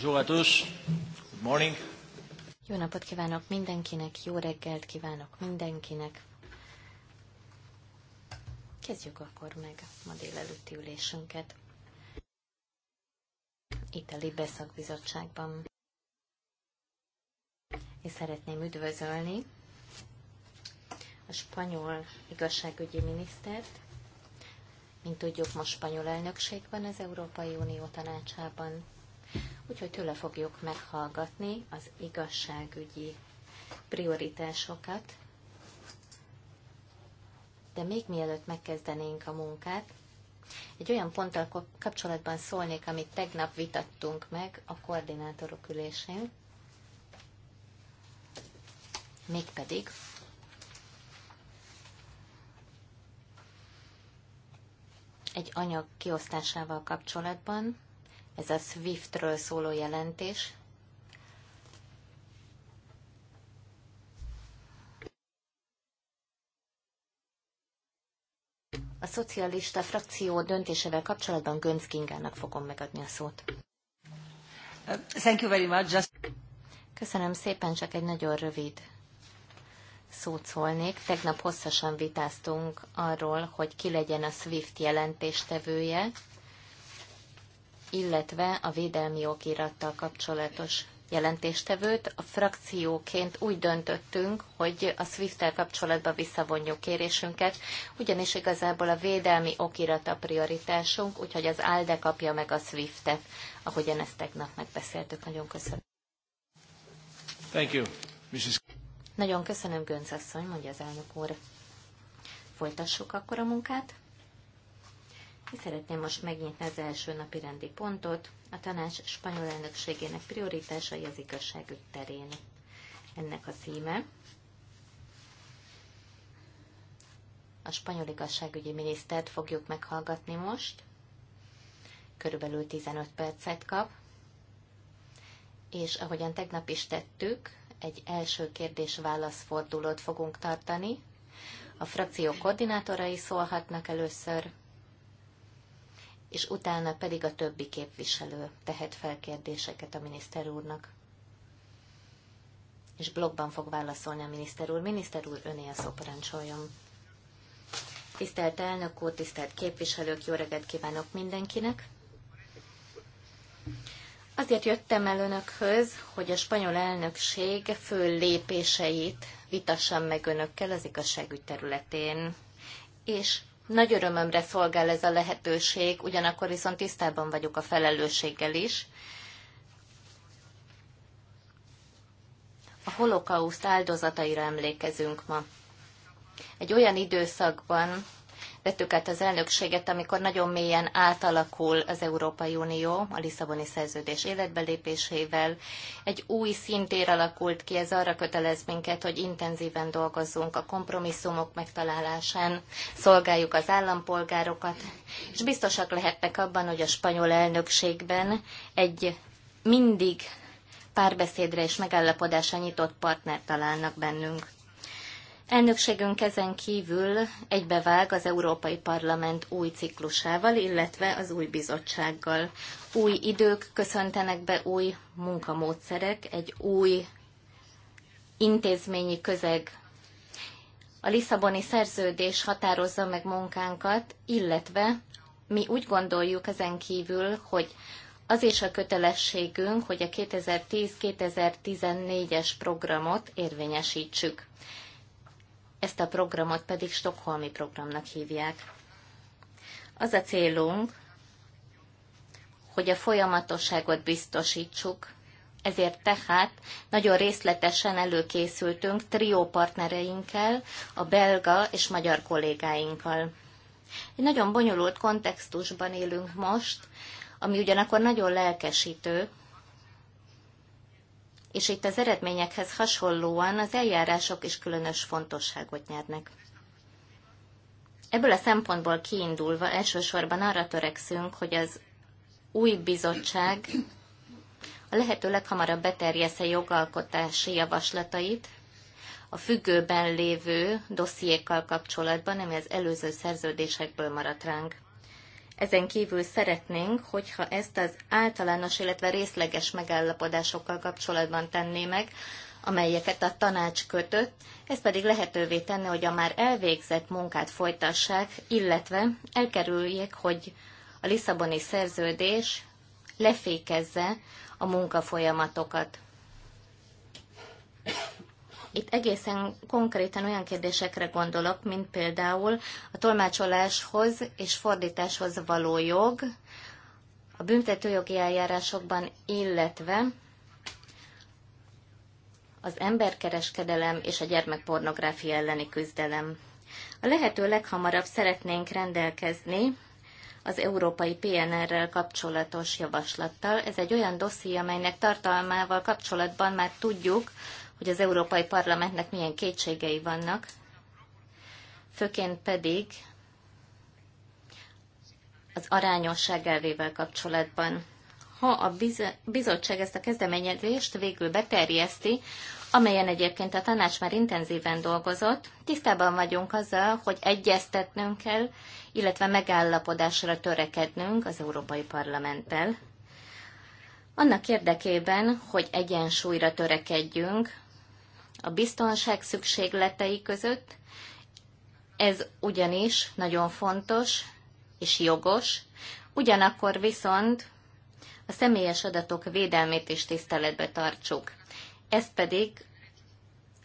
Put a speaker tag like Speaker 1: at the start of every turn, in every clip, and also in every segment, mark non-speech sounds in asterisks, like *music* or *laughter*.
Speaker 1: Bonjour à tous. Good morning.
Speaker 2: Jó napot kívánok mindenkinek, jó reggelt kívánok mindenkinek. Kezdjük akkor meg ma délelőtti ülésünket. Itt a Libe szakbizottságban. És szeretném üdvözölni a spanyol igazságügyi minisztert. Mint tudjuk, most spanyol elnökség van az Európai Unió tanácsában úgyhogy tőle fogjuk meghallgatni az igazságügyi prioritásokat. De még mielőtt megkezdenénk a munkát, egy olyan ponttal kapcsolatban szólnék, amit tegnap vitattunk meg a koordinátorok ülésén, mégpedig egy anyag kiosztásával kapcsolatban, ez a SWIFT-ről szóló jelentés. A szocialista frakció döntésével kapcsolatban Gönc Kingának fogom megadni a szót. Thank you very much. Just... Köszönöm szépen, csak egy nagyon rövid szót szólnék. Tegnap hosszasan vitáztunk arról, hogy ki legyen a SWIFT jelentéstevője, illetve a védelmi okirattal kapcsolatos jelentéstevőt. A frakcióként úgy döntöttünk, hogy a SWIFT-tel kapcsolatban visszavonjuk kérésünket, ugyanis igazából a védelmi okirat a prioritásunk, úgyhogy az ALDE kapja meg a SWIFT-et, ahogyan ezt tegnap megbeszéltük. Nagyon köszönöm.
Speaker 1: Thank you, Mrs.
Speaker 2: Nagyon köszönöm, Gönc asszony, mondja az elnök úr. Folytassuk akkor a munkát. Szeretném most megnyitni az első napi rendi pontot, a tanács spanyol elnökségének prioritásai az igazságügy terén. Ennek a címe a spanyol igazságügyi minisztert fogjuk meghallgatni most. Körülbelül 15 percet kap. És ahogyan tegnap is tettük, egy első kérdés-válasz fordulót fogunk tartani. A frakció koordinátorai szólhatnak először, és utána pedig a többi képviselő tehet fel kérdéseket a miniszter úrnak. És blogban fog válaszolni a miniszter úr. Miniszter úr, öné a szoparancsoljon. Tisztelt elnök úr, tisztelt képviselők, jó reggelt kívánok mindenkinek! Azért jöttem el önökhöz, hogy a spanyol elnökség fő lépéseit vitassam meg önökkel az igazságügy területén, és nagy örömömre szolgál ez a lehetőség, ugyanakkor viszont tisztában vagyok a felelősséggel is. A holokauszt áldozataira emlékezünk ma. Egy olyan időszakban, vettük át az elnökséget, amikor nagyon mélyen átalakul az Európai Unió a Lisszaboni szerződés életbelépésével. Egy új szintér alakult ki, ez arra kötelez minket, hogy intenzíven dolgozzunk a kompromisszumok megtalálásán, szolgáljuk az állampolgárokat, és biztosak lehetnek abban, hogy a spanyol elnökségben egy mindig párbeszédre és megállapodásra nyitott partner találnak bennünk. Elnökségünk ezen kívül egybevág az Európai Parlament új ciklusával, illetve az új bizottsággal. Új idők köszöntenek be új munkamódszerek, egy új intézményi közeg. A Lisszaboni szerződés határozza meg munkánkat, illetve mi úgy gondoljuk ezen kívül, hogy az is a kötelességünk, hogy a 2010-2014-es programot érvényesítsük ezt a programot pedig Stockholmi programnak hívják. Az a célunk, hogy a folyamatosságot biztosítsuk, ezért tehát nagyon részletesen előkészültünk trió partnereinkkel, a belga és magyar kollégáinkkal. Egy nagyon bonyolult kontextusban élünk most, ami ugyanakkor nagyon lelkesítő, és itt az eredményekhez hasonlóan az eljárások is különös fontosságot nyernek. Ebből a szempontból kiindulva elsősorban arra törekszünk, hogy az új bizottság a lehető leghamarabb beterjesze jogalkotási javaslatait a függőben lévő dossziékkal kapcsolatban, ami az előző szerződésekből maradt ránk. Ezen kívül szeretnénk, hogyha ezt az általános, illetve részleges megállapodásokkal kapcsolatban tenné meg, amelyeket a tanács kötött, ez pedig lehetővé tenni, hogy a már elvégzett munkát folytassák, illetve elkerüljék, hogy a Lisszaboni szerződés lefékezze a munkafolyamatokat. Itt egészen konkrétan olyan kérdésekre gondolok, mint például a tolmácsoláshoz és fordításhoz való jog, a büntetőjogi eljárásokban, illetve az emberkereskedelem és a gyermekpornográfia elleni küzdelem. A lehető leghamarabb szeretnénk rendelkezni az európai PNR-rel kapcsolatos javaslattal. Ez egy olyan dosszi, amelynek tartalmával kapcsolatban már tudjuk, hogy az Európai Parlamentnek milyen kétségei vannak, főként pedig az arányosság elvével kapcsolatban. Ha a bizottság ezt a kezdeményezést végül beterjeszti, amelyen egyébként a tanács már intenzíven dolgozott, tisztában vagyunk azzal, hogy egyeztetnünk kell, illetve megállapodásra törekednünk az Európai Parlamenttel. Annak érdekében, hogy egyensúlyra törekedjünk a biztonság szükségletei között. Ez ugyanis nagyon fontos és jogos, ugyanakkor viszont a személyes adatok védelmét is tiszteletbe tartsuk. Ez pedig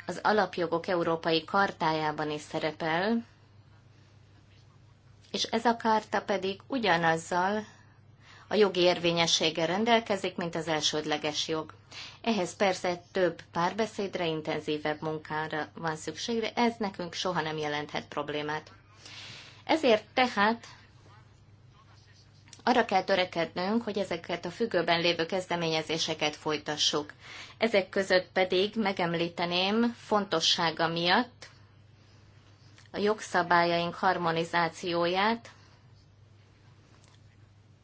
Speaker 2: az alapjogok európai kartájában is szerepel, és ez a kárta pedig ugyanazzal a jogi érvényességgel rendelkezik, mint az elsődleges jog. Ehhez persze több párbeszédre, intenzívebb munkára van szükségre, ez nekünk soha nem jelenthet problémát. Ezért tehát arra kell törekednünk, hogy ezeket a függőben lévő kezdeményezéseket folytassuk. Ezek között pedig megemlíteném fontossága miatt a jogszabályaink harmonizációját,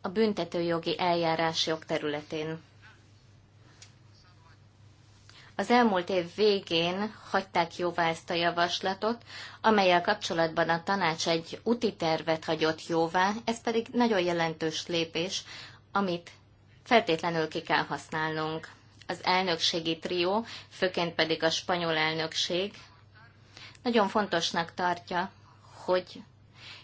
Speaker 2: a büntetőjogi eljárás jogterületén. Az elmúlt év végén hagyták jóvá ezt a javaslatot, amelyel kapcsolatban a tanács egy úti tervet hagyott jóvá, ez pedig nagyon jelentős lépés, amit feltétlenül ki kell használnunk. Az elnökségi trió, főként pedig a spanyol elnökség, nagyon fontosnak tartja, hogy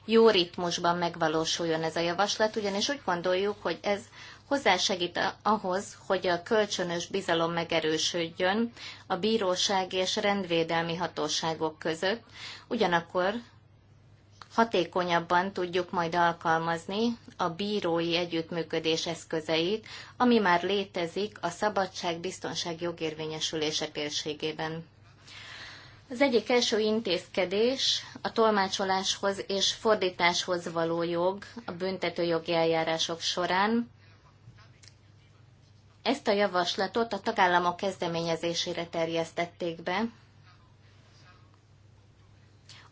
Speaker 2: jó ritmusban megvalósuljon ez a javaslat, ugyanis úgy gondoljuk, hogy ez hozzásegít ahhoz, hogy a kölcsönös bizalom megerősödjön a bíróság és rendvédelmi hatóságok között, ugyanakkor hatékonyabban tudjuk majd alkalmazni a bírói együttműködés eszközeit, ami már létezik a szabadság, biztonság, jogérvényesülése térségében. Az egyik első intézkedés a tolmácsoláshoz és fordításhoz való jog a büntetőjogi eljárások során. Ezt a javaslatot a tagállamok kezdeményezésére terjesztették be,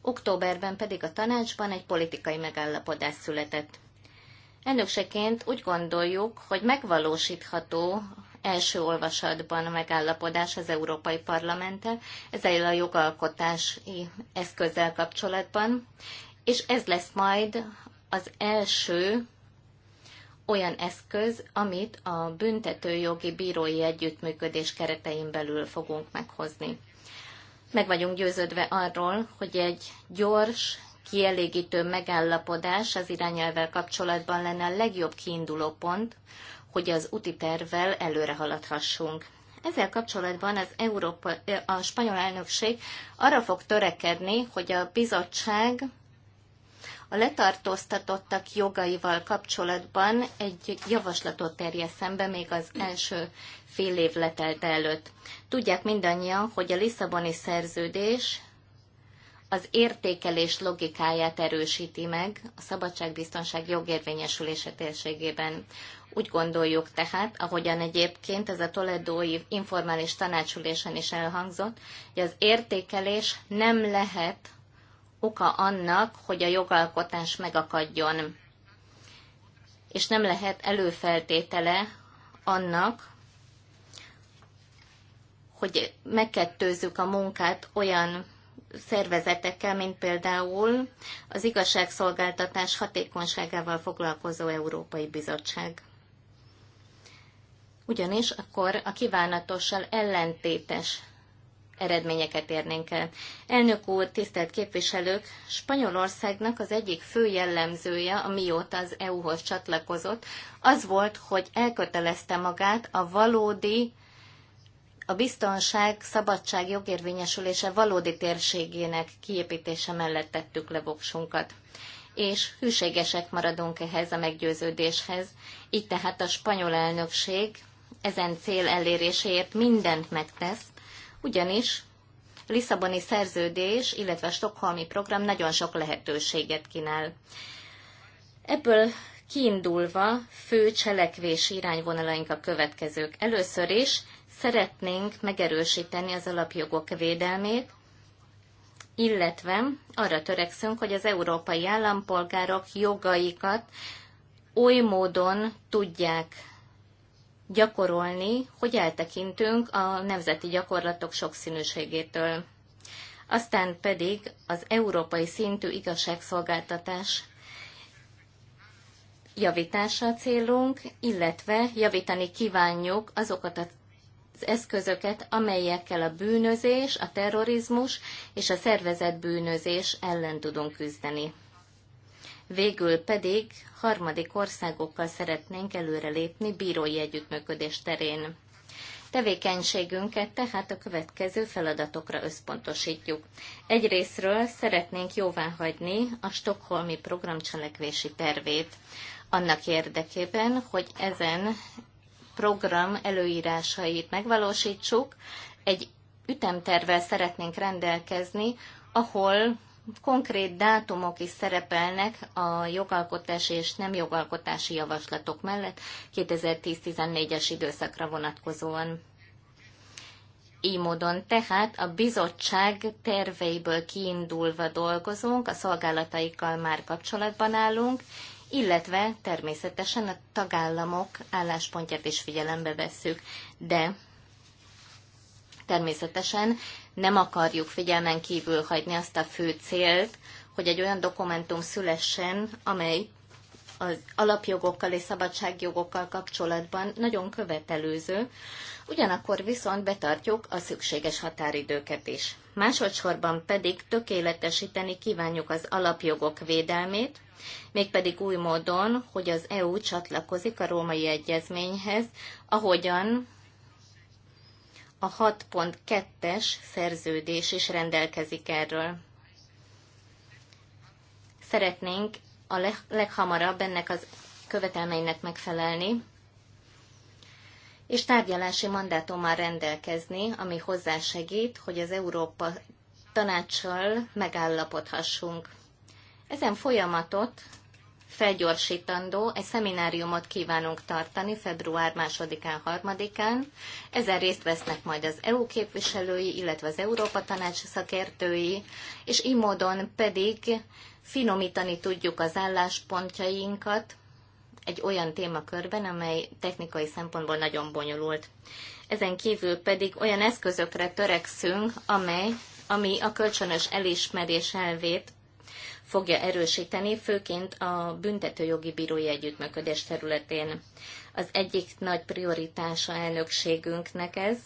Speaker 2: októberben pedig a tanácsban egy politikai megállapodás született. Elnökseként úgy gondoljuk, hogy megvalósítható első olvasatban a megállapodás az Európai Parlamenttel, ezzel a jogalkotási eszközzel kapcsolatban, és ez lesz majd az első olyan eszköz, amit a büntetőjogi bírói együttműködés keretein belül fogunk meghozni. Meg vagyunk győződve arról, hogy egy gyors, kielégítő megállapodás az irányelvvel kapcsolatban lenne a legjobb kiinduló pont, hogy az úti tervvel előre haladhassunk. Ezzel kapcsolatban az Európa, a spanyol elnökség arra fog törekedni, hogy a bizottság a letartóztatottak jogaival kapcsolatban egy javaslatot terjeszem be még az első fél év letelte előtt. Tudják mindannyian, hogy a Lisszaboni szerződés az értékelés logikáját erősíti meg a szabadságbiztonság jogérvényesülése térségében. Úgy gondoljuk tehát, ahogyan egyébként ez a Toledói informális tanácsülésen is elhangzott, hogy az értékelés nem lehet oka annak, hogy a jogalkotás megakadjon, és nem lehet előfeltétele annak, hogy megkettőzzük a munkát olyan szervezetekkel, mint például az igazságszolgáltatás hatékonyságával foglalkozó Európai Bizottság ugyanis akkor a kívánatossal ellentétes eredményeket érnénk el. Elnök úr, tisztelt képviselők, Spanyolországnak az egyik fő jellemzője, amióta az EU-hoz csatlakozott, az volt, hogy elkötelezte magát a valódi, a biztonság, szabadság jogérvényesülése valódi térségének kiépítése mellett tettük le voksunkat és hűségesek maradunk ehhez a meggyőződéshez. Így tehát a spanyol elnökség ezen cél eléréséért mindent megtesz, ugyanis a Lisszaboni szerződés, illetve a Stockholmi program nagyon sok lehetőséget kínál. Ebből kiindulva fő cselekvési irányvonalaink a következők. Először is szeretnénk megerősíteni az alapjogok védelmét, illetve arra törekszünk, hogy az európai állampolgárok jogaikat oly módon tudják gyakorolni, hogy eltekintünk a nemzeti gyakorlatok sokszínűségétől. Aztán pedig az európai szintű igazságszolgáltatás javítása a célunk, illetve javítani kívánjuk azokat az eszközöket, amelyekkel a bűnözés, a terrorizmus és a szervezett bűnözés ellen tudunk küzdeni. Végül pedig harmadik országokkal szeretnénk előrelépni bírói együttműködés terén. Tevékenységünket tehát a következő feladatokra összpontosítjuk. Egyrésztről szeretnénk jóváhagyni a Stockholmi Program cselekvési tervét. Annak érdekében, hogy ezen program előírásait megvalósítsuk, egy ütemtervel szeretnénk rendelkezni, ahol konkrét dátumok is szerepelnek a jogalkotási és nem jogalkotási javaslatok mellett 2010-14-es időszakra vonatkozóan. Így módon tehát a bizottság terveiből kiindulva dolgozunk, a szolgálataikkal már kapcsolatban állunk, illetve természetesen a tagállamok álláspontját is figyelembe vesszük, de Természetesen nem akarjuk figyelmen kívül hagyni azt a fő célt, hogy egy olyan dokumentum szülessen, amely az alapjogokkal és szabadságjogokkal kapcsolatban nagyon követelőző, ugyanakkor viszont betartjuk a szükséges határidőket is. Másodszorban pedig tökéletesíteni kívánjuk az alapjogok védelmét, mégpedig új módon, hogy az EU csatlakozik a római egyezményhez, ahogyan a 6.2-es szerződés is rendelkezik erről. Szeretnénk a leghamarabb ennek az követelménynek megfelelni, és tárgyalási mandátummal rendelkezni, ami hozzásegít, hogy az Európa tanácssal megállapodhassunk. Ezen folyamatot felgyorsítandó, egy szemináriumot kívánunk tartani február 2-án, 3-án. Ezen részt vesznek majd az EU képviselői, illetve az Európa Tanács szakértői, és így módon pedig finomítani tudjuk az álláspontjainkat egy olyan témakörben, amely technikai szempontból nagyon bonyolult. Ezen kívül pedig olyan eszközökre törekszünk, amely, ami a kölcsönös elismerés elvét fogja erősíteni, főként a büntetőjogi bírói együttműködés területén. Az egyik nagy prioritása elnökségünknek ez,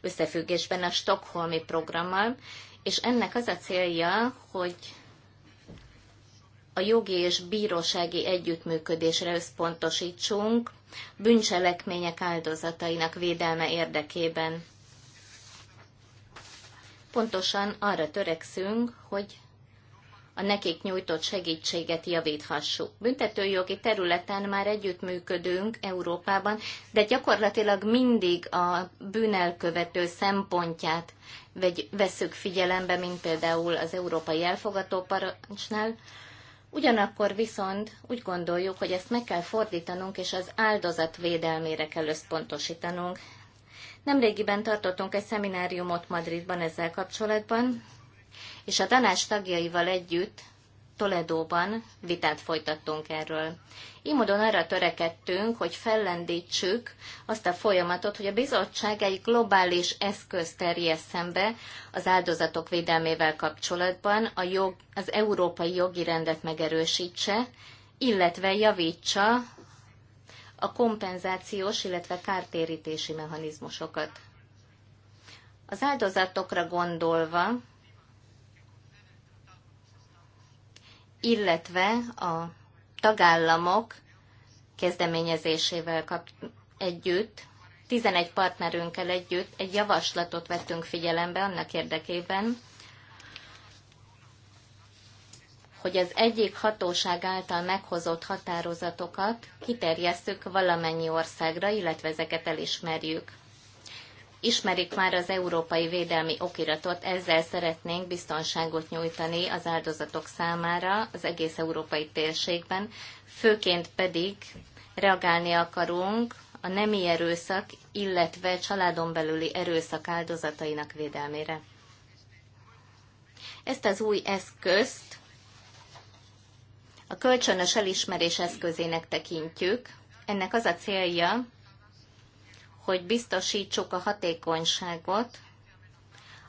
Speaker 2: összefüggésben a Stockholmi programmal, és ennek az a célja, hogy a jogi és bírósági együttműködésre összpontosítsunk bűncselekmények áldozatainak védelme érdekében. Pontosan arra törekszünk, hogy a nekik nyújtott segítséget javíthassuk. Büntetőjogi területen már együttműködünk Európában, de gyakorlatilag mindig a bűnelkövető szempontját vagy veszük figyelembe, mint például az Európai elfogadóparancsnál. Ugyanakkor viszont úgy gondoljuk, hogy ezt meg kell fordítanunk, és az áldozat védelmére kell összpontosítanunk. Nemrégiben tartottunk egy szemináriumot Madridban ezzel kapcsolatban, és a tanács tagjaival együtt Toledóban vitát folytattunk erről. Így módon arra törekedtünk, hogy fellendítsük azt a folyamatot, hogy a bizottság egy globális eszköz terjesszen be az áldozatok védelmével kapcsolatban, a jog, az európai jogi rendet megerősítse, illetve javítsa a kompenzációs, illetve kártérítési mechanizmusokat. Az áldozatokra gondolva illetve a tagállamok kezdeményezésével kap együtt, 11 partnerünkkel együtt egy javaslatot vettünk figyelembe annak érdekében, hogy az egyik hatóság által meghozott határozatokat kiterjesszük valamennyi országra, illetve ezeket elismerjük ismerik már az Európai Védelmi Okiratot, ezzel szeretnénk biztonságot nyújtani az áldozatok számára az egész európai térségben, főként pedig reagálni akarunk a nemi erőszak, illetve családon belüli erőszak áldozatainak védelmére. Ezt az új eszközt a kölcsönös elismerés eszközének tekintjük. Ennek az a célja, hogy biztosítsuk a hatékonyságot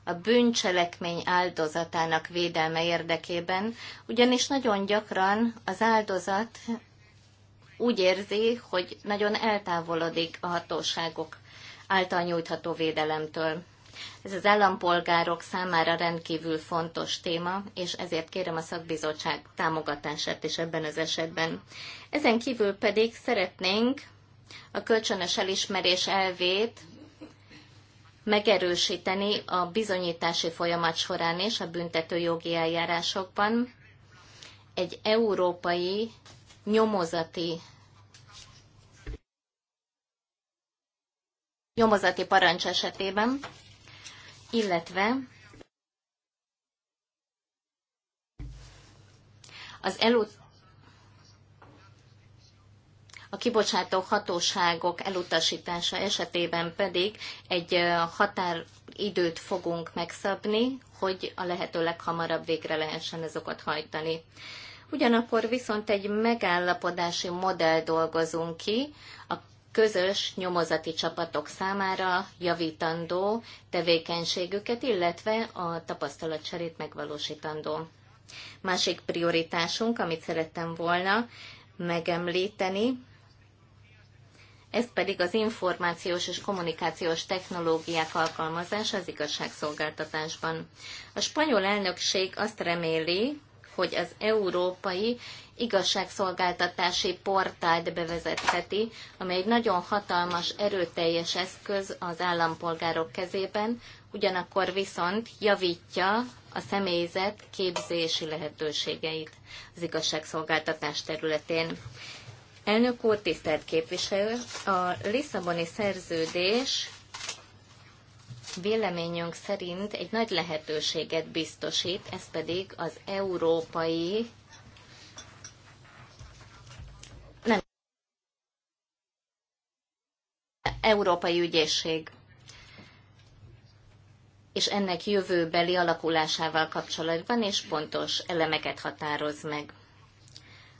Speaker 2: a bűncselekmény áldozatának védelme érdekében, ugyanis nagyon gyakran az áldozat úgy érzi, hogy nagyon eltávolodik a hatóságok által nyújtható védelemtől. Ez az állampolgárok számára rendkívül fontos téma, és ezért kérem a szakbizottság támogatását is ebben az esetben. Ezen kívül pedig szeretnénk a kölcsönös elismerés elvét megerősíteni a bizonyítási folyamat során és a büntető jogi eljárásokban egy európai nyomozati nyomozati parancs esetében, illetve az elut a kibocsátó hatóságok elutasítása esetében pedig egy határidőt fogunk megszabni, hogy a lehető leghamarabb végre lehessen ezokat hajtani. Ugyanakkor viszont egy megállapodási modell dolgozunk ki, a közös nyomozati csapatok számára javítandó tevékenységüket, illetve a tapasztalatcserét megvalósítandó. Másik prioritásunk, amit szerettem volna megemlíteni, ez pedig az információs és kommunikációs technológiák alkalmazása az igazságszolgáltatásban. A spanyol elnökség azt reméli, hogy az európai igazságszolgáltatási portált bevezetheti, ami egy nagyon hatalmas, erőteljes eszköz az állampolgárok kezében, ugyanakkor viszont javítja a személyzet képzési lehetőségeit az igazságszolgáltatás területén. Elnök úr, tisztelt képviselő, a Lisszaboni szerződés véleményünk szerint egy nagy lehetőséget biztosít, ez pedig az európai nem, európai ügyészség és ennek jövőbeli alakulásával kapcsolatban és pontos elemeket határoz meg.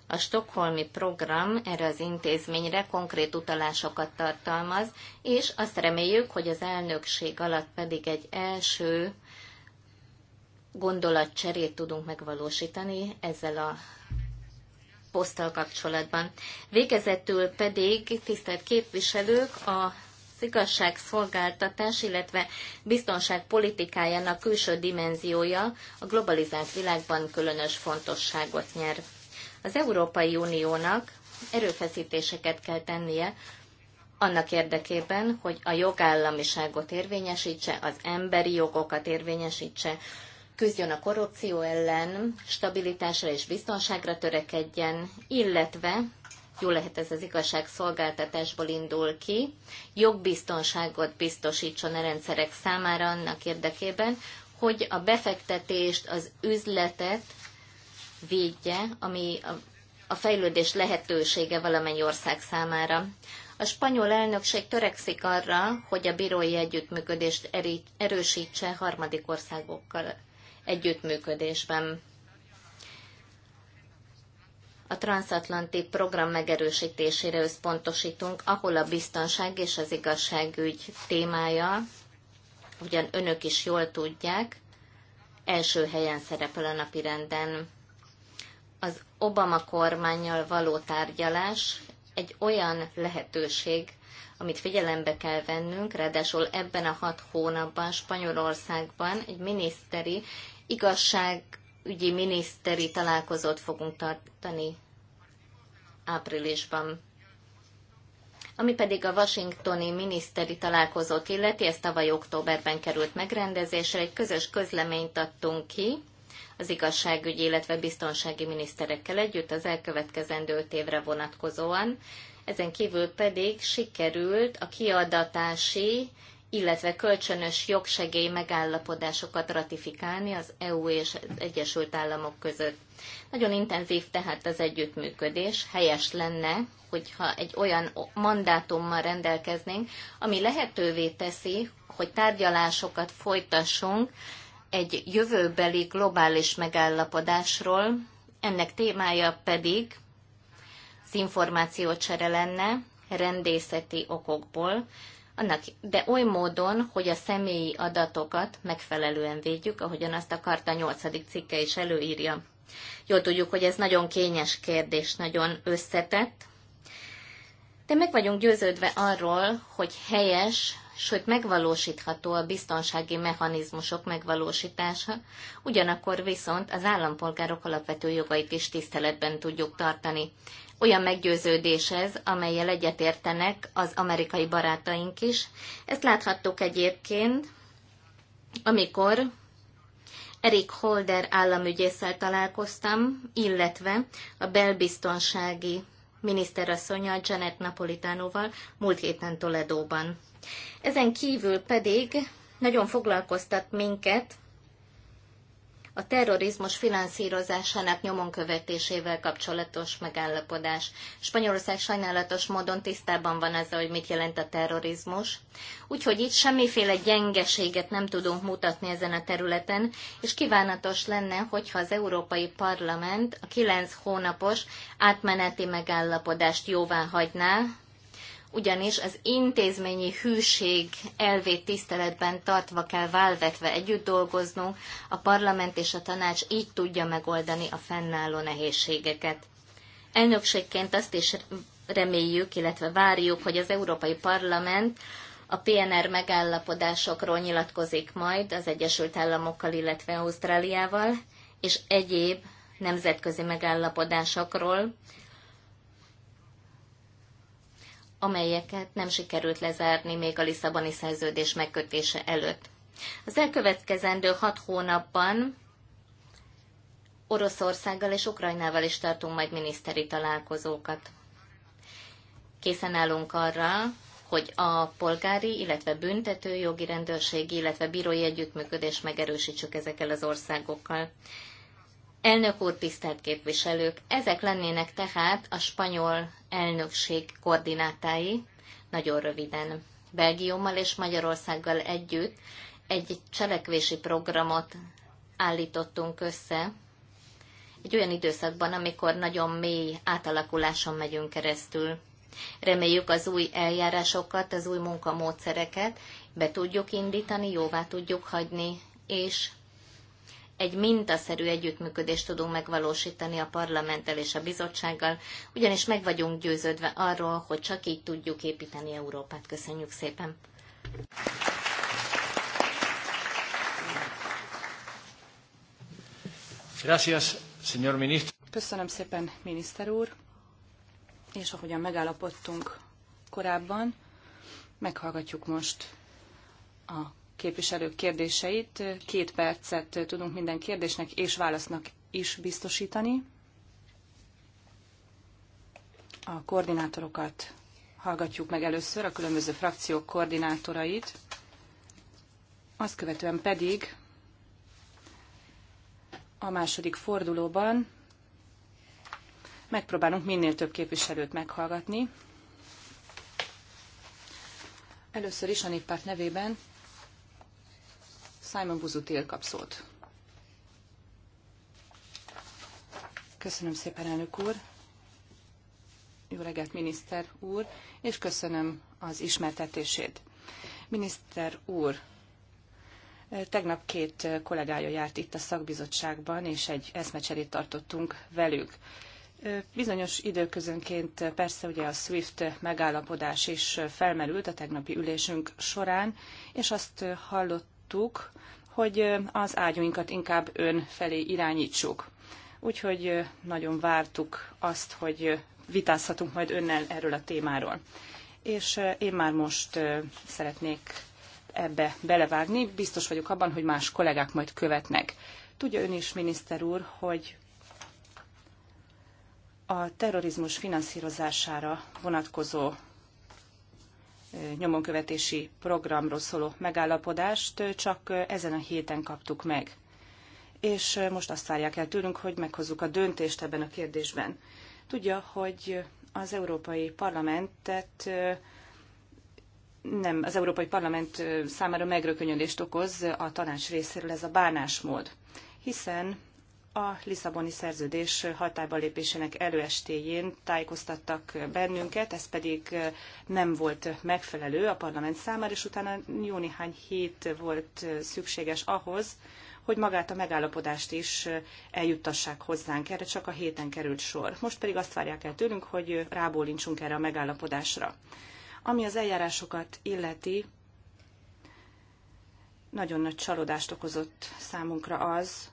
Speaker 2: A Stockholmi program erre az intézményre konkrét utalásokat tartalmaz, és azt reméljük, hogy az elnökség alatt pedig egy első gondolatcserét tudunk megvalósítani ezzel a poszttal kapcsolatban. Végezetül pedig, tisztelt képviselők, a az igazságszolgáltatás, illetve biztonságpolitikájának külső dimenziója a globalizált világban különös fontosságot nyer. Az Európai Uniónak erőfeszítéseket kell tennie annak érdekében, hogy a jogállamiságot érvényesítse, az emberi jogokat érvényesítse, küzdjön a korrupció ellen, stabilitásra és biztonságra törekedjen, illetve jó lehet ez az igazságszolgáltatásból indul ki, jogbiztonságot biztosítson a rendszerek számára annak érdekében, hogy a befektetést, az üzletet védje, ami a, a fejlődés lehetősége valamennyi ország számára. A spanyol elnökség törekszik arra, hogy a bírói együttműködést erősítse harmadik országokkal együttműködésben. A transatlanti program megerősítésére összpontosítunk, ahol a biztonság és az igazságügy témája, ugyan önök is jól tudják, első helyen szerepel a napirenden az Obama kormányjal való tárgyalás egy olyan lehetőség, amit figyelembe kell vennünk, ráadásul ebben a hat hónapban Spanyolországban egy miniszteri, igazságügyi miniszteri találkozót fogunk tartani áprilisban. Ami pedig a washingtoni miniszteri találkozót illeti, ez tavaly októberben került megrendezésre, egy közös közleményt adtunk ki, az igazságügyi, illetve biztonsági miniszterekkel együtt az elkövetkezendő öt évre vonatkozóan. Ezen kívül pedig sikerült a kiadatási, illetve kölcsönös jogsegély megállapodásokat ratifikálni az EU és az Egyesült Államok között. Nagyon intenzív tehát az együttműködés, helyes lenne, hogyha egy olyan mandátummal rendelkeznénk, ami lehetővé teszi, hogy tárgyalásokat folytassunk egy jövőbeli globális megállapodásról, ennek témája pedig az információcsere lenne rendészeti okokból, annak, de oly módon, hogy a személyi adatokat megfelelően védjük, ahogyan azt a Karta 8. cikke is előírja. Jól tudjuk, hogy ez nagyon kényes kérdés, nagyon összetett, de meg vagyunk győződve arról, hogy helyes, sőt megvalósítható a biztonsági mechanizmusok megvalósítása, ugyanakkor viszont az állampolgárok alapvető jogait is tiszteletben tudjuk tartani. Olyan meggyőződés ez, amelyel egyetértenek az amerikai barátaink is. Ezt láthattuk egyébként, amikor Erik Holder államügyészsel találkoztam, illetve a belbiztonsági miniszterasszonya Janet Napolitánóval múlt héten Toledóban. Ezen kívül pedig nagyon foglalkoztat minket a terrorizmus finanszírozásának nyomon követésével kapcsolatos megállapodás. Spanyolország sajnálatos módon tisztában van azzal, hogy mit jelent a terrorizmus. Úgyhogy itt semmiféle gyengeséget nem tudunk mutatni ezen a területen, és kívánatos lenne, hogyha az Európai Parlament a kilenc hónapos átmeneti megállapodást jóvá hagyná, ugyanis az intézményi hűség elvét tiszteletben tartva kell válvetve együtt dolgoznunk, a parlament és a tanács így tudja megoldani a fennálló nehézségeket. Elnökségként azt is reméljük, illetve várjuk, hogy az Európai Parlament a PNR megállapodásokról nyilatkozik majd az Egyesült Államokkal, illetve Ausztráliával, és egyéb nemzetközi megállapodásokról, amelyeket nem sikerült lezárni még a Lisszaboni szerződés megkötése előtt. Az elkövetkezendő hat hónapban Oroszországgal és Ukrajnával is tartunk majd miniszteri találkozókat. Készen állunk arra, hogy a polgári, illetve büntető jogi rendőrségi, illetve bírói együttműködés megerősítsük ezekkel az országokkal. Elnök úr, tisztelt képviselők, ezek lennének tehát a spanyol elnökség koordinátái, nagyon röviden. Belgiummal és Magyarországgal együtt egy cselekvési programot állítottunk össze, egy olyan időszakban, amikor nagyon mély átalakuláson megyünk keresztül. Reméljük az új eljárásokat, az új munkamódszereket be tudjuk indítani, jóvá tudjuk hagyni, és egy mintaszerű együttműködést tudunk megvalósítani a parlamenttel és a bizottsággal, ugyanis meg vagyunk győződve arról, hogy csak így tudjuk építeni Európát. Köszönjük szépen!
Speaker 1: señor ministro.
Speaker 3: Köszönöm szépen, miniszter úr! És ahogyan megállapodtunk korábban, meghallgatjuk most a képviselők kérdéseit. Két percet tudunk minden kérdésnek és válasznak is biztosítani. A koordinátorokat hallgatjuk meg először, a különböző frakciók koordinátorait. Azt követően pedig a második fordulóban megpróbálunk minél több képviselőt meghallgatni. Először is a néppárt nevében Simon Buzutil kap szót. Köszönöm szépen, elnök úr. Jó reggelt, miniszter úr, és köszönöm az ismertetését. Miniszter úr, tegnap két kollégája járt itt a szakbizottságban, és egy eszmecserét tartottunk velük. Bizonyos időközönként persze ugye a SWIFT megállapodás is felmerült a tegnapi ülésünk során, és azt hallott láttuk, hogy az ágyúinkat inkább ön felé irányítsuk. Úgyhogy nagyon vártuk azt, hogy vitázhatunk majd önnel erről a témáról. És én már most szeretnék ebbe belevágni. Biztos vagyok abban, hogy más kollégák majd követnek. Tudja ön is, miniszter úr, hogy a terrorizmus finanszírozására vonatkozó nyomonkövetési programról szóló megállapodást csak ezen a héten kaptuk meg. És most azt várják el tőlünk, hogy meghozzuk a döntést ebben a kérdésben. Tudja, hogy az Európai Parlamentet nem, az Európai Parlament számára megrökönyödést okoz a tanács részéről ez a bánásmód, hiszen a Lisszaboni szerződés hatályba lépésének előestéjén tájékoztattak bennünket, ez pedig nem volt megfelelő a parlament számára, és utána jó néhány hét volt szükséges ahhoz, hogy magát a megállapodást is eljuttassák hozzánk. Erre csak a héten került sor. Most pedig azt várják el tőlünk, hogy rábólincsunk erre a megállapodásra. Ami az eljárásokat illeti, nagyon nagy csalódást okozott számunkra az,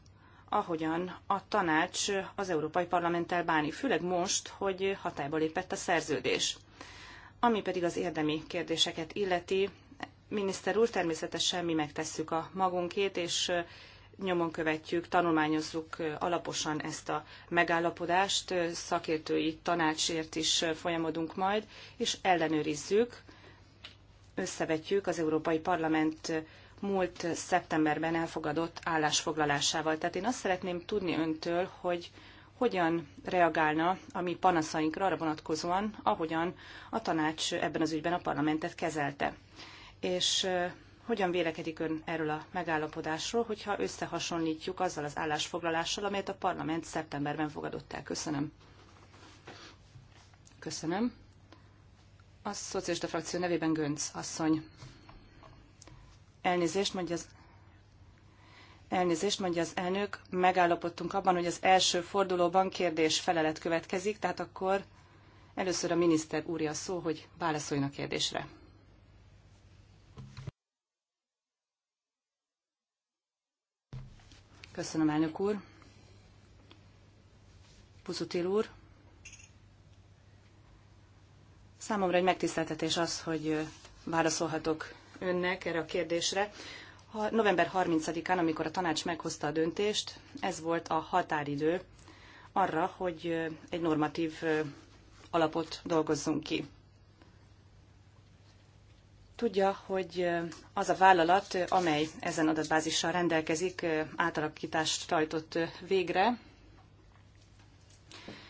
Speaker 3: ahogyan a tanács az Európai Parlamenttel bánik, főleg most, hogy hatályba lépett a szerződés. Ami pedig az érdemi kérdéseket illeti, miniszter úr, természetesen mi megtesszük a magunkét, és nyomon követjük, tanulmányozzuk alaposan ezt a megállapodást, szakértői tanácsért is folyamodunk majd, és ellenőrizzük, összevetjük az Európai Parlament múlt szeptemberben elfogadott állásfoglalásával. Tehát én azt szeretném tudni öntől, hogy hogyan reagálna a mi panaszainkra arra vonatkozóan, ahogyan a tanács ebben az ügyben a parlamentet kezelte. És hogyan vélekedik ön erről a megállapodásról, hogyha összehasonlítjuk azzal az állásfoglalással, amelyet a parlament szeptemberben fogadott el? Köszönöm. Köszönöm. A szocialista frakció nevében Gönc asszony. Elnézést, mondja az Elnézést, mondja az elnök, megállapodtunk abban, hogy az első fordulóban kérdés-felelet következik, tehát akkor először a miniszter úrja szó, hogy válaszoljon a kérdésre. Köszönöm, elnök úr. Puzutil úr. Számomra egy megtiszteltetés az, hogy válaszolhatok önnek erre a kérdésre. November 30-án, amikor a tanács meghozta a döntést, ez volt a határidő arra, hogy egy normatív alapot dolgozzunk ki. Tudja, hogy az a vállalat, amely ezen adatbázissal rendelkezik, átalakítást tajtott végre,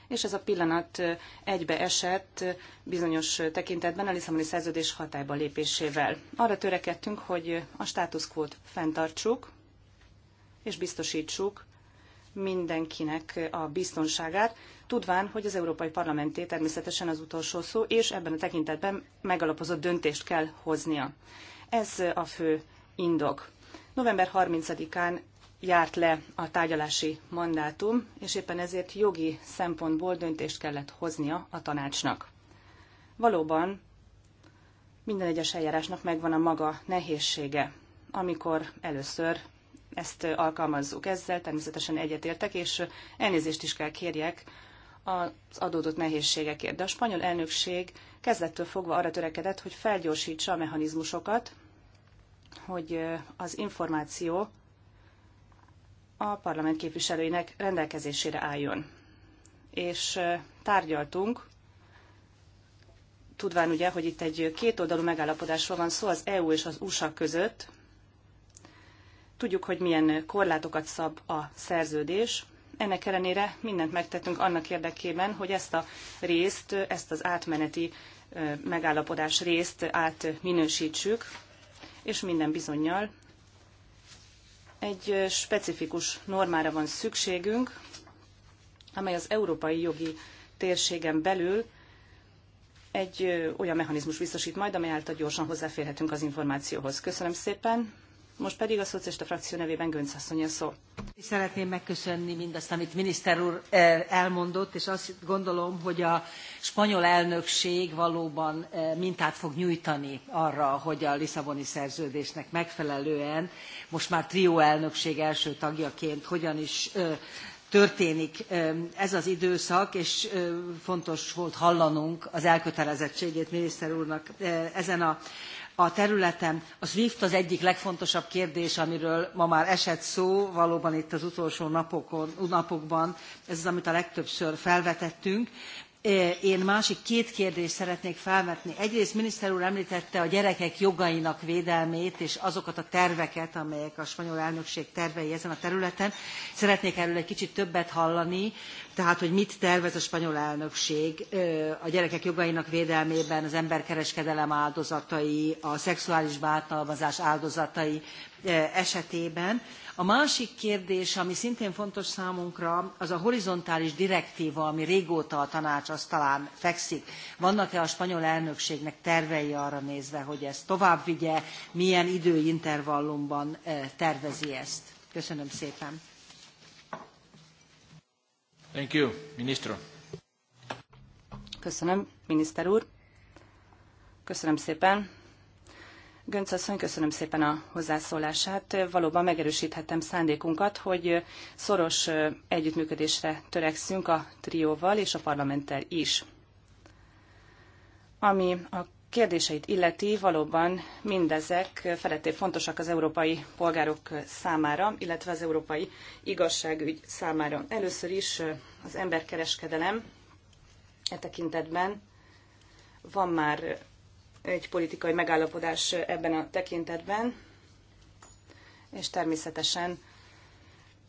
Speaker 3: és ez a pillanat esett bizonyos tekintetben a Lisszaboni szerződés hatályba lépésével. Arra törekedtünk, hogy a státuszkvót fenntartsuk, és biztosítsuk mindenkinek a biztonságát, tudván, hogy az Európai Parlamenté természetesen az utolsó szó, és ebben a tekintetben megalapozott döntést kell hoznia. Ez a fő indok. November 30-án járt le a tárgyalási mandátum, és éppen ezért jogi szempontból döntést kellett hoznia a tanácsnak. Valóban minden egyes eljárásnak megvan a maga nehézsége, amikor először ezt alkalmazzuk. Ezzel természetesen egyetértek, és elnézést is kell kérjek az adódott nehézségekért. De a spanyol elnökség kezdettől fogva arra törekedett, hogy felgyorsítsa a mechanizmusokat, hogy az információ a parlament képviselőinek rendelkezésére álljon. És tárgyaltunk, tudván ugye, hogy itt egy kétoldalú megállapodásról van szó az EU és az USA között. Tudjuk, hogy milyen korlátokat szab a szerződés. Ennek ellenére mindent megtettünk annak érdekében, hogy ezt a részt, ezt az átmeneti megállapodás részt átminősítsük, és minden bizonyal egy specifikus normára van szükségünk, amely az európai jogi térségen belül egy olyan mechanizmus biztosít majd, amely által gyorsan hozzáférhetünk az információhoz. Köszönöm szépen.
Speaker 4: Most pedig a szocialista frakció nevében Gönc asszony a szó. Szeretném megköszönni mindazt, amit miniszter úr eh, elmondott, és azt gondolom, hogy a spanyol elnökség valóban eh, mintát fog nyújtani arra, hogy a Lisszaboni szerződésnek megfelelően most már trió elnökség első tagjaként hogyan is eh, történik ez az időszak, és fontos volt hallanunk az elkötelezettségét miniszter úrnak ezen a a területen. A SWIFT az egyik legfontosabb kérdés, amiről ma már esett szó, valóban itt az utolsó napokon, napokban, ez az, amit a legtöbbször felvetettünk, én másik két kérdést szeretnék felvetni. Egyrészt miniszter úr említette a gyerekek jogainak védelmét és azokat a terveket, amelyek a spanyol elnökség tervei ezen a területen. Szeretnék erről egy kicsit többet hallani, tehát hogy mit tervez a spanyol elnökség a gyerekek jogainak védelmében, az emberkereskedelem áldozatai, a szexuális bántalmazás áldozatai esetében a másik kérdés, ami szintén fontos számunkra, az a horizontális direktíva, ami régóta a tanács asztalán fekszik. Vannak-e a spanyol elnökségnek tervei arra nézve, hogy ezt tovább vigye, milyen időintervallumban eh, tervezi ezt? Köszönöm szépen.
Speaker 1: Thank you, ministro.
Speaker 4: Köszönöm, miniszter úr.
Speaker 3: Köszönöm szépen. Gönc asszony, köszönöm szépen a hozzászólását. Valóban megerősíthettem szándékunkat, hogy szoros együttműködésre törekszünk a trióval és a parlamenttel is. Ami a kérdéseit illeti, valóban mindezek feletté fontosak az európai polgárok számára, illetve az európai igazságügy számára. Először is az emberkereskedelem e tekintetben van már egy politikai megállapodás ebben a tekintetben, és természetesen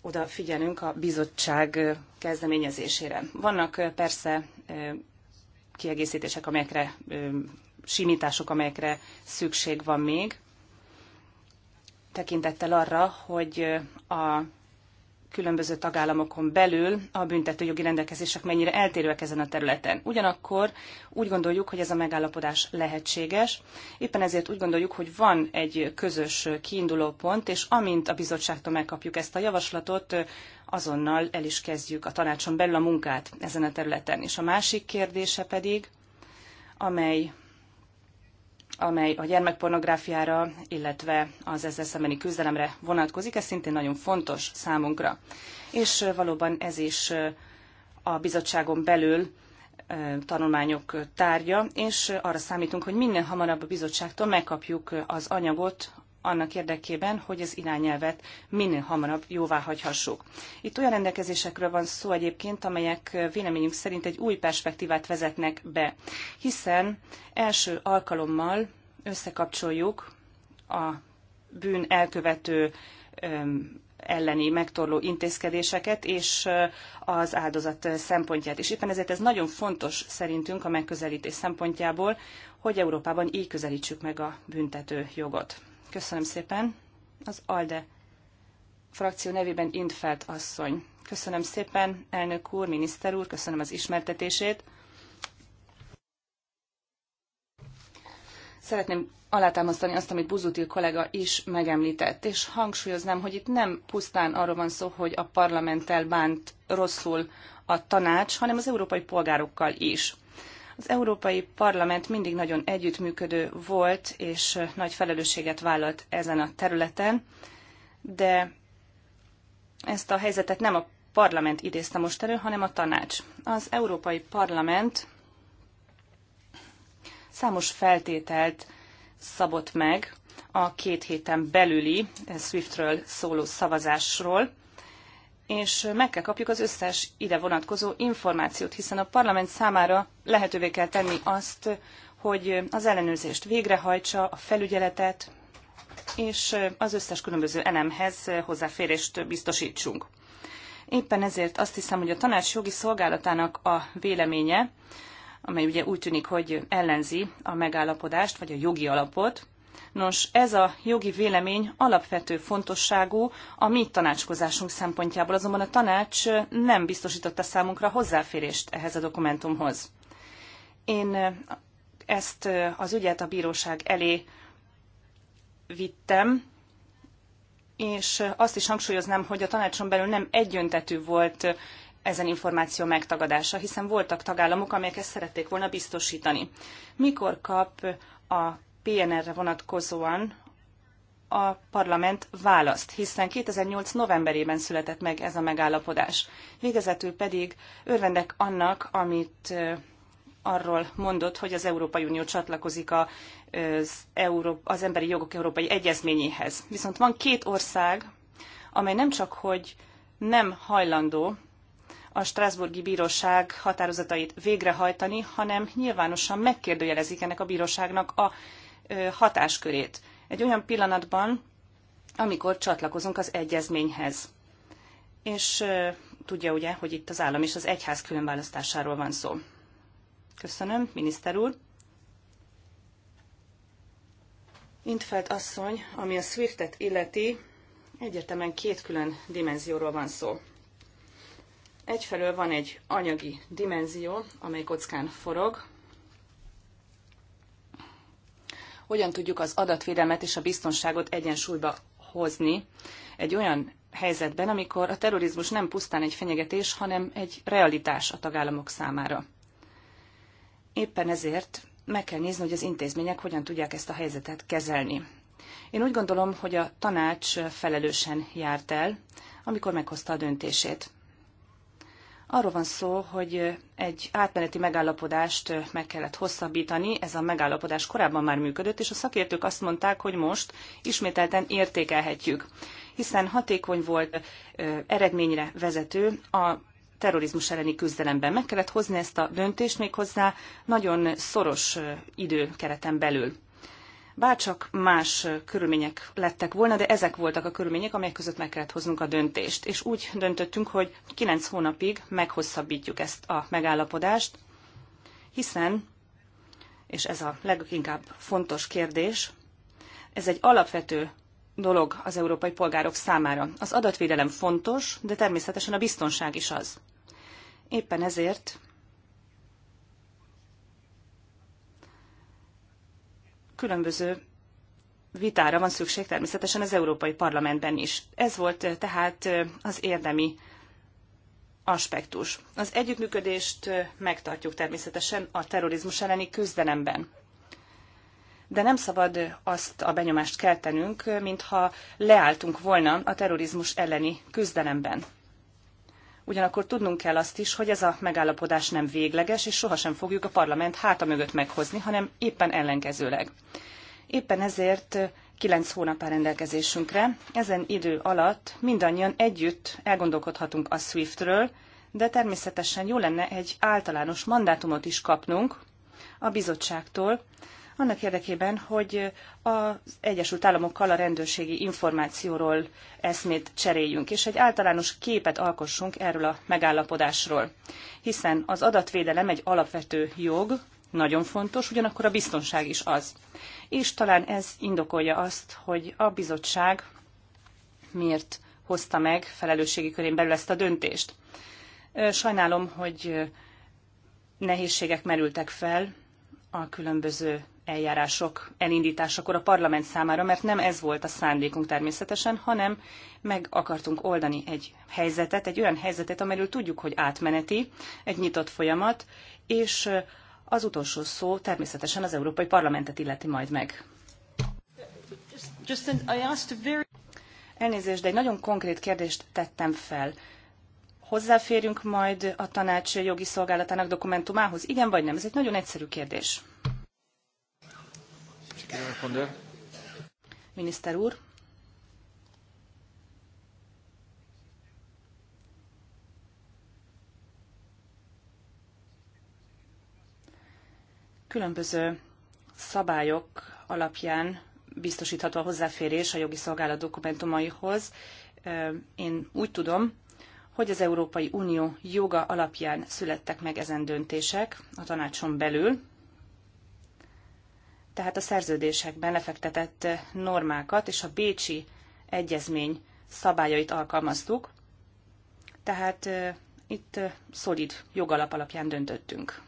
Speaker 3: odafigyelünk a bizottság kezdeményezésére. Vannak persze kiegészítések, amelyekre, simítások, amelyekre szükség van még, tekintettel arra, hogy a különböző tagállamokon belül a büntetőjogi rendelkezések mennyire eltérőek ezen a területen. Ugyanakkor úgy gondoljuk, hogy ez a megállapodás lehetséges, éppen ezért úgy gondoljuk, hogy van egy közös kiindulópont, és amint a bizottságtól megkapjuk ezt a javaslatot, azonnal el is kezdjük a tanácson belül a munkát ezen a területen. És a másik kérdése pedig, amely amely a gyermekpornográfiára, illetve az ezzel szembeni küzdelemre vonatkozik. Ez szintén nagyon fontos számunkra. És valóban ez is a bizottságon belül tanulmányok tárgya, és arra számítunk, hogy minél hamarabb a bizottságtól megkapjuk az anyagot annak érdekében, hogy az irányelvet minél hamarabb jóvá hagyhassuk. Itt olyan rendelkezésekről van szó egyébként, amelyek véleményünk szerint egy új perspektívát vezetnek be, hiszen első alkalommal összekapcsoljuk a bűn elkövető elleni megtorló intézkedéseket és az áldozat szempontját. És éppen ezért ez nagyon fontos szerintünk a megközelítés szempontjából, hogy Európában így közelítsük meg a büntető jogot. Köszönöm szépen. Az ALDE frakció nevében indfelt asszony. Köszönöm szépen, elnök úr, miniszter úr, köszönöm az ismertetését. Szeretném alátámasztani azt, amit Buzutil kollega is megemlített, és hangsúlyoznám, hogy itt nem pusztán arról van szó, hogy a parlamenttel bánt rosszul a tanács, hanem az európai polgárokkal is. Az Európai Parlament mindig nagyon együttműködő volt, és nagy felelősséget vállalt ezen a területen, de ezt a helyzetet nem a parlament idézte most elő, hanem a tanács. Az Európai Parlament számos feltételt szabott meg a két héten belüli eh, SWIFT-ről szóló szavazásról, és meg kell kapjuk az összes ide vonatkozó információt, hiszen a parlament számára lehetővé kell tenni azt, hogy az ellenőrzést végrehajtsa, a felügyeletet, és az összes különböző elemhez hozzáférést biztosítsunk. Éppen ezért azt hiszem, hogy a tanács jogi szolgálatának a véleménye, amely ugye úgy tűnik, hogy ellenzi a megállapodást, vagy a jogi alapot, Nos, ez a jogi vélemény alapvető fontosságú a mi tanácskozásunk szempontjából, azonban a tanács nem biztosította számunkra hozzáférést ehhez a dokumentumhoz. Én ezt az ügyet a bíróság elé vittem, és azt is hangsúlyoznám, hogy a tanácson belül nem egyöntetű volt ezen információ megtagadása, hiszen voltak tagállamok, amelyek ezt szerették volna biztosítani. Mikor kap a PNR-re vonatkozóan a parlament választ, hiszen 2008. novemberében született meg ez a megállapodás. Végezetül pedig örvendek annak, amit arról mondott, hogy az Európai Unió csatlakozik az, Emberi Jogok Európai Egyezményéhez. Viszont van két ország, amely nem csak, hogy nem hajlandó a Strasburgi Bíróság határozatait végrehajtani, hanem nyilvánosan megkérdőjelezik ennek a bíróságnak a hatáskörét egy olyan pillanatban, amikor csatlakozunk az egyezményhez. És tudja ugye, hogy itt az állam és az egyház különválasztásáról van szó. Köszönöm, miniszter úr. Intfeld asszony, ami a Swiftet illeti, egyértelműen két külön dimenzióról van szó. Egyfelől van egy anyagi dimenzió, amely kockán forog, hogyan tudjuk az adatvédelmet és a biztonságot egyensúlyba hozni egy olyan helyzetben, amikor a terrorizmus nem pusztán egy fenyegetés, hanem egy realitás a tagállamok számára. Éppen ezért meg kell nézni, hogy az intézmények hogyan tudják ezt a helyzetet kezelni. Én úgy gondolom, hogy a tanács felelősen járt el, amikor meghozta a döntését. Arról van szó, hogy egy átmeneti megállapodást meg kellett hosszabbítani, ez a megállapodás korábban már működött, és a szakértők azt mondták, hogy most ismételten értékelhetjük, hiszen hatékony volt, eredményre vezető a terrorizmus elleni küzdelemben. Meg kellett hozni ezt a döntést méghozzá nagyon szoros időkereten belül. Bárcsak más körülmények lettek volna, de ezek voltak a körülmények, amelyek között meg kellett hoznunk a döntést. És úgy döntöttünk, hogy kilenc hónapig meghosszabbítjuk ezt a megállapodást, hiszen, és ez a leginkább fontos kérdés, ez egy alapvető dolog az európai polgárok számára. Az adatvédelem fontos, de természetesen a biztonság is az. Éppen ezért különböző vitára van szükség természetesen az Európai Parlamentben is. Ez volt eh, tehát eh, az érdemi aspektus. Az együttműködést eh, megtartjuk természetesen a terrorizmus elleni küzdelemben. De nem szabad azt a benyomást keltenünk, mintha leálltunk volna a terrorizmus elleni küzdelemben. Ugyanakkor tudnunk kell azt is, hogy ez a megállapodás nem végleges, és sohasem fogjuk a parlament háta mögött meghozni, hanem éppen ellenkezőleg. Éppen ezért kilenc hónap áll rendelkezésünkre. Ezen idő alatt mindannyian együtt elgondolkodhatunk a SWIFT-ről, de természetesen jó lenne egy általános mandátumot is kapnunk a bizottságtól, annak érdekében, hogy az Egyesült Államokkal a rendőrségi információról eszmét cseréljünk, és egy általános képet alkossunk erről a megállapodásról. Hiszen az adatvédelem egy alapvető jog, nagyon fontos, ugyanakkor a biztonság is az. És talán ez indokolja azt, hogy a bizottság miért hozta meg felelősségi körén belül ezt a döntést. Sajnálom, hogy nehézségek merültek fel a különböző eljárások elindításakor a parlament számára, mert nem ez volt a szándékunk természetesen, hanem meg akartunk oldani egy helyzetet, egy olyan helyzetet, amelyről tudjuk, hogy átmeneti, egy nyitott folyamat, és az utolsó szó természetesen az Európai Parlamentet illeti majd meg. Elnézést, de egy nagyon konkrét kérdést tettem fel. Hozzáférünk majd a tanács jogi szolgálatának dokumentumához? Igen vagy nem? Ez egy nagyon egyszerű kérdés. Miniszter úr. Különböző szabályok alapján biztosítható a hozzáférés a jogi szolgálat dokumentumaihoz. Én úgy tudom, hogy az Európai Unió joga alapján születtek meg ezen döntések a tanácson belül, tehát a szerződésekben lefektetett normákat és a Bécsi Egyezmény szabályait alkalmaztuk, tehát itt szolid jogalap alapján döntöttünk.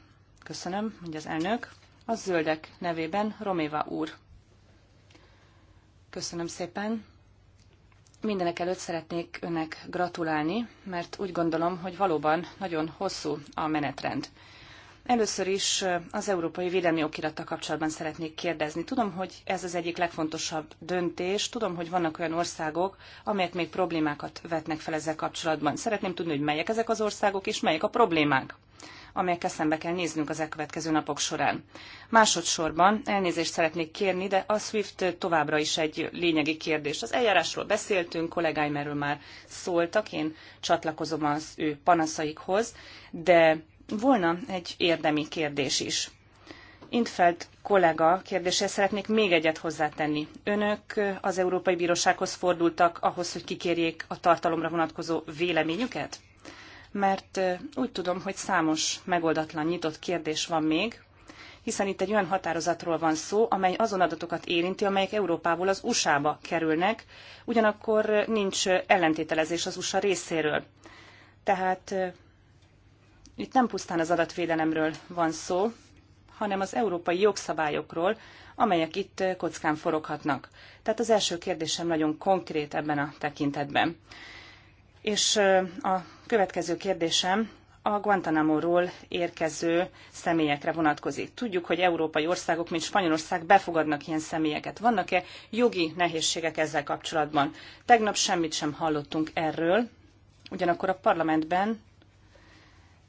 Speaker 3: Köszönöm, mondja az elnök. A zöldek nevében Roméva úr. Köszönöm szépen. Mindenek előtt szeretnék önnek gratulálni, mert úgy gondolom, hogy valóban nagyon hosszú a menetrend. Először is az Európai Védelmi Okirattal kapcsolatban szeretnék kérdezni. Tudom, hogy ez az egyik legfontosabb döntés. Tudom, hogy vannak olyan országok, amelyek még problémákat vetnek fel ezzel kapcsolatban. Szeretném tudni, hogy melyek ezek az országok, és melyek a problémák amelyekkel szembe kell néznünk az elkövetkező napok során. Másodszorban elnézést szeretnék kérni, de a SWIFT továbbra is egy lényegi kérdés. Az eljárásról beszéltünk, kollégáim erről már szóltak, én csatlakozom az ő panaszaikhoz, de volna egy érdemi kérdés is. Intfeld kollega kérdéséhez szeretnék még egyet hozzátenni. Önök az Európai Bírósághoz fordultak ahhoz, hogy kikérjék a tartalomra vonatkozó véleményüket? Mert úgy tudom, hogy számos megoldatlan nyitott kérdés van még, hiszen itt egy olyan határozatról van szó, amely azon adatokat érinti, amelyek Európából az USA-ba kerülnek, ugyanakkor nincs ellentételezés az USA részéről. Tehát itt nem pusztán az adatvédelemről van szó, hanem az európai jogszabályokról, amelyek itt kockán foroghatnak. Tehát az első kérdésem nagyon konkrét ebben a tekintetben. És a következő kérdésem a Guantanamo-ról érkező személyekre vonatkozik. Tudjuk, hogy európai országok, mint Spanyolország befogadnak ilyen személyeket. Vannak-e jogi nehézségek ezzel kapcsolatban? Tegnap semmit sem hallottunk erről, ugyanakkor a parlamentben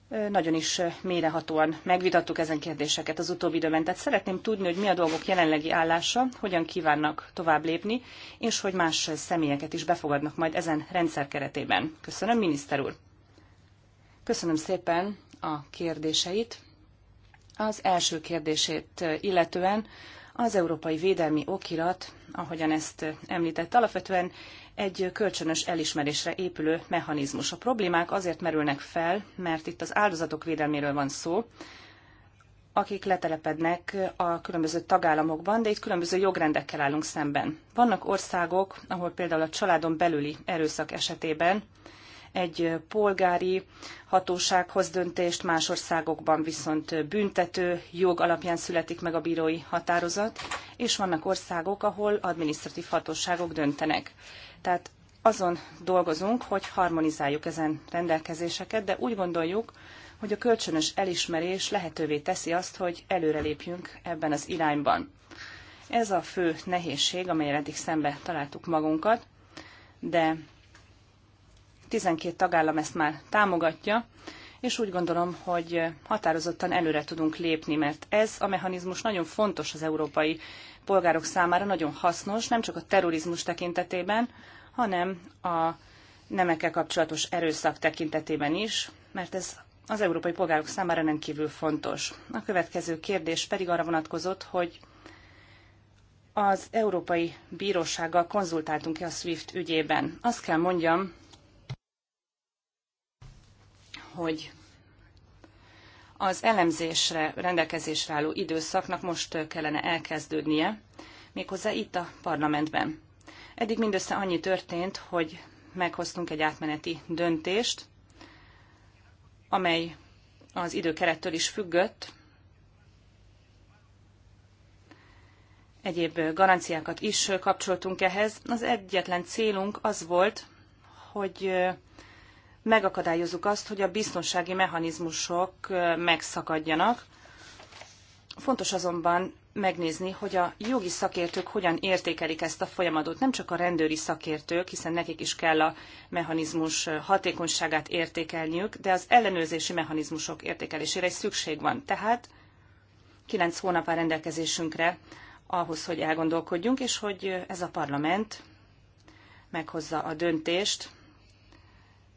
Speaker 3: nagyon is mélyrehatóan megvitattuk ezen kérdéseket az utóbbi időben. Tehát szeretném tudni, hogy mi a dolgok jelenlegi állása, hogyan kívánnak tovább lépni, és hogy más személyeket is befogadnak majd ezen rendszer keretében. Köszönöm, miniszter úr! Köszönöm szépen a kérdéseit. Az első kérdését illetően az Európai Védelmi Okirat, ahogyan ezt említett, alapvetően egy kölcsönös elismerésre épülő mechanizmus. A problémák azért merülnek fel, mert itt az áldozatok védelméről van szó, akik letelepednek a különböző tagállamokban, de itt különböző jogrendekkel állunk szemben. Vannak országok, ahol például a családon belüli erőszak esetében egy polgári hatósághoz döntést, más országokban viszont büntető jog alapján születik meg a bírói határozat, és vannak országok, ahol adminisztratív hatóságok döntenek. Tehát azon dolgozunk, hogy harmonizáljuk ezen rendelkezéseket, de úgy gondoljuk, hogy a kölcsönös elismerés lehetővé teszi azt, hogy előrelépjünk ebben az irányban. Ez a fő nehézség, amelyre eddig szembe találtuk magunkat, de 12 tagállam ezt már támogatja, és úgy gondolom, hogy határozottan előre tudunk lépni, mert ez a mechanizmus nagyon fontos az európai polgárok számára, nagyon hasznos, nem csak a terrorizmus tekintetében, hanem a nemekkel kapcsolatos erőszak tekintetében is, mert ez az európai polgárok számára rendkívül fontos. A következő kérdés pedig arra vonatkozott, hogy az Európai Bírósággal konzultáltunk-e a SWIFT ügyében. Azt kell mondjam, hogy az elemzésre rendelkezésre álló időszaknak most kellene elkezdődnie, méghozzá itt a parlamentben. Eddig mindössze annyi történt, hogy meghoztunk egy átmeneti döntést, amely az időkerettől is függött, egyéb garanciákat is kapcsoltunk ehhez. Az egyetlen célunk az volt, hogy megakadályozzuk azt, hogy a biztonsági mechanizmusok megszakadjanak. Fontos azonban megnézni, hogy a jogi szakértők hogyan értékelik ezt a folyamatot. Nem csak a rendőri szakértők, hiszen nekik is kell a mechanizmus hatékonyságát értékelniük, de az ellenőrzési mechanizmusok értékelésére is szükség van. Tehát kilenc hónap áll rendelkezésünkre ahhoz, hogy elgondolkodjunk, és hogy ez a parlament meghozza a döntést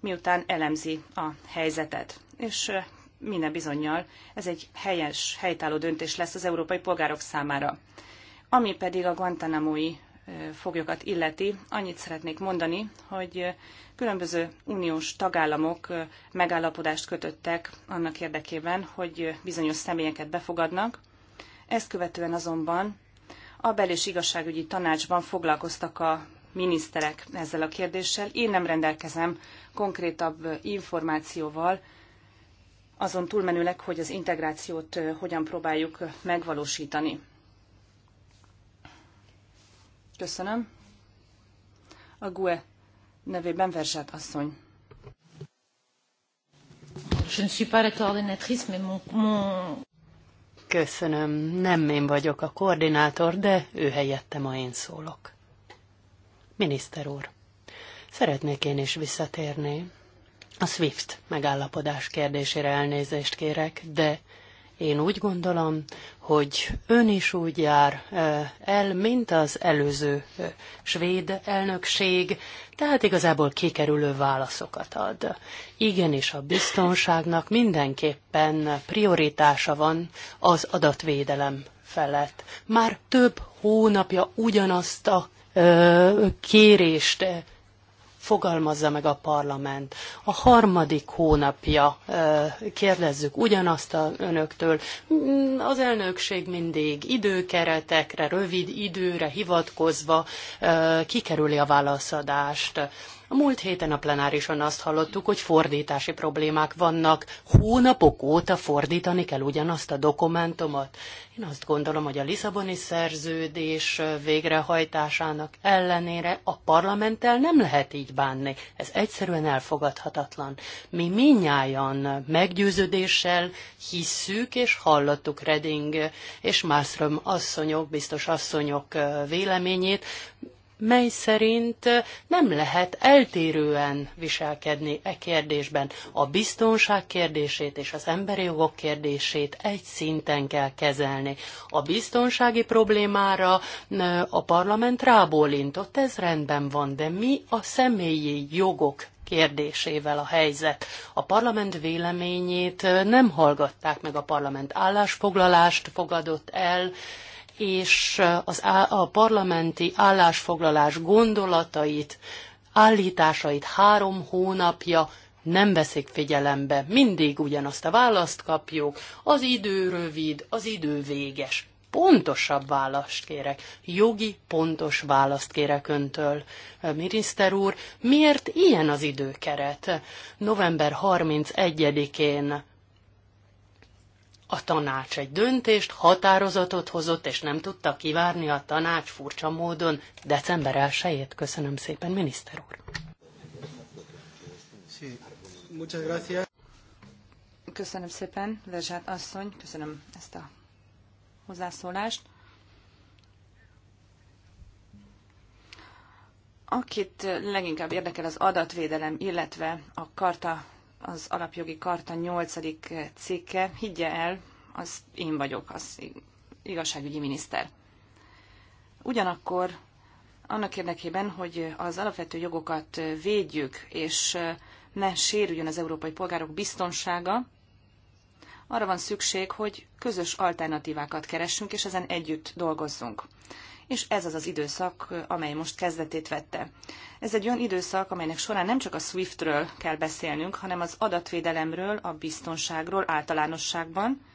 Speaker 3: miután elemzi a helyzetet. És minden bizonyal ez egy helyes, helytálló döntés lesz az európai polgárok számára. Ami pedig a Guantanamo-i foglyokat illeti, annyit szeretnék mondani, hogy különböző uniós tagállamok megállapodást kötöttek annak érdekében, hogy bizonyos személyeket befogadnak. Ezt követően azonban a bel- és igazságügyi tanácsban foglalkoztak a miniszterek ezzel a kérdéssel. Én nem rendelkezem konkrétabb információval, azon túlmenőleg, hogy az integrációt hogyan próbáljuk megvalósítani. Köszönöm. A GUE nevében Verzsát asszony.
Speaker 5: Köszönöm, nem én vagyok a koordinátor, de ő helyette ma én szólok. Miniszter úr, szeretnék én is visszatérni. A SWIFT megállapodás kérdésére elnézést kérek, de én úgy gondolom, hogy ön is úgy jár el, mint az előző svéd elnökség, tehát igazából kikerülő válaszokat ad. Igenis a biztonságnak mindenképpen prioritása van az adatvédelem felett. Már több hónapja ugyanazt a kérést fogalmazza meg a parlament. A harmadik hónapja kérdezzük ugyanazt a önöktől. Mm, az elnökség mindig időkeretekre, rövid időre hivatkozva kikerüli a válaszadást. A múlt héten a plenárison azt hallottuk, hogy fordítási problémák vannak. Hónapok óta fordítani kell ugyanazt a dokumentumot. Én azt gondolom, hogy a Lisszaboni szerződés végrehajtásának ellenére a parlamenttel nem lehet így bánni. Ez egyszerűen elfogadhatatlan. Mi minnyáján meggyőződéssel hisszük és hallottuk Reding és Mászröm asszonyok, biztos asszonyok véleményét, mely szerint nem lehet eltérően viselkedni e kérdésben. A biztonság kérdését és az emberi jogok kérdését egy szinten kell kezelni. A biztonsági problémára a parlament rábólintott, ez rendben van, de mi a személyi jogok kérdésével a helyzet. A parlament véleményét nem hallgatták meg, a parlament állásfoglalást fogadott el, és az, a parlamenti állásfoglalás gondolatait, állításait három hónapja nem veszik figyelembe. Mindig ugyanazt a választ kapjuk, az idő rövid, az idő véges. Pontosabb választ kérek, jogi pontos választ kérek öntől. Miniszter úr, miért ilyen az időkeret? November 31-én a tanács egy döntést, határozatot hozott, és nem tudta kivárni a tanács furcsa módon december 1 Köszönöm szépen, miniszter
Speaker 2: úr.
Speaker 3: Köszönöm szépen, Verzsát asszony, köszönöm ezt a hozzászólást. Akit leginkább érdekel az adatvédelem, illetve a karta az alapjogi karta 8. cikke, higgye el, az én vagyok, az igazságügyi miniszter. Ugyanakkor annak érdekében, hogy az alapvető jogokat védjük, és ne sérüljön az európai polgárok biztonsága, arra van szükség, hogy közös alternatívákat keressünk, és ezen együtt dolgozzunk és ez az az időszak, amely most kezdetét vette. Ez egy olyan időszak, amelynek során nem csak a SWIFT-ről kell beszélnünk, hanem az adatvédelemről, a biztonságról általánosságban,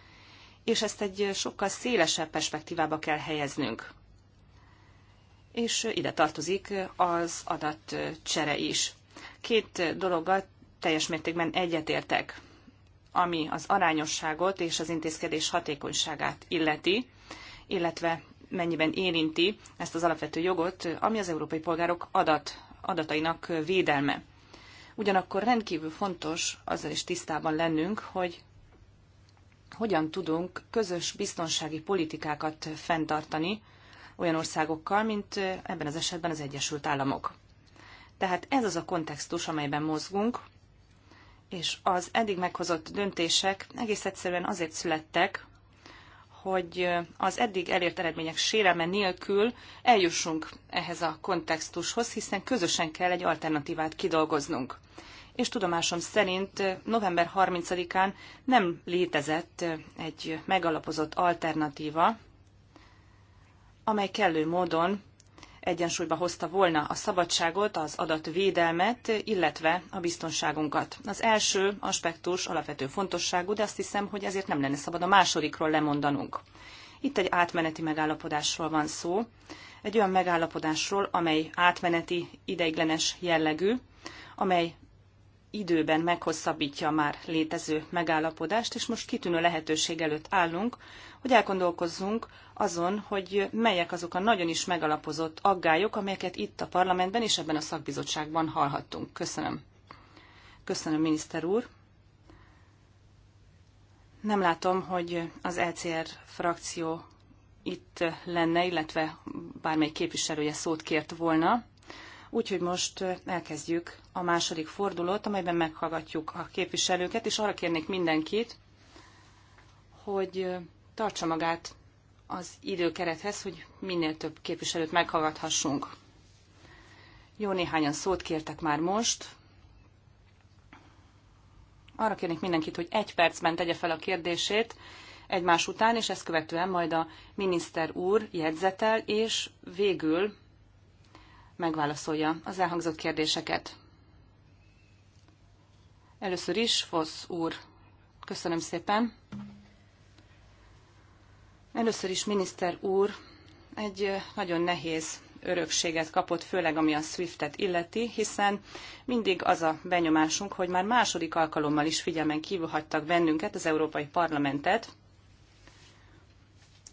Speaker 3: és ezt egy sokkal szélesebb perspektívába kell helyeznünk. És ide tartozik az adatcsere is. Két dologgal teljes mértékben egyetértek, ami az arányosságot és az intézkedés hatékonyságát illeti, illetve mennyiben érinti ezt az alapvető jogot, ami az európai polgárok adat, adatainak védelme. Ugyanakkor rendkívül fontos azzal is tisztában lennünk, hogy hogyan tudunk közös biztonsági politikákat fenntartani olyan országokkal, mint ebben az esetben az Egyesült Államok. Tehát ez az a kontextus, amelyben mozgunk, és az eddig meghozott döntések egész egyszerűen azért születtek, hogy az eddig elért eredmények sérelme nélkül eljussunk ehhez a kontextushoz, hiszen közösen kell egy alternatívát kidolgoznunk. És tudomásom szerint november 30-án nem létezett egy megalapozott alternatíva, amely kellő módon egyensúlyba hozta volna a szabadságot, az adatvédelmet, illetve a biztonságunkat. Az első aspektus alapvető fontosságú, de azt hiszem, hogy ezért nem lenne szabad a másodikról lemondanunk. Itt egy átmeneti megállapodásról van szó, egy olyan megállapodásról, amely átmeneti, ideiglenes jellegű, amely időben meghosszabbítja a már létező megállapodást, és most kitűnő lehetőség előtt állunk, hogy elgondolkozzunk azon, hogy melyek azok a nagyon is megalapozott aggályok, amelyeket itt a parlamentben és ebben a szakbizottságban hallhattunk. Köszönöm. Köszönöm, miniszter úr. Nem látom, hogy az ECR frakció itt lenne, illetve bármely képviselője szót kért volna. Úgyhogy most elkezdjük a második fordulót, amelyben meghallgatjuk a képviselőket, és arra kérnék mindenkit, hogy tartsa magát az időkerethez, hogy minél több képviselőt meghallgathassunk. Jó néhányan szót kértek már most. Arra kérnék mindenkit, hogy egy percben tegye fel a kérdését egymás után, és ezt követően majd a miniszter úr jegyzetel, és végül megválaszolja az elhangzott kérdéseket. Először is, Fosz úr, köszönöm szépen. Először is, miniszter úr, egy nagyon nehéz örökséget kapott, főleg ami a SWIFT-et illeti, hiszen mindig az a benyomásunk, hogy már második alkalommal is figyelmen kívül hagytak bennünket, az Európai Parlamentet,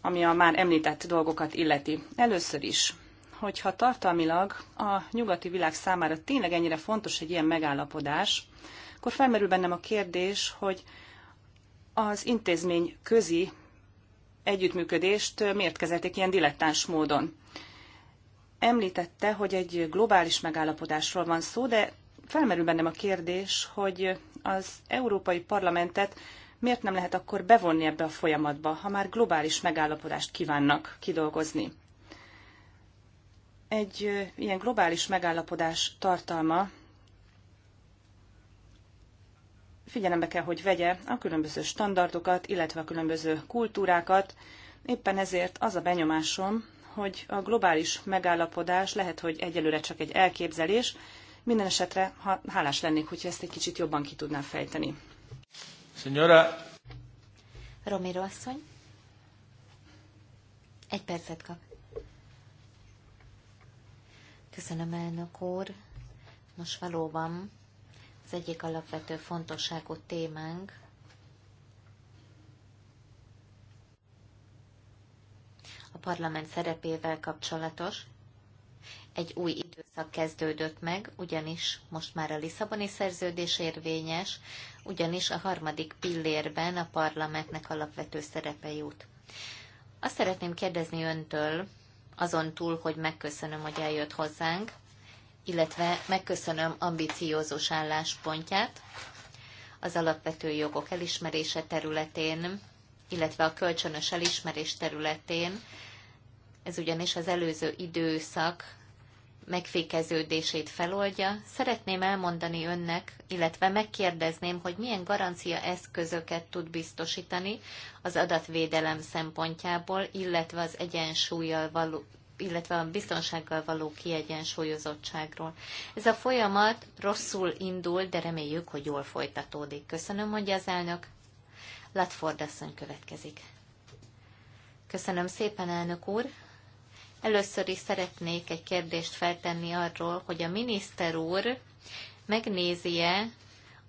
Speaker 3: ami a már említett dolgokat illeti. Először is, hogyha tartalmilag a nyugati világ számára tényleg ennyire fontos egy ilyen megállapodás, akkor felmerül bennem a kérdés, hogy az intézmény közi együttműködést miért kezelték ilyen dilettáns módon. Említette, hogy egy globális megállapodásról van szó, de felmerül bennem a kérdés, hogy az Európai Parlamentet miért nem lehet akkor bevonni ebbe a folyamatba, ha már globális megállapodást kívánnak kidolgozni. Egy ilyen globális megállapodás tartalma figyelembe kell, hogy vegye a különböző standardokat, illetve a különböző kultúrákat. Éppen ezért az a benyomásom, hogy a globális megállapodás lehet, hogy egyelőre csak egy elképzelés, minden esetre hálás lennék, hogyha ezt egy kicsit jobban ki tudná fejteni.
Speaker 1: Senyora.
Speaker 2: Romero asszony. Egy percet kap. Köszönöm, elnök úr. Nos, valóban az egyik alapvető fontosságú témánk a parlament szerepével kapcsolatos. Egy új időszak kezdődött meg, ugyanis most már a Lisszaboni szerződés érvényes, ugyanis a harmadik pillérben a parlamentnek alapvető szerepe jut. Azt szeretném kérdezni öntől, azon túl, hogy megköszönöm, hogy eljött hozzánk, illetve megköszönöm ambiciózus álláspontját az alapvető jogok elismerése területén, illetve a kölcsönös elismerés területén. Ez ugyanis az előző időszak megfékeződését feloldja. Szeretném elmondani önnek, illetve megkérdezném, hogy milyen garancia eszközöket tud biztosítani az adatvédelem szempontjából, illetve az egyensúlyjal való illetve a biztonsággal való kiegyensúlyozottságról. Ez a folyamat rosszul indul, de reméljük, hogy jól folytatódik. Köszönöm, mondja az elnök. Latford asszony következik. Köszönöm szépen, elnök úr. Először is szeretnék egy kérdést feltenni arról, hogy a miniszter úr megnézi-e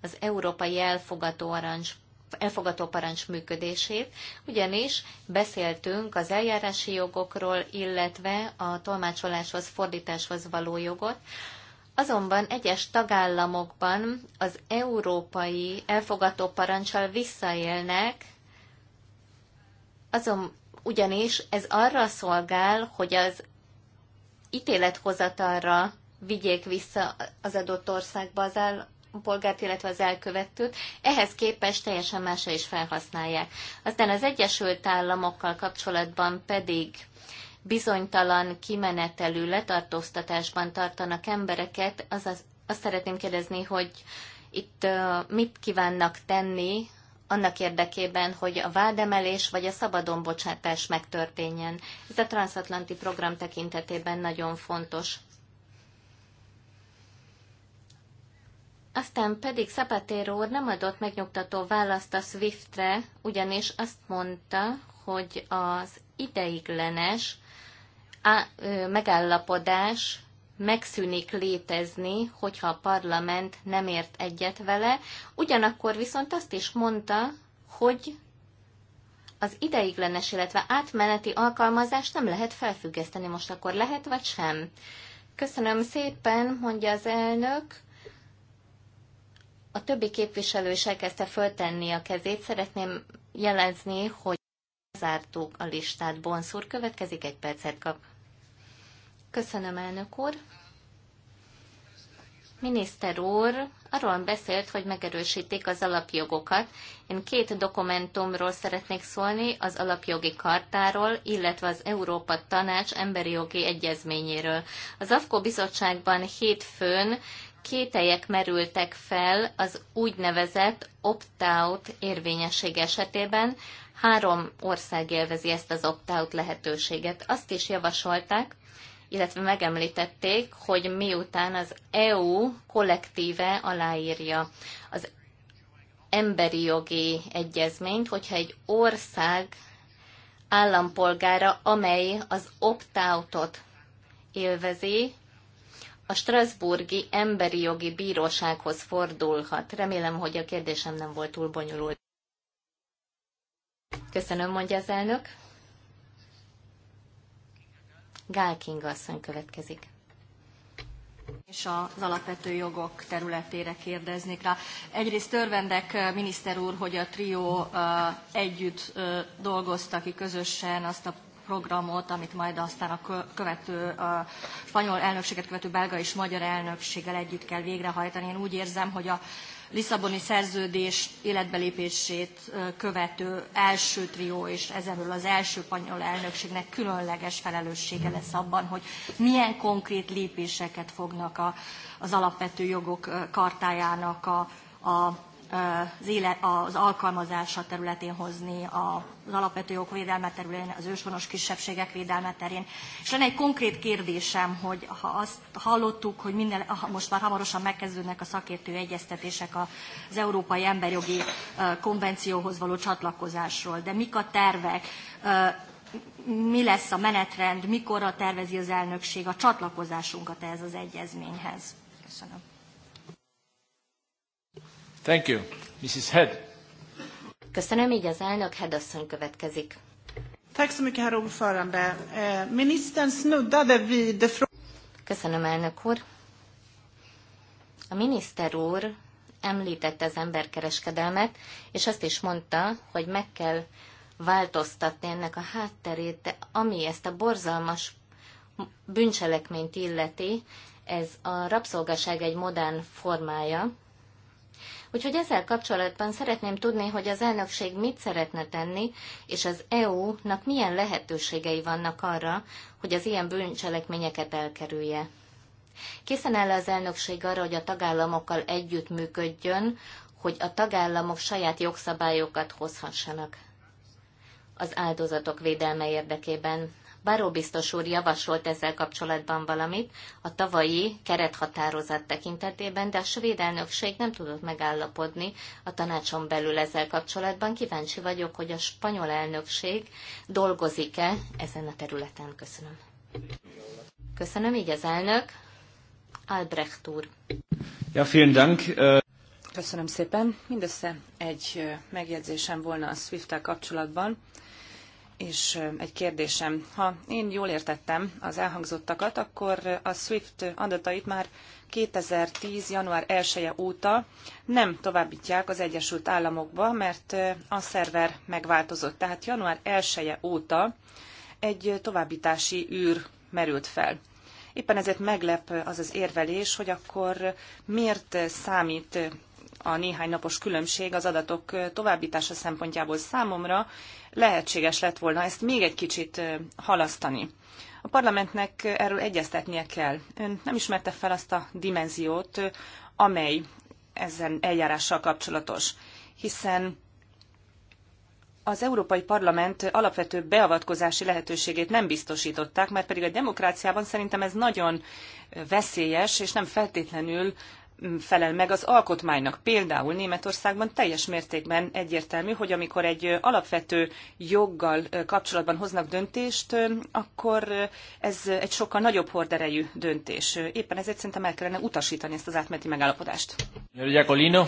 Speaker 2: az európai elfogató arancs elfogató parancs működését, ugyanis beszéltünk az eljárási jogokról, illetve a tolmácsoláshoz, fordításhoz való jogot, Azonban egyes tagállamokban az európai elfogató parancsal visszaélnek, azon, ugyanis ez arra szolgál, hogy az ítélethozatalra vigyék vissza az adott országba az áll, polgárt, illetve az elkövetőt, ehhez képest teljesen másra is felhasználják. Aztán az Egyesült Államokkal kapcsolatban pedig bizonytalan kimenetelű letartóztatásban tartanak embereket, azaz azt szeretném kérdezni, hogy itt mit kívánnak tenni annak érdekében, hogy a vádemelés vagy a szabadonbocsátás megtörténjen. Ez a transatlanti program tekintetében nagyon fontos. Aztán pedig Zapatero úr nem adott megnyugtató választ a Swiftre, ugyanis azt mondta, hogy az ideiglenes megállapodás megszűnik létezni, hogyha a parlament nem ért egyet vele. Ugyanakkor viszont azt is mondta, hogy az ideiglenes, illetve átmeneti alkalmazást nem lehet felfüggeszteni. Most akkor lehet, vagy sem? Köszönöm szépen, mondja az elnök. A többi képviselő is elkezdte föltenni a kezét. Szeretném jelezni, hogy zártuk a listát. Bonszúr következik, egy percet kap. Köszönöm, elnök úr. Miniszter úr arról beszélt, hogy megerősítik az alapjogokat. Én két dokumentumról szeretnék szólni, az alapjogi kartáról, illetve az Európa Tanács emberi jogi egyezményéről. Az AFKO bizottságban hétfőn kételyek merültek fel az úgynevezett opt-out érvényesség esetében. Három ország élvezi ezt az opt-out lehetőséget. Azt is javasolták, illetve megemlítették, hogy miután az EU kollektíve aláírja az emberi jogi egyezményt, hogyha egy ország állampolgára, amely az opt-outot élvezi, a Strasburgi Emberi Jogi Bírósághoz fordulhat. Remélem, hogy a kérdésem nem volt túl bonyolult. Köszönöm, mondja az elnök. Gál Kinga asszony következik.
Speaker 1: És az alapvető jogok területére kérdeznék rá. Egyrészt törvendek, eh, miniszter úr, hogy a trió eh, együtt eh, dolgozta ki közösen azt a programot, amit majd aztán a követő, a spanyol elnökséget követő belga és magyar elnökséggel együtt kell végrehajtani. Én úgy érzem, hogy a Lisszaboni szerződés életbelépését követő első trió, és ezenről az első spanyol elnökségnek különleges felelőssége lesz abban, hogy milyen konkrét lépéseket fognak a, az alapvető jogok kartájának a, a az, élet, az alkalmazása területén hozni, az alapvető jogok védelme területén, az őshonos kisebbségek védelme terén. És lenne egy konkrét kérdésem, hogy ha azt hallottuk, hogy minden, most már hamarosan megkezdődnek a szakértő egyeztetések az Európai Emberjogi Konvencióhoz való csatlakozásról, de mik a tervek? mi lesz a menetrend, mikorra tervezi az elnökség a csatlakozásunkat ehhez az egyezményhez. Köszönöm. Thank you. Mrs. Head.
Speaker 2: Köszönöm, így az elnök Hedasszony következik. Tack så mycket, herr ordförande. Eh, ministern snuddade vid Köszönöm, elnök úr. A miniszter úr említette az emberkereskedelmet, és azt is mondta, hogy meg kell változtatni ennek a hátterét, de ami ezt a borzalmas bűncselekményt illeti, ez a rabszolgaság egy modern formája, Úgyhogy ezzel kapcsolatban szeretném tudni, hogy az elnökség mit szeretne tenni, és az EU-nak milyen lehetőségei vannak arra, hogy az ilyen bűncselekményeket elkerülje. Készen áll az elnökség arra, hogy a tagállamokkal együttműködjön, hogy a tagállamok saját jogszabályokat hozhassanak az áldozatok védelme érdekében. Baró biztos úr javasolt ezzel kapcsolatban valamit a tavalyi kerethatározat tekintetében, de a svéd elnökség nem tudott megállapodni a tanácson belül ezzel kapcsolatban. Kíváncsi vagyok, hogy a spanyol elnökség dolgozik-e ezen a területen. Köszönöm. Köszönöm, így az elnök. Albrecht úr.
Speaker 1: Ja, vielen Dank.
Speaker 2: Köszönöm szépen. Mindössze egy megjegyzésem
Speaker 3: volna a swift kapcsolatban és egy kérdésem. Ha én jól értettem az elhangzottakat, akkor a SWIFT adatait már 2010. január 1-e óta nem továbbítják az Egyesült Államokba, mert a szerver megváltozott. Tehát január 1-e óta egy továbbítási űr merült fel. Éppen ezért meglep az az érvelés, hogy akkor miért számít a néhány napos különbség az adatok továbbítása szempontjából számomra lehetséges lett volna ezt még egy kicsit halasztani. A parlamentnek erről egyeztetnie kell. Ön nem ismerte fel azt a dimenziót, amely ezen eljárással kapcsolatos, hiszen az Európai Parlament alapvető beavatkozási lehetőségét nem biztosították, mert pedig a demokráciában szerintem ez nagyon veszélyes, és nem feltétlenül felel meg az alkotmánynak. Például Németországban teljes mértékben egyértelmű, hogy amikor egy alapvető joggal kapcsolatban hoznak döntést, akkor ez egy sokkal nagyobb horderejű döntés. Éppen ezért szerintem el kellene utasítani ezt az
Speaker 5: átmeti megállapodást.
Speaker 1: Jacolino.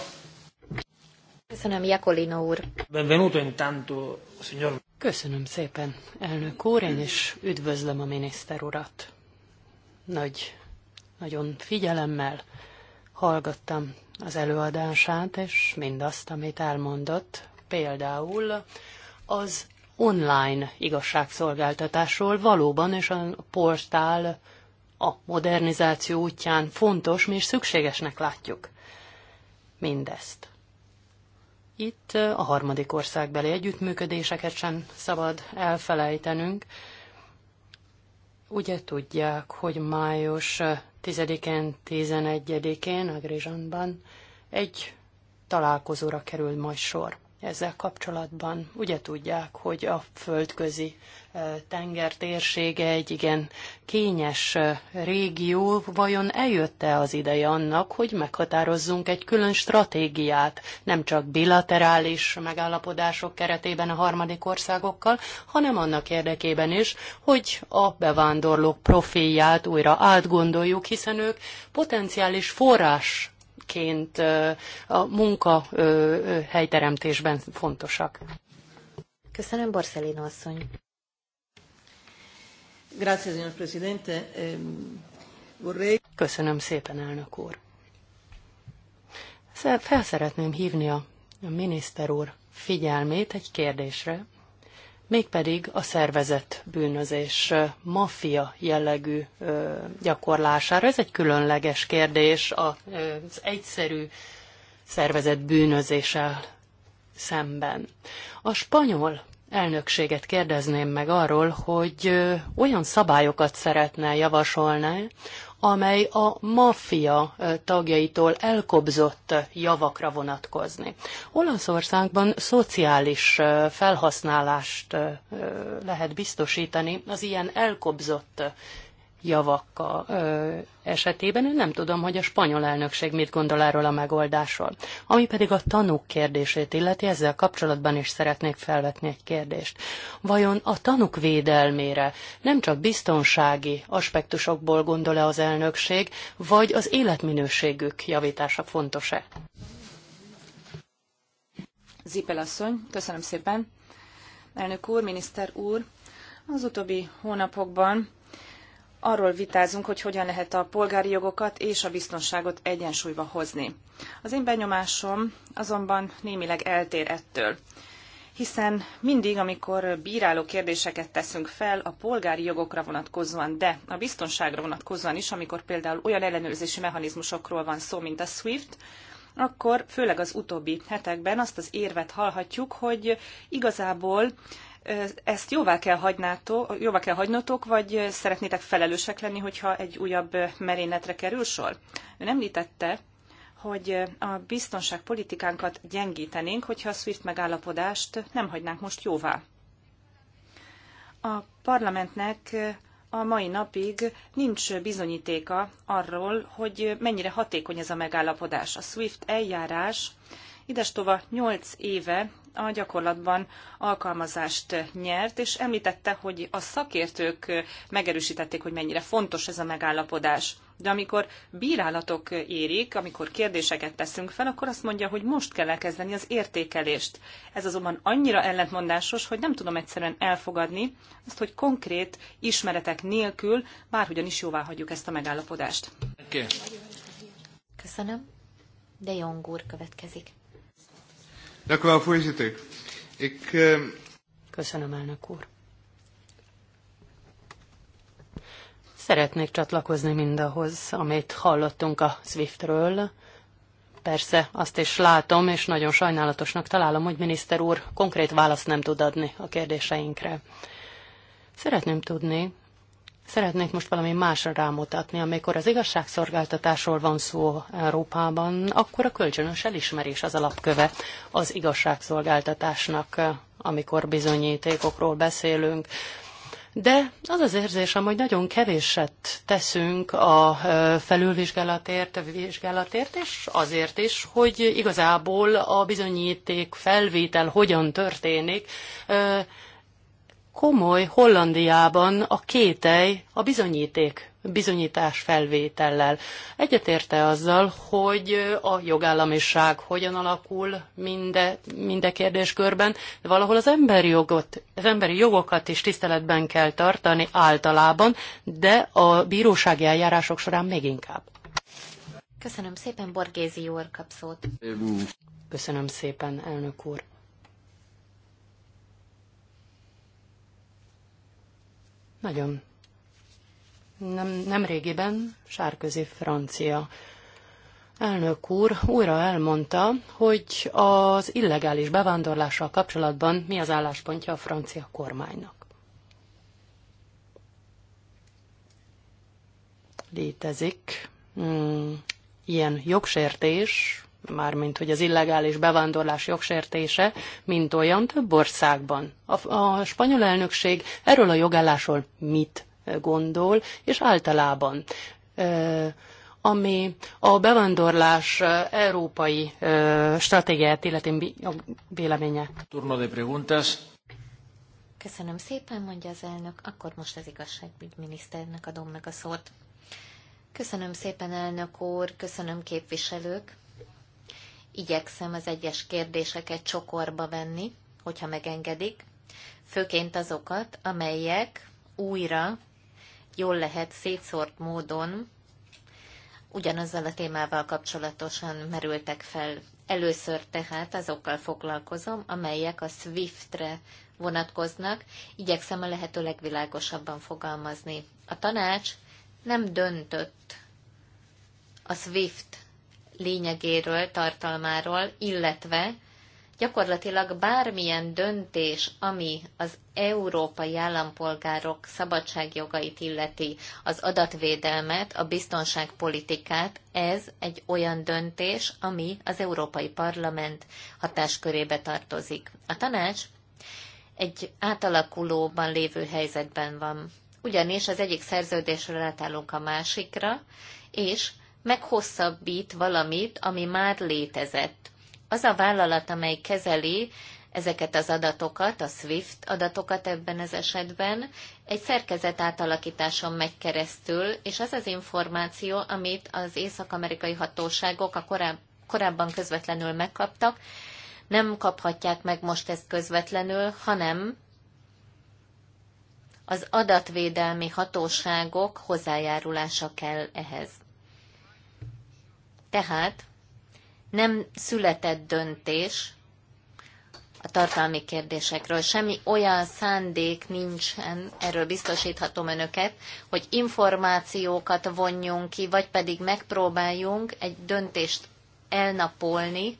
Speaker 2: Köszönöm, Jacolino úr.
Speaker 1: Benvenuto intanto, signor.
Speaker 5: Köszönöm szépen, elnök úr, én is üdvözlöm a miniszter urat. Nagy, nagyon figyelemmel Hallgattam az előadását, és mindazt, amit elmondott, például az online igazságszolgáltatásról valóban, és a portál a modernizáció útján fontos, mi is szükségesnek látjuk mindezt. Itt a harmadik országbeli együttműködéseket sem szabad elfelejtenünk. Ugye tudják, hogy május 10-én, 11-én a Grizsanban egy találkozóra kerül majd sor ezzel kapcsolatban. Ugye tudják, hogy a földközi tenger térsége egy igen kényes régió, vajon eljött-e az ideje annak, hogy meghatározzunk egy külön stratégiát, nem csak bilaterális megállapodások keretében a harmadik országokkal, hanem annak érdekében is, hogy a bevándorlók profilját újra átgondoljuk, hiszen ők potenciális forrás egyébként a munka helyteremtésben fontosak.
Speaker 2: Köszönöm, Borszelino asszony.
Speaker 5: Grazie, signor Presidente. Ehm, Köszönöm szépen, elnök úr. Fel szeretném hívni a, a miniszter úr figyelmét egy kérdésre, mégpedig a szervezett bűnözés maffia jellegű gyakorlására. Ez egy különleges kérdés az egyszerű szervezett bűnözéssel szemben. A spanyol elnökséget kérdezném meg arról, hogy olyan szabályokat szeretne javasolni, amely a maffia tagjaitól elkobzott javakra vonatkozni. Olaszországban szociális felhasználást lehet biztosítani az ilyen elkobzott javak esetében. Én nem tudom, hogy a spanyol elnökség mit gondol erről a megoldásról. Ami pedig a tanúk kérdését illeti, ezzel kapcsolatban is szeretnék felvetni egy kérdést. Vajon a tanúk védelmére nem csak biztonsági aspektusokból gondol-e az elnökség, vagy az életminőségük javítása fontos-e?
Speaker 3: Zipel asszony, köszönöm szépen. Elnök úr, miniszter úr, az utóbbi hónapokban arról vitázunk, hogy hogyan lehet a polgári jogokat és a biztonságot egyensúlyba hozni. Az én benyomásom azonban némileg eltér ettől hiszen mindig, amikor bíráló kérdéseket teszünk fel a polgári jogokra vonatkozóan, de a biztonságra vonatkozóan is, amikor például olyan ellenőrzési mechanizmusokról van szó, mint a SWIFT, akkor főleg az utóbbi hetekben azt az érvet hallhatjuk, hogy igazából ezt jóvá kell, hagynátok, jóvá kell hagynotok, vagy szeretnétek felelősek lenni, hogyha egy újabb merényletre kerül sor? Ön említette, hogy a biztonságpolitikánkat gyengítenénk, hogyha a SWIFT megállapodást nem hagynánk most jóvá. A parlamentnek a mai napig nincs bizonyítéka arról, hogy mennyire hatékony ez a megállapodás. A SWIFT eljárás idestova 8 éve a gyakorlatban alkalmazást nyert, és említette, hogy a szakértők megerősítették, hogy mennyire fontos ez a megállapodás. De amikor bírálatok érik, amikor kérdéseket teszünk fel, akkor azt mondja, hogy most kell elkezdeni az értékelést. Ez azonban annyira ellentmondásos, hogy nem tudom egyszerűen elfogadni azt, hogy konkrét ismeretek nélkül bárhogyan is jóvá hagyjuk ezt a megállapodást.
Speaker 1: Okay.
Speaker 2: Köszönöm. De Jong következik.
Speaker 1: Dank u wel, voorzitter.
Speaker 5: Ik, uh... Köszönöm, elnök úr. Szeretnék csatlakozni mindahhoz, amit hallottunk a SWIFT-ről. Persze, azt is látom, és nagyon sajnálatosnak találom, hogy miniszter úr konkrét választ nem tud adni a kérdéseinkre. Szeretném tudni, Szeretnék most valami másra rámutatni. Amikor az igazságszolgáltatásról van szó Európában, akkor a kölcsönös elismerés az alapköve az igazságszolgáltatásnak, amikor bizonyítékokról beszélünk. De az az érzésem, hogy nagyon kevéset teszünk a felülvizsgálatért, a vizsgálatért, és azért is, hogy igazából a bizonyíték felvétel hogyan történik, komoly Hollandiában a kételj a bizonyíték bizonyítás felvétellel. Egyetérte azzal, hogy a jogállamiság hogyan alakul minde, minde kérdéskörben, de valahol az emberi, jogot, az emberi jogokat is tiszteletben kell tartani általában, de a bírósági eljárások során még inkább.
Speaker 2: Köszönöm szépen, Borgézi úr, kapszót.
Speaker 5: Köszönöm szépen, elnök úr. Nagyon. Nem, nem régiben Sárközi francia elnök úr újra elmondta, hogy az illegális bevándorlással kapcsolatban mi az álláspontja a francia kormánynak. Létezik mm, ilyen jogsértés, mármint hogy az illegális bevándorlás jogsértése, mint olyan több országban. A, a spanyol elnökség erről a jogállásról mit gondol, és általában ami a bevándorlás európai stratégiáját illeti a véleménye.
Speaker 1: Turno de preguntas.
Speaker 2: Köszönöm szépen, mondja az elnök. Akkor most az igazságügyminiszternek adom meg a szót. Köszönöm szépen, elnök úr, köszönöm képviselők igyekszem az egyes kérdéseket csokorba venni, hogyha megengedik, főként azokat, amelyek újra jól lehet szétszórt módon ugyanazzal a témával kapcsolatosan merültek fel. Először tehát azokkal foglalkozom, amelyek a SWIFT-re vonatkoznak, igyekszem a lehető legvilágosabban fogalmazni. A tanács nem döntött a SWIFT lényegéről, tartalmáról, illetve gyakorlatilag bármilyen döntés, ami az európai állampolgárok szabadságjogait illeti, az adatvédelmet, a biztonságpolitikát, ez egy olyan döntés, ami az Európai Parlament hatáskörébe tartozik. A tanács egy átalakulóban lévő helyzetben van. Ugyanis az egyik szerződésről átállunk a másikra, és meghosszabbít valamit, ami már létezett. Az a vállalat, amely kezeli ezeket az adatokat, a SWIFT adatokat ebben az esetben, egy szerkezet átalakításon megy keresztül, és az az információ, amit az észak-amerikai hatóságok a koráb- korábban közvetlenül megkaptak, nem kaphatják meg most ezt közvetlenül, hanem az adatvédelmi hatóságok hozzájárulása kell ehhez. Tehát nem született döntés a tartalmi kérdésekről. Semmi olyan szándék nincsen, erről biztosíthatom önöket, hogy információkat vonjunk ki, vagy pedig megpróbáljunk egy döntést elnapolni,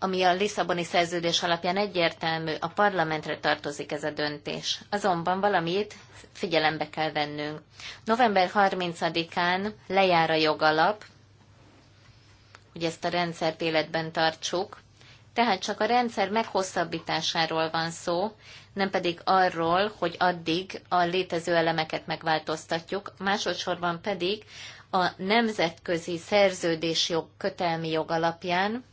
Speaker 2: ami a Lisszaboni szerződés alapján egyértelmű, a parlamentre tartozik ez a döntés. Azonban valamit figyelembe kell vennünk. November 30-án lejár a jogalap, hogy ezt a rendszert életben tartsuk. Tehát csak a rendszer meghosszabbításáról van szó, nem pedig arról, hogy addig a létező elemeket megváltoztatjuk, másodszorban pedig a nemzetközi szerződésjog kötelmi jog alapján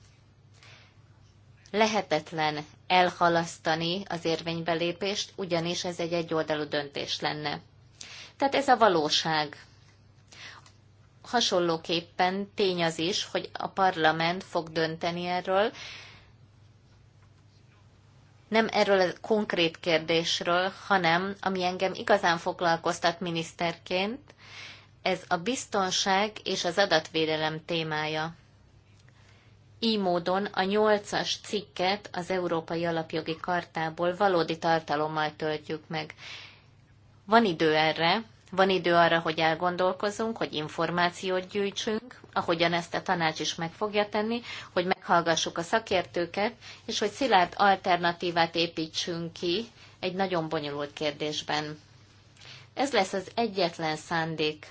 Speaker 2: lehetetlen elhalasztani az érvénybelépést, ugyanis ez egy egyoldalú döntés lenne. Tehát ez a valóság hasonlóképpen tény az is, hogy a parlament fog dönteni erről, nem erről a konkrét kérdésről, hanem ami engem igazán foglalkoztat miniszterként, ez a biztonság és az adatvédelem témája. Így módon a nyolcas cikket az Európai Alapjogi Kartából valódi tartalommal töltjük meg. Van idő erre, van idő arra, hogy elgondolkozunk, hogy információt gyűjtsünk, ahogyan ezt a tanács is meg fogja tenni, hogy meghallgassuk a szakértőket, és hogy szilárd alternatívát építsünk ki egy nagyon bonyolult kérdésben. Ez lesz az egyetlen szándék,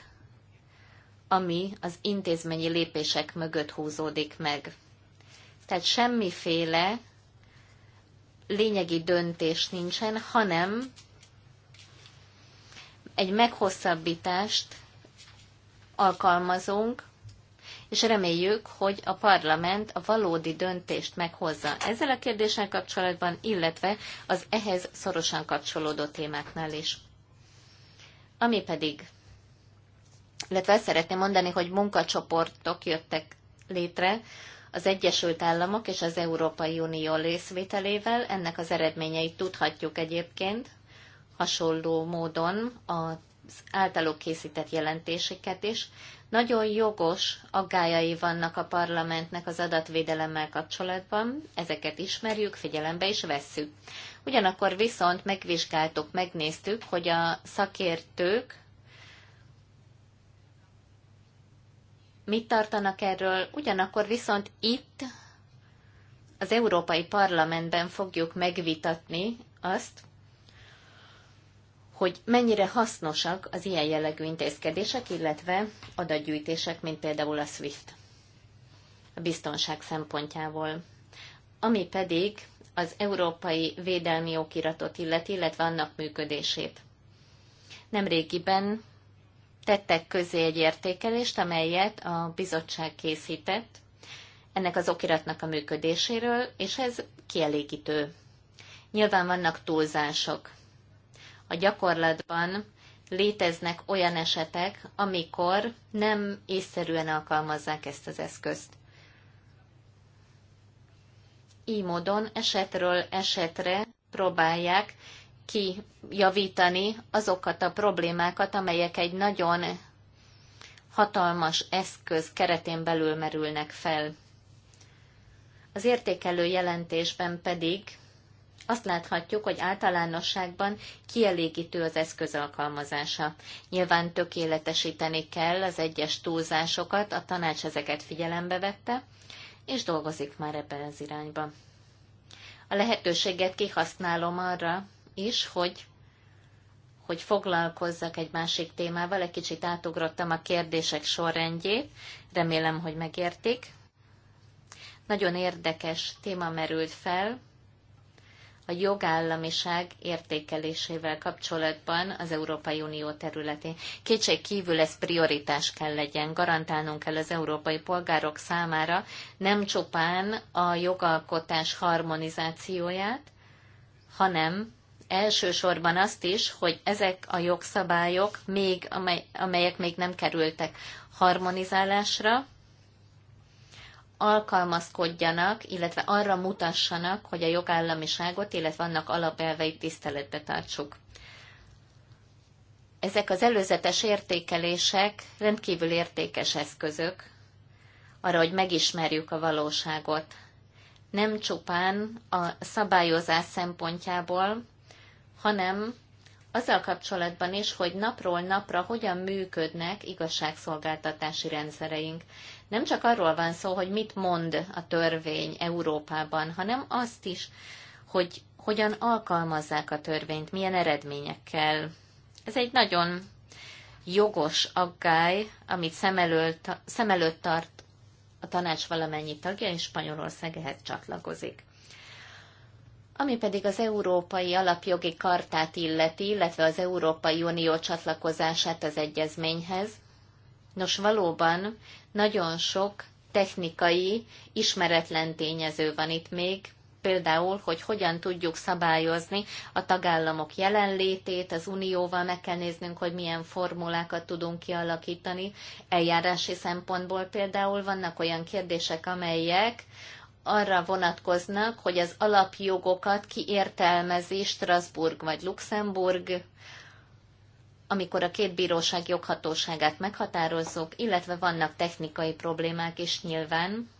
Speaker 2: ami az intézményi lépések mögött húzódik meg. Tehát semmiféle lényegi döntés nincsen, hanem egy meghosszabbítást alkalmazunk, és reméljük, hogy a parlament a valódi döntést meghozza ezzel a kérdéssel kapcsolatban, illetve az ehhez szorosan kapcsolódó témáknál is. Ami pedig, illetve ezt szeretném mondani, hogy munkacsoportok jöttek létre az Egyesült Államok és az Európai Unió részvételével, ennek az eredményeit tudhatjuk egyébként, hasonló módon az általuk készített jelentéseket is. Nagyon jogos aggájai vannak a parlamentnek az adatvédelemmel kapcsolatban, ezeket ismerjük, figyelembe is vesszük. Ugyanakkor viszont megvizsgáltuk, megnéztük, hogy a szakértők mit tartanak erről, ugyanakkor viszont itt az Európai Parlamentben fogjuk megvitatni azt, hogy mennyire hasznosak az ilyen jellegű intézkedések, illetve adatgyűjtések, mint például a SWIFT a biztonság szempontjából. Ami pedig az európai védelmi okiratot illeti, illetve annak működését. Nemrégiben tettek közé egy értékelést, amelyet a bizottság készített ennek az okiratnak a működéséről, és ez kielégítő. Nyilván vannak túlzások, a gyakorlatban léteznek olyan esetek, amikor nem észszerűen alkalmazzák ezt az eszközt. Így módon esetről esetre próbálják kijavítani azokat a problémákat, amelyek egy nagyon hatalmas eszköz keretén belül merülnek fel. Az értékelő jelentésben pedig azt láthatjuk, hogy általánosságban kielégítő az eszköz alkalmazása. Nyilván tökéletesíteni kell az egyes túlzásokat, a tanács ezeket figyelembe vette, és dolgozik már ebben az irányban. A lehetőséget kihasználom arra is, hogy hogy foglalkozzak egy másik témával, egy kicsit átugrottam a kérdések sorrendjét, remélem, hogy megértik. Nagyon érdekes téma merült fel, a jogállamiság értékelésével kapcsolatban az Európai Unió területén. Kétség kívül ez prioritás kell legyen, garantálnunk kell az európai polgárok számára nem csupán a jogalkotás harmonizációját, hanem elsősorban azt is, hogy ezek a jogszabályok, még, amelyek még nem kerültek harmonizálásra, alkalmazkodjanak, illetve arra mutassanak, hogy a jogállamiságot, illetve annak alapelveit tiszteletbe tartsuk. Ezek az előzetes értékelések rendkívül értékes eszközök arra, hogy megismerjük a valóságot. Nem csupán a szabályozás szempontjából, hanem azzal kapcsolatban is, hogy napról napra hogyan működnek igazságszolgáltatási rendszereink nem csak arról van szó, hogy mit mond a törvény Európában, hanem azt is, hogy hogyan alkalmazzák a törvényt, milyen eredményekkel. Ez egy nagyon jogos aggály, amit szem előtt, szem előtt tart a tanács valamennyi tagja, és Spanyolország ehhez csatlakozik. Ami pedig az Európai Alapjogi Kartát illeti, illetve az Európai Unió csatlakozását az egyezményhez, Nos, valóban nagyon sok technikai, ismeretlen tényező van itt még, például, hogy hogyan tudjuk szabályozni a tagállamok jelenlétét, az unióval meg kell néznünk, hogy milyen formulákat tudunk kialakítani. Eljárási szempontból például vannak olyan kérdések, amelyek arra vonatkoznak, hogy az alapjogokat kiértelmezi Strasbourg vagy Luxemburg, amikor a két bíróság joghatóságát meghatározzuk, illetve vannak technikai problémák is nyilván,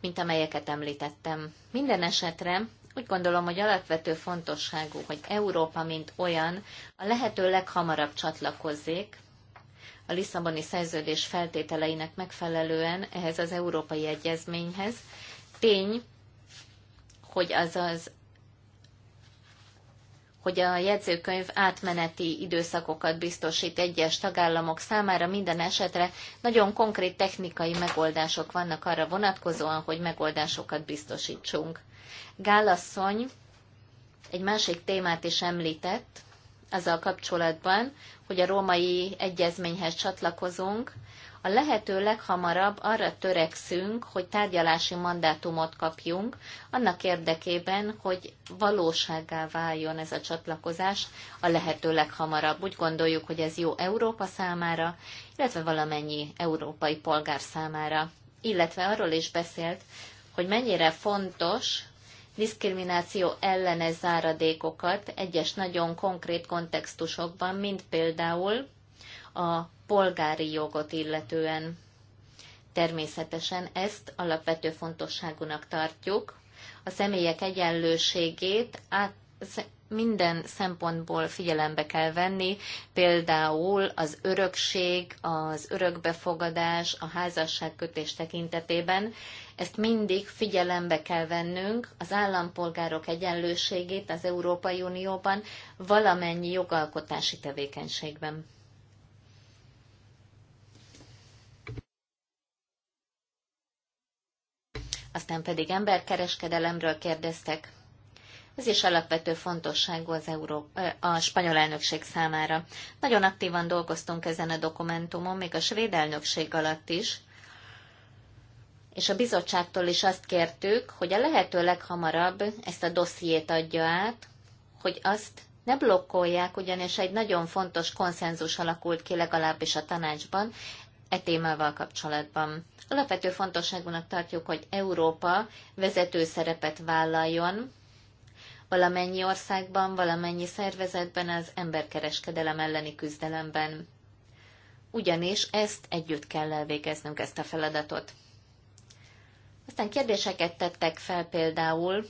Speaker 2: mint amelyeket említettem. Minden esetre úgy gondolom, hogy alapvető fontosságú, hogy Európa, mint olyan, a lehető leghamarabb csatlakozzék a Lisszaboni szerződés feltételeinek megfelelően ehhez az európai egyezményhez. Tény, hogy az az hogy a jegyzőkönyv átmeneti időszakokat biztosít egyes tagállamok számára minden esetre nagyon konkrét technikai megoldások vannak arra vonatkozóan, hogy megoldásokat biztosítsunk. Gálasszony egy másik témát is említett, azzal kapcsolatban, hogy a római egyezményhez csatlakozunk, a lehető leghamarabb arra törekszünk, hogy tárgyalási mandátumot kapjunk, annak érdekében, hogy valóságá váljon ez a csatlakozás a lehető leghamarabb. Úgy gondoljuk, hogy ez jó Európa számára, illetve valamennyi európai polgár számára. Illetve arról is beszélt, hogy mennyire fontos diszkrimináció ellenes záradékokat egyes nagyon konkrét kontextusokban, mint például a polgári jogot illetően. Természetesen ezt alapvető fontosságúnak tartjuk. A személyek egyenlőségét át, minden szempontból figyelembe kell venni, például az örökség, az örökbefogadás, a házasságkötés tekintetében. Ezt mindig figyelembe kell vennünk, az állampolgárok egyenlőségét az Európai Unióban valamennyi jogalkotási tevékenységben. Aztán pedig emberkereskedelemről kérdeztek. Ez is alapvető fontosságú az Euró- a spanyol elnökség számára. Nagyon aktívan dolgoztunk ezen a dokumentumon, még a svéd elnökség alatt is, és a bizottságtól is azt kértük, hogy a lehető leghamarabb ezt a dossziét adja át, hogy azt ne blokkolják, ugyanis egy nagyon fontos konszenzus alakult ki legalábbis a tanácsban e témával kapcsolatban. Alapvető fontosságúnak tartjuk, hogy Európa vezető szerepet vállaljon valamennyi országban, valamennyi szervezetben az emberkereskedelem elleni küzdelemben. Ugyanis ezt együtt kell elvégeznünk, ezt a feladatot. Aztán kérdéseket tettek fel például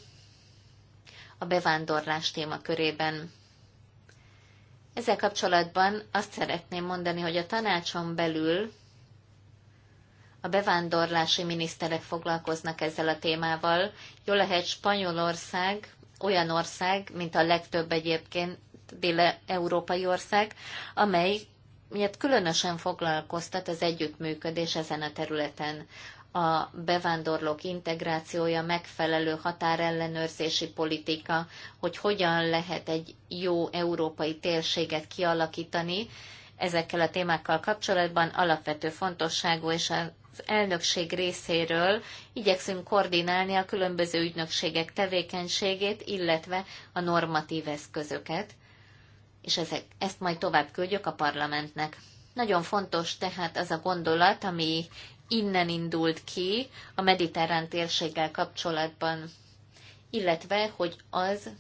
Speaker 2: a bevándorlás témakörében. Ezzel kapcsolatban azt szeretném mondani, hogy a tanácson belül a bevándorlási miniszterek foglalkoznak ezzel a témával. Jó lehet Spanyolország olyan ország, mint a legtöbb egyébként déle európai ország, amely miért különösen foglalkoztat az együttműködés ezen a területen. A bevándorlók integrációja, megfelelő határellenőrzési politika, hogy hogyan lehet egy jó európai térséget kialakítani, ezekkel a témákkal kapcsolatban alapvető fontosságú, és a az elnökség részéről igyekszünk koordinálni a különböző ügynökségek tevékenységét, illetve a normatív eszközöket, és ezek, ezt majd tovább küldjük a parlamentnek. Nagyon fontos tehát az a gondolat, ami innen indult ki a mediterrán térséggel kapcsolatban, illetve hogy az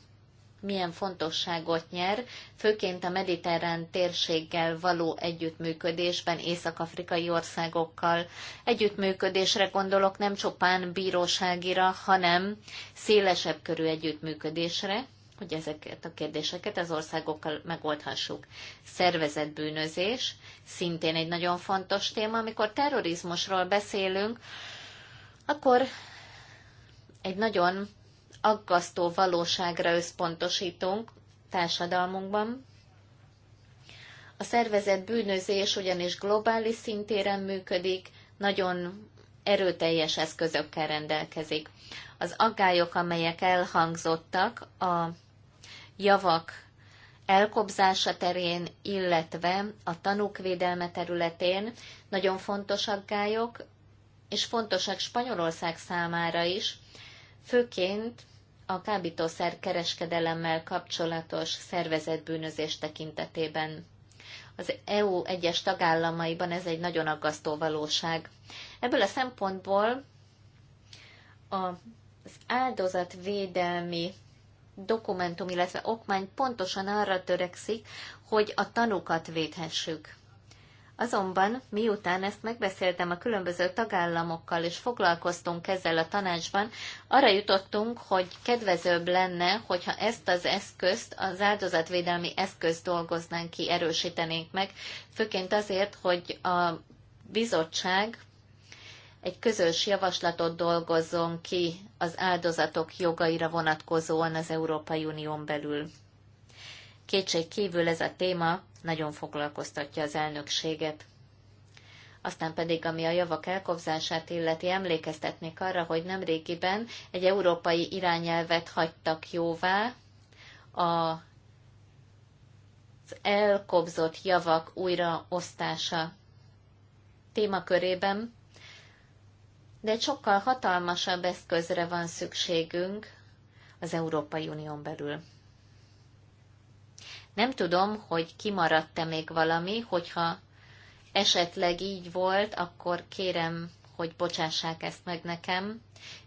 Speaker 2: milyen fontosságot nyer, főként a mediterrán térséggel való együttműködésben, észak-afrikai országokkal. Együttműködésre gondolok nem csupán bíróságira, hanem szélesebb körű együttműködésre, hogy ezeket a kérdéseket az országokkal megoldhassuk. Szervezetbűnözés szintén egy nagyon fontos téma. Amikor terrorizmusról beszélünk, akkor egy nagyon aggasztó valóságra összpontosítunk társadalmunkban. A szervezett bűnözés ugyanis globális szintéren működik, nagyon erőteljes eszközökkel rendelkezik. Az aggályok, amelyek elhangzottak a javak elkobzása terén, illetve a tanúk védelme területén nagyon fontos aggályok, és fontosak Spanyolország számára is, főként a kábítószer kereskedelemmel kapcsolatos szervezetbűnözés tekintetében. Az EU egyes tagállamaiban ez egy nagyon aggasztó valóság. Ebből a szempontból az áldozatvédelmi dokumentum, illetve okmány pontosan arra törekszik, hogy a tanúkat védhessük. Azonban, miután ezt megbeszéltem a különböző tagállamokkal, és foglalkoztunk ezzel a tanácsban, arra jutottunk, hogy kedvezőbb lenne, hogyha ezt az eszközt, az áldozatvédelmi eszközt dolgoznánk ki, erősítenénk meg, főként azért, hogy a bizottság egy közös javaslatot dolgozzon ki az áldozatok jogaira vonatkozóan az Európai Unión belül. Kétség kívül ez a téma nagyon foglalkoztatja az elnökséget. Aztán pedig, ami a javak elkobzását illeti, emlékeztetnék arra, hogy nemrégiben egy európai irányelvet hagytak jóvá a az elkobzott javak újraosztása témakörében, de egy sokkal hatalmasabb eszközre van szükségünk az Európai Unión belül. Nem tudom, hogy kimaradt-e még valami, hogyha esetleg így volt, akkor kérem, hogy bocsássák ezt meg nekem.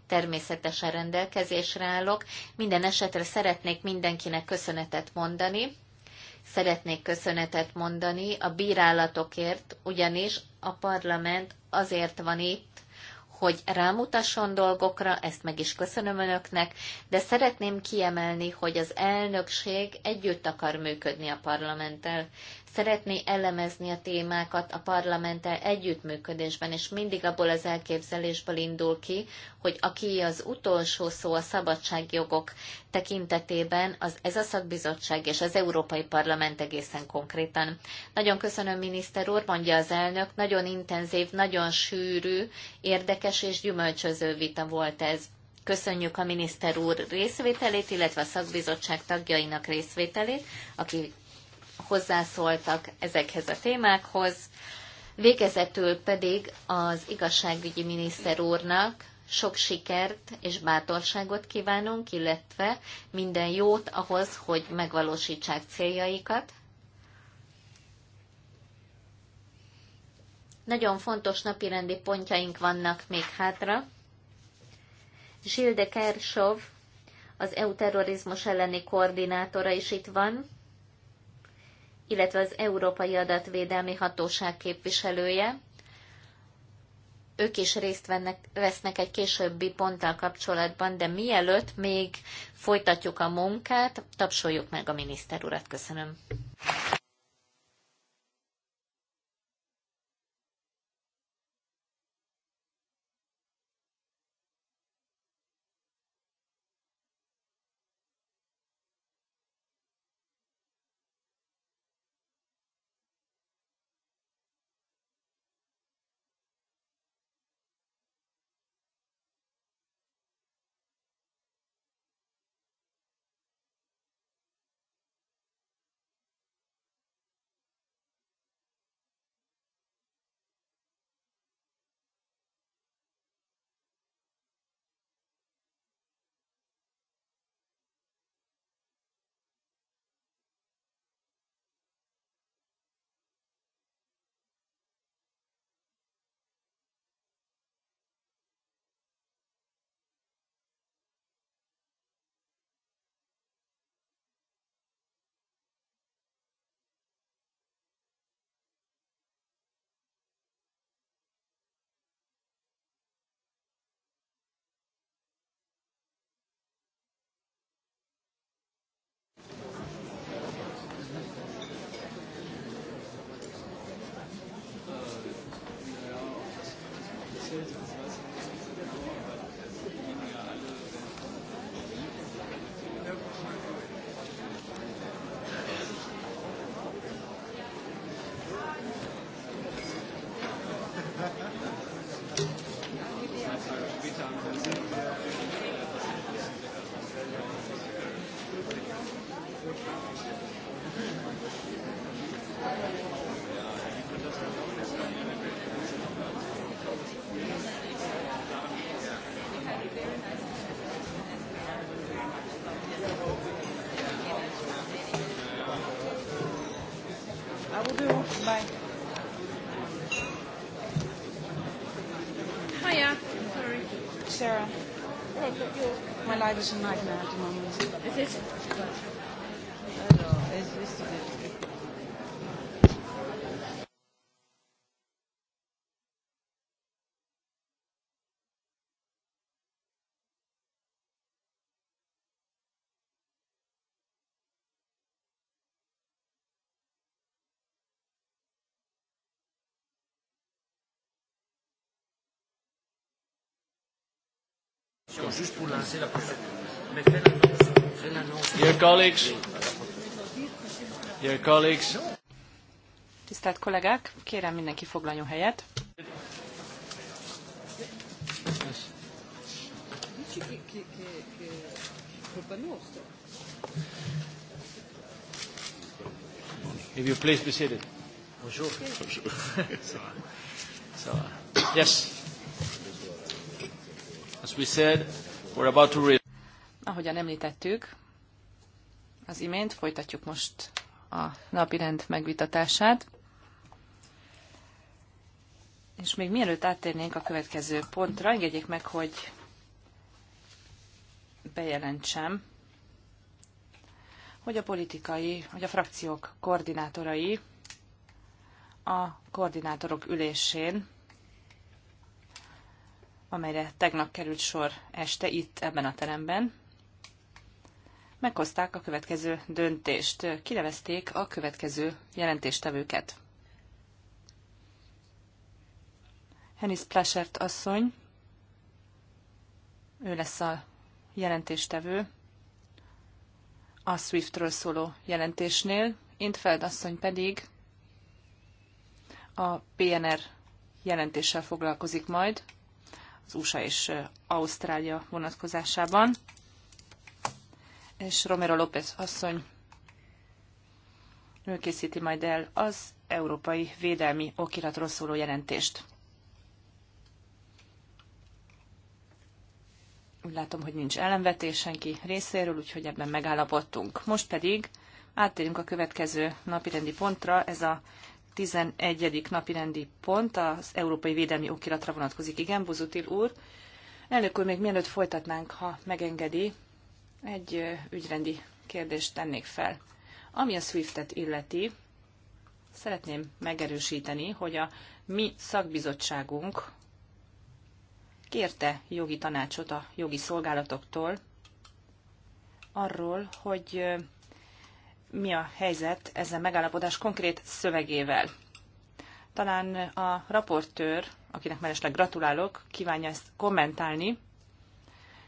Speaker 2: Természetesen rendelkezésre állok. Minden esetre szeretnék mindenkinek köszönetet mondani. Szeretnék köszönetet mondani a bírálatokért, ugyanis a parlament azért van itt, hogy rámutasson dolgokra, ezt meg is köszönöm önöknek, de szeretném kiemelni, hogy az elnökség együtt akar működni a parlamenttel, szeretné elemezni a témákat a parlamenttel együttműködésben, és mindig abból az elképzelésből indul ki, hogy aki az utolsó szó a szabadságjogok tekintetében, az ez a szakbizottság és az Európai Parlament egészen konkrétan. Nagyon köszönöm, miniszter úr, mondja az elnök, nagyon intenzív, nagyon sűrű, érdekes és gyümölcsöző vita volt ez. Köszönjük a miniszter úr részvételét, illetve a szakbizottság tagjainak részvételét, akik hozzászóltak ezekhez a témákhoz. Végezetül pedig az igazságügyi miniszter úrnak sok sikert és bátorságot kívánunk, illetve minden jót ahhoz, hogy megvalósítsák céljaikat. Nagyon fontos napirendi pontjaink vannak még hátra. Zsilde Kersov, az EU terrorizmus elleni koordinátora is itt van illetve az Európai Adatvédelmi Hatóság képviselője. Ők is részt vennek, vesznek egy későbbi ponttal kapcsolatban, de mielőtt még folytatjuk a munkát, tapsoljuk meg a miniszter urat. Köszönöm.
Speaker 4: was a
Speaker 1: discussion juste pour lancer la procédure. Mais Fais
Speaker 2: l'annonce. Dear
Speaker 1: colleagues. Dear colleagues.
Speaker 3: Tisztelt kollégák, kérem mindenki foglaljon helyet.
Speaker 1: If you please be seated. Bonjour. Bonjour. *laughs* Ça va. Ça va. Yes. As we said, we're about to
Speaker 3: Ahogyan említettük, az imént folytatjuk most a napirend megvitatását. És még mielőtt áttérnénk a következő pontra, engedjék meg, hogy bejelentsem, hogy a politikai, hogy a frakciók koordinátorai a koordinátorok ülésén amelyre tegnap került sor este itt ebben a teremben, meghozták a következő döntést, kinevezték a következő jelentéstevőket. Henis Plesert asszony, ő lesz a jelentéstevő a Swiftről szóló jelentésnél, Intfeld asszony pedig a PNR jelentéssel foglalkozik majd, az USA és Ausztrália vonatkozásában. És Romero López asszony ő készíti majd el az Európai Védelmi Okiratról szóló jelentést. Úgy látom, hogy nincs ellenvetés senki részéről, úgyhogy ebben megállapodtunk. Most pedig áttérünk a következő napirendi pontra, ez a 11. napi rendi pont az Európai Védelmi Okiratra vonatkozik. Igen, Buzutil úr. Elnök úr, még mielőtt folytatnánk, ha megengedi, egy ügyrendi kérdést tennék fel. Ami a SWIFT-et illeti, szeretném megerősíteni, hogy a mi szakbizottságunk kérte jogi tanácsot a jogi szolgálatoktól arról, hogy mi a helyzet ezen megállapodás konkrét szövegével. Talán a raportőr, akinek mellesleg gratulálok, kívánja ezt kommentálni,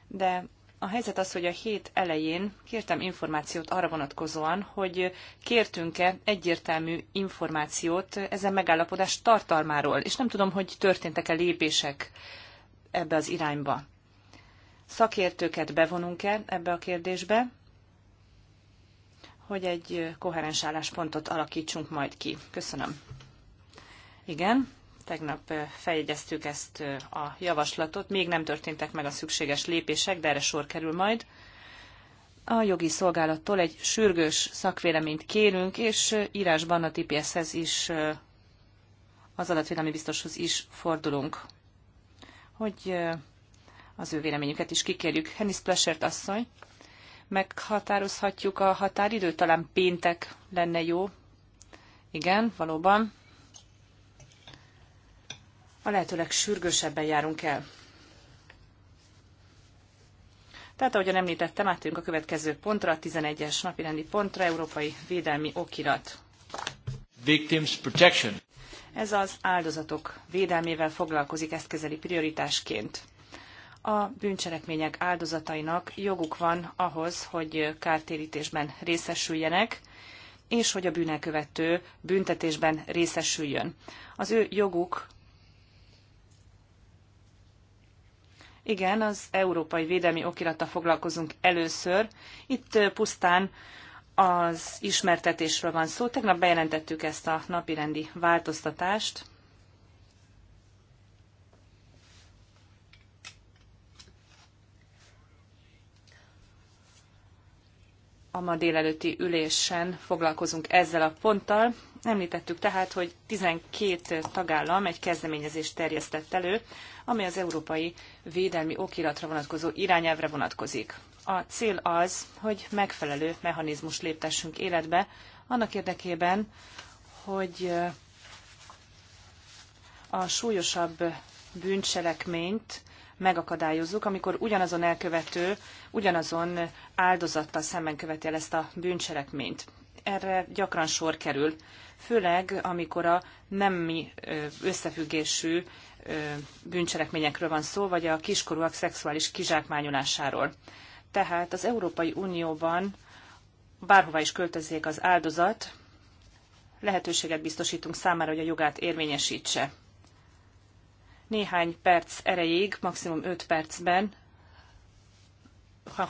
Speaker 3: de a helyzet az, hogy a hét elején kértem információt arra vonatkozóan, hogy kértünk-e egyértelmű információt ezen megállapodás tartalmáról, és nem tudom, hogy történtek-e lépések ebbe az irányba. Szakértőket bevonunk-e ebbe a kérdésbe, hogy egy koherens álláspontot alakítsunk majd ki. Köszönöm. Igen, tegnap feljegyeztük ezt a javaslatot. Még nem történtek meg a szükséges lépések, de erre sor kerül majd. A jogi szolgálattól egy sürgős szakvéleményt kérünk, és írásban a TPS-hez is, az adatvédelmi biztoshoz is fordulunk, hogy az ő véleményüket is kikérjük. Hennis Plesert asszony. Meghatározhatjuk a határidőt, talán péntek lenne jó. Igen, valóban. A lehetőleg sürgősebben járunk el. Tehát, ahogyan említettem, áttérünk a következő pontra, a 11-es napirendi pontra, Európai Védelmi Okirat.
Speaker 1: Victims Protection.
Speaker 3: Ez az áldozatok védelmével foglalkozik, ezt kezeli prioritásként a bűncselekmények áldozatainak joguk van ahhoz, hogy kártérítésben részesüljenek, és hogy a bűnelkövető büntetésben részesüljön. Az ő joguk Igen, az Európai Védelmi Okirata foglalkozunk először. Itt pusztán az ismertetésről van szó. Tegnap bejelentettük ezt a napirendi változtatást. a ma délelőtti ülésen foglalkozunk ezzel a ponttal. Említettük tehát, hogy 12 tagállam egy kezdeményezést terjesztett elő, amely az európai védelmi okiratra vonatkozó irányelvre vonatkozik. A cél az, hogy megfelelő mechanizmus léptessünk életbe, annak érdekében, hogy a súlyosabb bűncselekményt megakadályozzuk, amikor ugyanazon elkövető, ugyanazon áldozattal szemben követi el ezt a bűncselekményt. Erre gyakran sor kerül, főleg amikor a nemi összefüggésű bűncselekményekről van szó, vagy a kiskorúak szexuális kizsákmányolásáról. Tehát az Európai Unióban bárhová is költözzék az áldozat, lehetőséget biztosítunk számára, hogy a jogát érvényesítse néhány perc erejéig, maximum 5 percben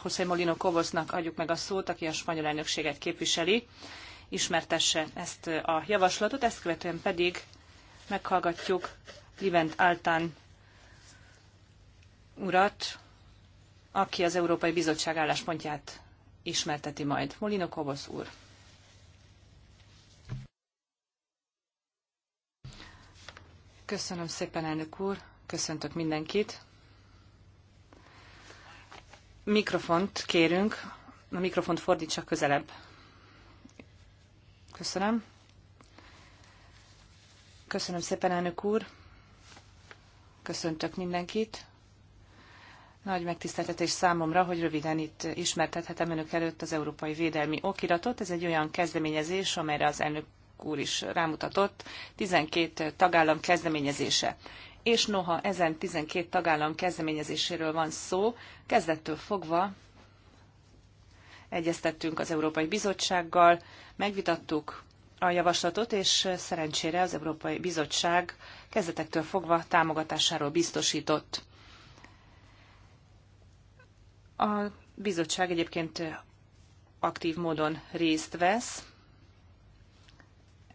Speaker 3: José Molino Kovosznak adjuk meg a szót, aki a spanyol elnökséget képviseli, ismertesse ezt a javaslatot, ezt követően pedig meghallgatjuk Livent Altán urat, aki az Európai Bizottság álláspontját ismerteti majd. Molino Kovosz úr. Köszönöm szépen, elnök úr. Köszöntök mindenkit. Mikrofont kérünk. A mikrofont fordítsa közelebb. Köszönöm. Köszönöm szépen, elnök úr. Köszöntök mindenkit. Nagy megtiszteltetés számomra, hogy röviden itt ismertethetem önök előtt az Európai Védelmi Okiratot. Ez egy olyan kezdeményezés, amelyre az elnök elnök úr is rámutatott, 12 tagállam kezdeményezése. És noha ezen 12 tagállam kezdeményezéséről van szó, kezdettől fogva egyeztettünk az Európai Bizottsággal, megvitattuk a javaslatot, és szerencsére az Európai Bizottság kezdetektől fogva támogatásáról biztosított. A bizottság egyébként aktív módon részt vesz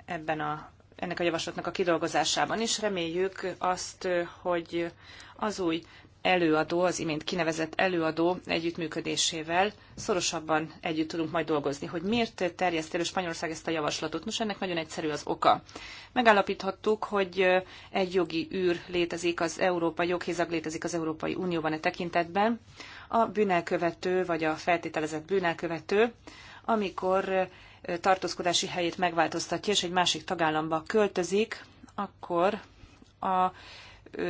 Speaker 3: ebben a, ennek a javaslatnak a kidolgozásában, is reméljük azt, hogy az új előadó, az imént kinevezett előadó együttműködésével szorosabban együtt tudunk majd dolgozni. Hogy miért terjeszt elő Spanyolország ezt a javaslatot? Nos, ennek nagyon egyszerű az oka. Megállapíthattuk, hogy egy jogi űr létezik az Európai, joghézag létezik az Európai Unióban a e tekintetben. A bűnelkövető, vagy a feltételezett bűnelkövető, amikor tartózkodási helyét megváltoztatja, és egy másik tagállamba költözik, akkor a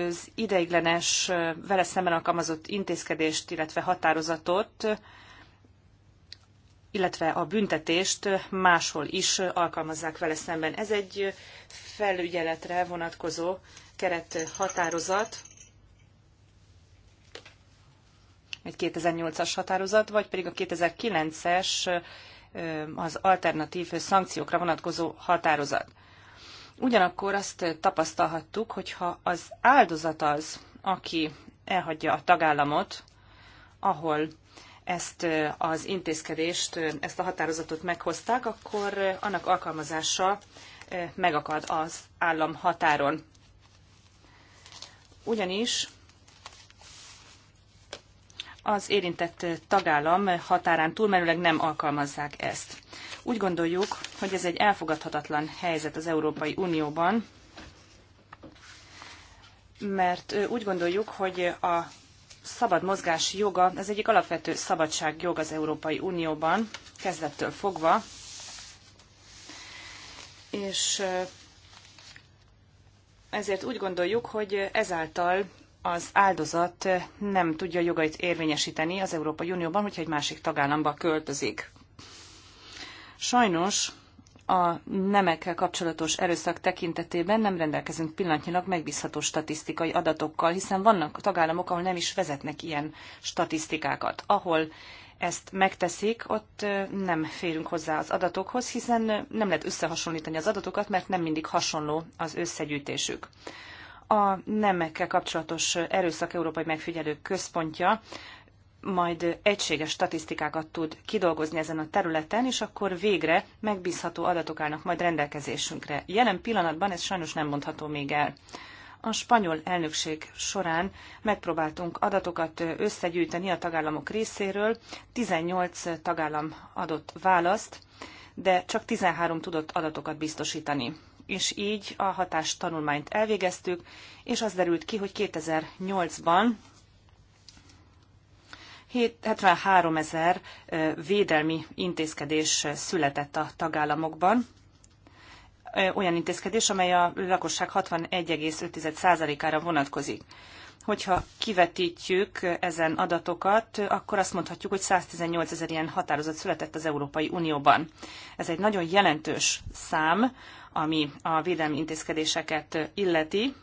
Speaker 3: az ideiglenes vele szemben alkalmazott intézkedést, illetve határozatot, illetve a büntetést máshol is alkalmazzák vele szemben. Ez egy felügyeletre vonatkozó kerethatározat, egy 2008-as határozat, vagy pedig a 2009-es az alternatív szankciókra vonatkozó határozat. Ugyanakkor azt tapasztalhattuk, hogy ha az áldozat az, aki elhagyja a tagállamot, ahol ezt az intézkedést, ezt a határozatot meghozták, akkor annak alkalmazása megakad az állam határon. Ugyanis az érintett tagállam határán túlmenőleg nem alkalmazzák ezt. Úgy gondoljuk, hogy ez egy elfogadhatatlan helyzet az Európai Unióban, mert úgy gondoljuk, hogy a szabad mozgás joga az egyik alapvető szabadságjog az Európai Unióban, kezdettől fogva, és ezért úgy gondoljuk, hogy ezáltal az áldozat nem tudja jogait érvényesíteni az Európai Unióban, hogyha egy másik tagállamba költözik. Sajnos a nemekkel kapcsolatos erőszak tekintetében nem rendelkezünk pillanatnyilag megbízható statisztikai adatokkal, hiszen vannak tagállamok, ahol nem is vezetnek ilyen statisztikákat. Ahol ezt megteszik, ott nem férünk hozzá az adatokhoz, hiszen nem lehet összehasonlítani az adatokat, mert nem mindig hasonló az összegyűjtésük a nemekkel kapcsolatos erőszak Európai Megfigyelő Központja majd egységes statisztikákat tud kidolgozni ezen a területen, és akkor végre megbízható adatok állnak majd rendelkezésünkre. Jelen pillanatban ez sajnos nem mondható még el. A spanyol elnökség során megpróbáltunk adatokat összegyűjteni a tagállamok részéről. 18 tagállam adott választ, de csak 13 tudott adatokat biztosítani és így a hatástanulmányt elvégeztük, és az derült ki, hogy 2008-ban 73 ezer védelmi intézkedés született a tagállamokban, olyan intézkedés, amely a lakosság 61,5%-ára vonatkozik hogyha kivetítjük ezen adatokat, akkor azt mondhatjuk, hogy 118 ezer ilyen határozat született az Európai Unióban. Ez egy nagyon jelentős szám, ami a védelmi intézkedéseket illeti,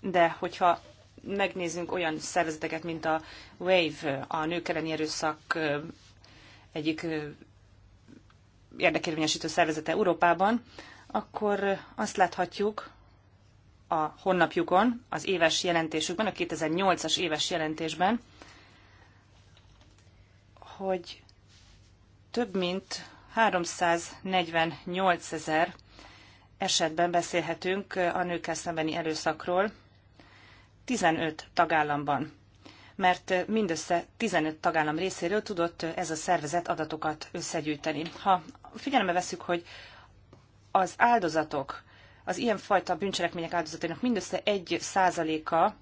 Speaker 3: de hogyha megnézzünk olyan szervezeteket, mint a WAVE, a nők elleni erőszak egyik érdekérvényesítő szervezete Európában, akkor azt láthatjuk, a honlapjukon, az éves jelentésükben, a 2008-as éves jelentésben, hogy több mint 348 ezer esetben beszélhetünk a nőkkel szembeni erőszakról 15 tagállamban, mert mindössze 15 tagállam részéről tudott ez a szervezet adatokat összegyűjteni. Ha figyelembe veszük, hogy az áldozatok az ilyenfajta bűncselekmények áldozatainak mindössze egy százaléka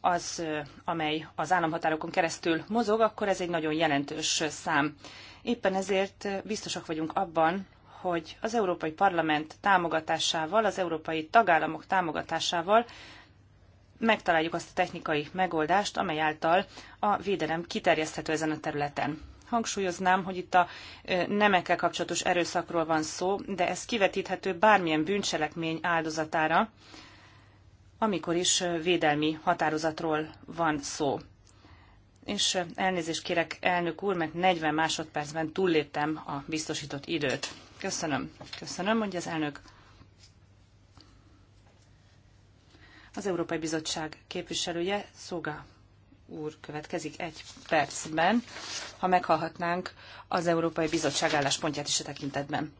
Speaker 3: az, amely az államhatárokon keresztül mozog, akkor ez egy nagyon jelentős szám. Éppen ezért biztosak vagyunk abban, hogy az Európai Parlament támogatásával, az európai tagállamok támogatásával megtaláljuk azt a technikai megoldást, amely által a védelem kiterjeszthető ezen a területen. Hangsúlyoznám, hogy itt a nemekkel kapcsolatos erőszakról van szó, de ez kivetíthető bármilyen bűncselekmény áldozatára, amikor is védelmi határozatról van szó. És elnézést kérek, elnök úr, mert 40 másodpercben túlléptem a biztosított időt. Köszönöm. Köszönöm, mondja az elnök. Az Európai Bizottság képviselője, Szoga úr következik egy percben, ha meghallhatnánk az Európai Bizottság álláspontját is a tekintetben.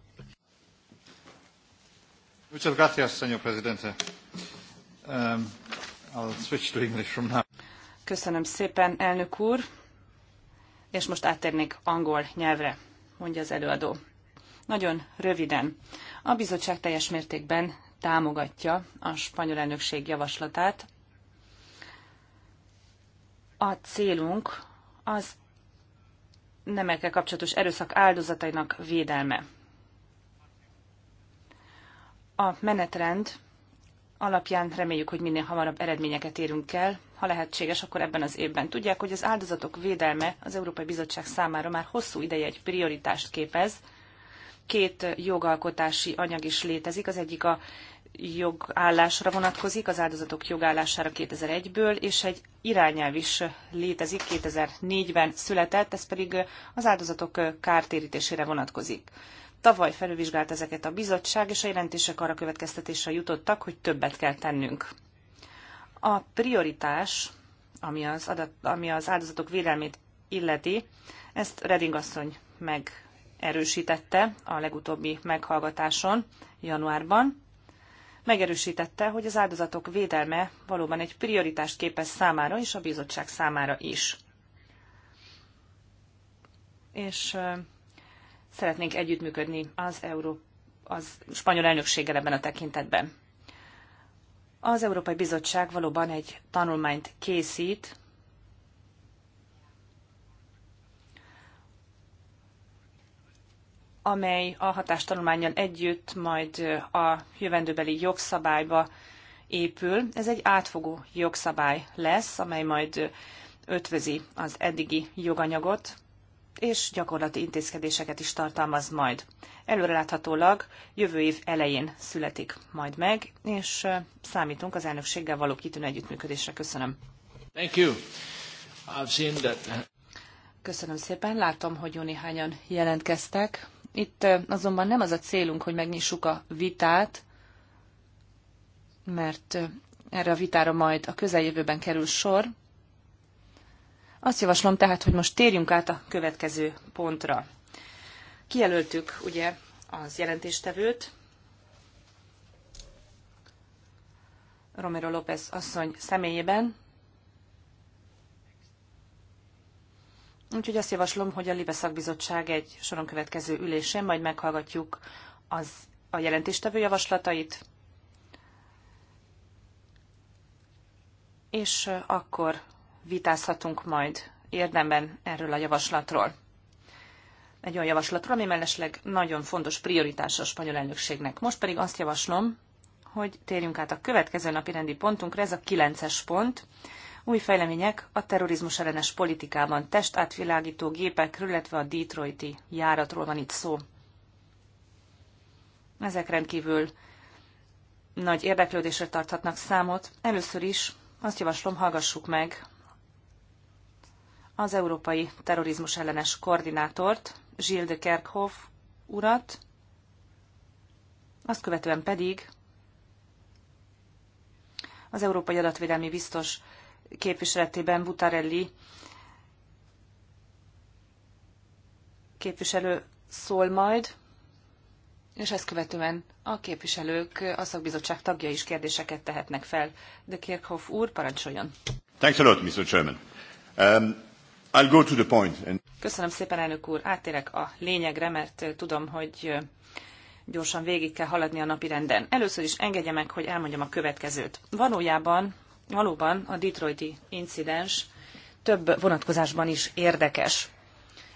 Speaker 3: Muchas gracias, señor presidente. Um, I'll switch to English from now. Köszönöm szépen, elnök úr, és most áttérnék angol nyelvre, mondja az előadó. Nagyon röviden. A bizottság teljes mértékben támogatja a spanyol elnökség javaslatát a célunk az nemekkel kapcsolatos erőszak áldozatainak védelme. A menetrend alapján reméljük, hogy minél hamarabb eredményeket érünk el, ha lehetséges, akkor ebben az évben. Tudják, hogy az áldozatok védelme az Európai Bizottság számára már hosszú ideje egy prioritást képez. Két jogalkotási anyag is létezik, az egyik a jogállásra vonatkozik, az áldozatok jogállására 2001-ből, és egy irányelv is létezik, 2004-ben született, ez pedig az áldozatok kártérítésére vonatkozik. Tavaly felülvizsgált ezeket a bizottság, és a jelentések arra következtetésre jutottak, hogy többet kell tennünk. A prioritás, ami az, adat, ami az áldozatok védelmét illeti, ezt Reding asszony megerősítette a legutóbbi meghallgatáson januárban megerősítette, hogy az áldozatok védelme valóban egy prioritást képez számára és a bizottság számára is. És szeretnénk együttműködni az, Euró, az spanyol elnökséggel ebben a tekintetben. Az Európai Bizottság valóban egy tanulmányt készít amely a hatástanulmányjal együtt majd a jövendőbeli jogszabályba épül. Ez egy átfogó jogszabály lesz, amely majd ötvözi az eddigi joganyagot, és gyakorlati intézkedéseket is tartalmaz majd. Előreláthatólag jövő év elején születik majd meg, és számítunk az elnökséggel való kitűnő együttműködésre. Köszönöm.
Speaker 1: Thank you. I've seen that.
Speaker 3: Köszönöm szépen. Látom, hogy jó néhányan jelentkeztek. Itt azonban nem az a célunk, hogy megnyissuk a vitát, mert erre a vitára majd a közeljövőben kerül sor. Azt javaslom tehát, hogy most térjünk át a következő pontra. Kijelöltük ugye az jelentéstevőt, Romero López asszony személyében, Úgyhogy azt javaslom, hogy a Libe szakbizottság egy soron következő ülésén majd meghallgatjuk az, a jelentéstevő javaslatait, és akkor vitázhatunk majd érdemben erről a javaslatról. Egy olyan javaslatról, ami mellesleg nagyon fontos prioritása a spanyol elnökségnek. Most pedig azt javaslom, hogy térjünk át a következő napi rendi pontunkra, ez a 9-es pont, új fejlemények a terrorizmus ellenes politikában, testátvilágító gépekről, illetve a Detroiti járatról van itt szó. Ezek rendkívül nagy érdeklődésre tarthatnak számot. Először is azt javaslom, hallgassuk meg az Európai Terrorizmus ellenes koordinátort, Gilles de Kerkhoff urat, azt követően pedig az Európai Adatvédelmi Biztos képviseletében Butarelli képviselő szól majd, és ezt követően a képviselők, a szakbizottság tagja is kérdéseket tehetnek fel. De Kirchhoff úr, parancsoljon.
Speaker 4: Thanks a lot,
Speaker 5: Mr. Chairman. Um, I'll go to the point. And...
Speaker 3: Köszönöm szépen, elnök úr. Átérek a lényegre, mert uh, tudom, hogy uh, gyorsan végig kell haladni a napi renden. Először is engedje meg, hogy elmondjam a következőt. Valójában Valóban a Detroiti incidens több vonatkozásban is érdekes.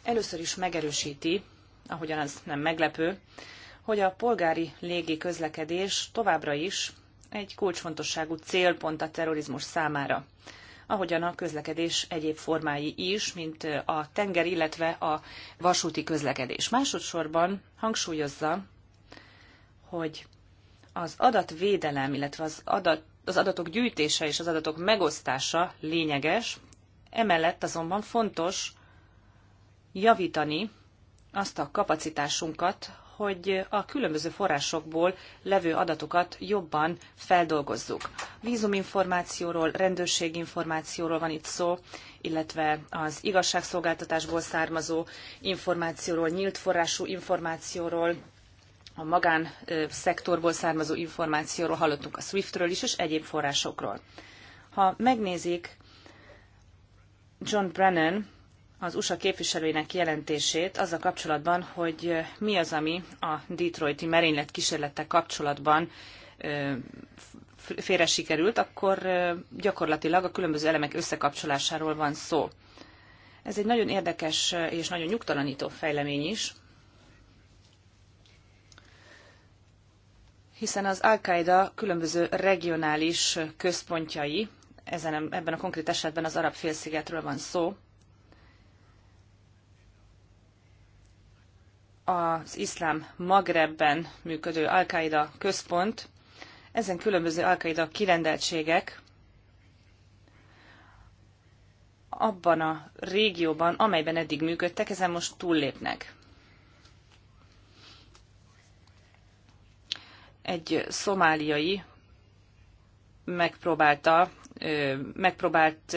Speaker 3: Először is megerősíti, ahogyan az nem meglepő, hogy a polgári légi közlekedés továbbra is egy kulcsfontosságú célpont a terrorizmus számára, ahogyan a közlekedés egyéb formái is, mint a tenger, illetve a vasúti közlekedés. Másodszorban hangsúlyozza, hogy az adatvédelem, illetve az adat az adatok gyűjtése és az adatok megosztása lényeges, emellett azonban fontos javítani azt a kapacitásunkat, hogy a különböző forrásokból levő adatokat jobban feldolgozzuk. Vízuminformációról, információról van itt szó, illetve az igazságszolgáltatásból származó információról, nyílt forrású információról, a magán szektorból származó információról hallottunk a SWIFT-ről is, és egyéb forrásokról. Ha megnézik John Brennan, az USA képviselőinek jelentését azzal kapcsolatban, hogy mi az, ami a Detroiti merénylet kísérlete kapcsolatban félre sikerült, akkor gyakorlatilag a különböző elemek összekapcsolásáról van szó. Ez egy nagyon érdekes és nagyon nyugtalanító fejlemény is, hiszen az Al-Qaeda különböző regionális központjai, ezen, ebben a konkrét esetben az arab félszigetről van szó, az iszlám Magrebben működő Al-Qaeda központ, ezen különböző Al-Qaeda kirendeltségek abban a régióban, amelyben eddig működtek, ezen most túllépnek. Egy szomáliai megpróbálta, megpróbált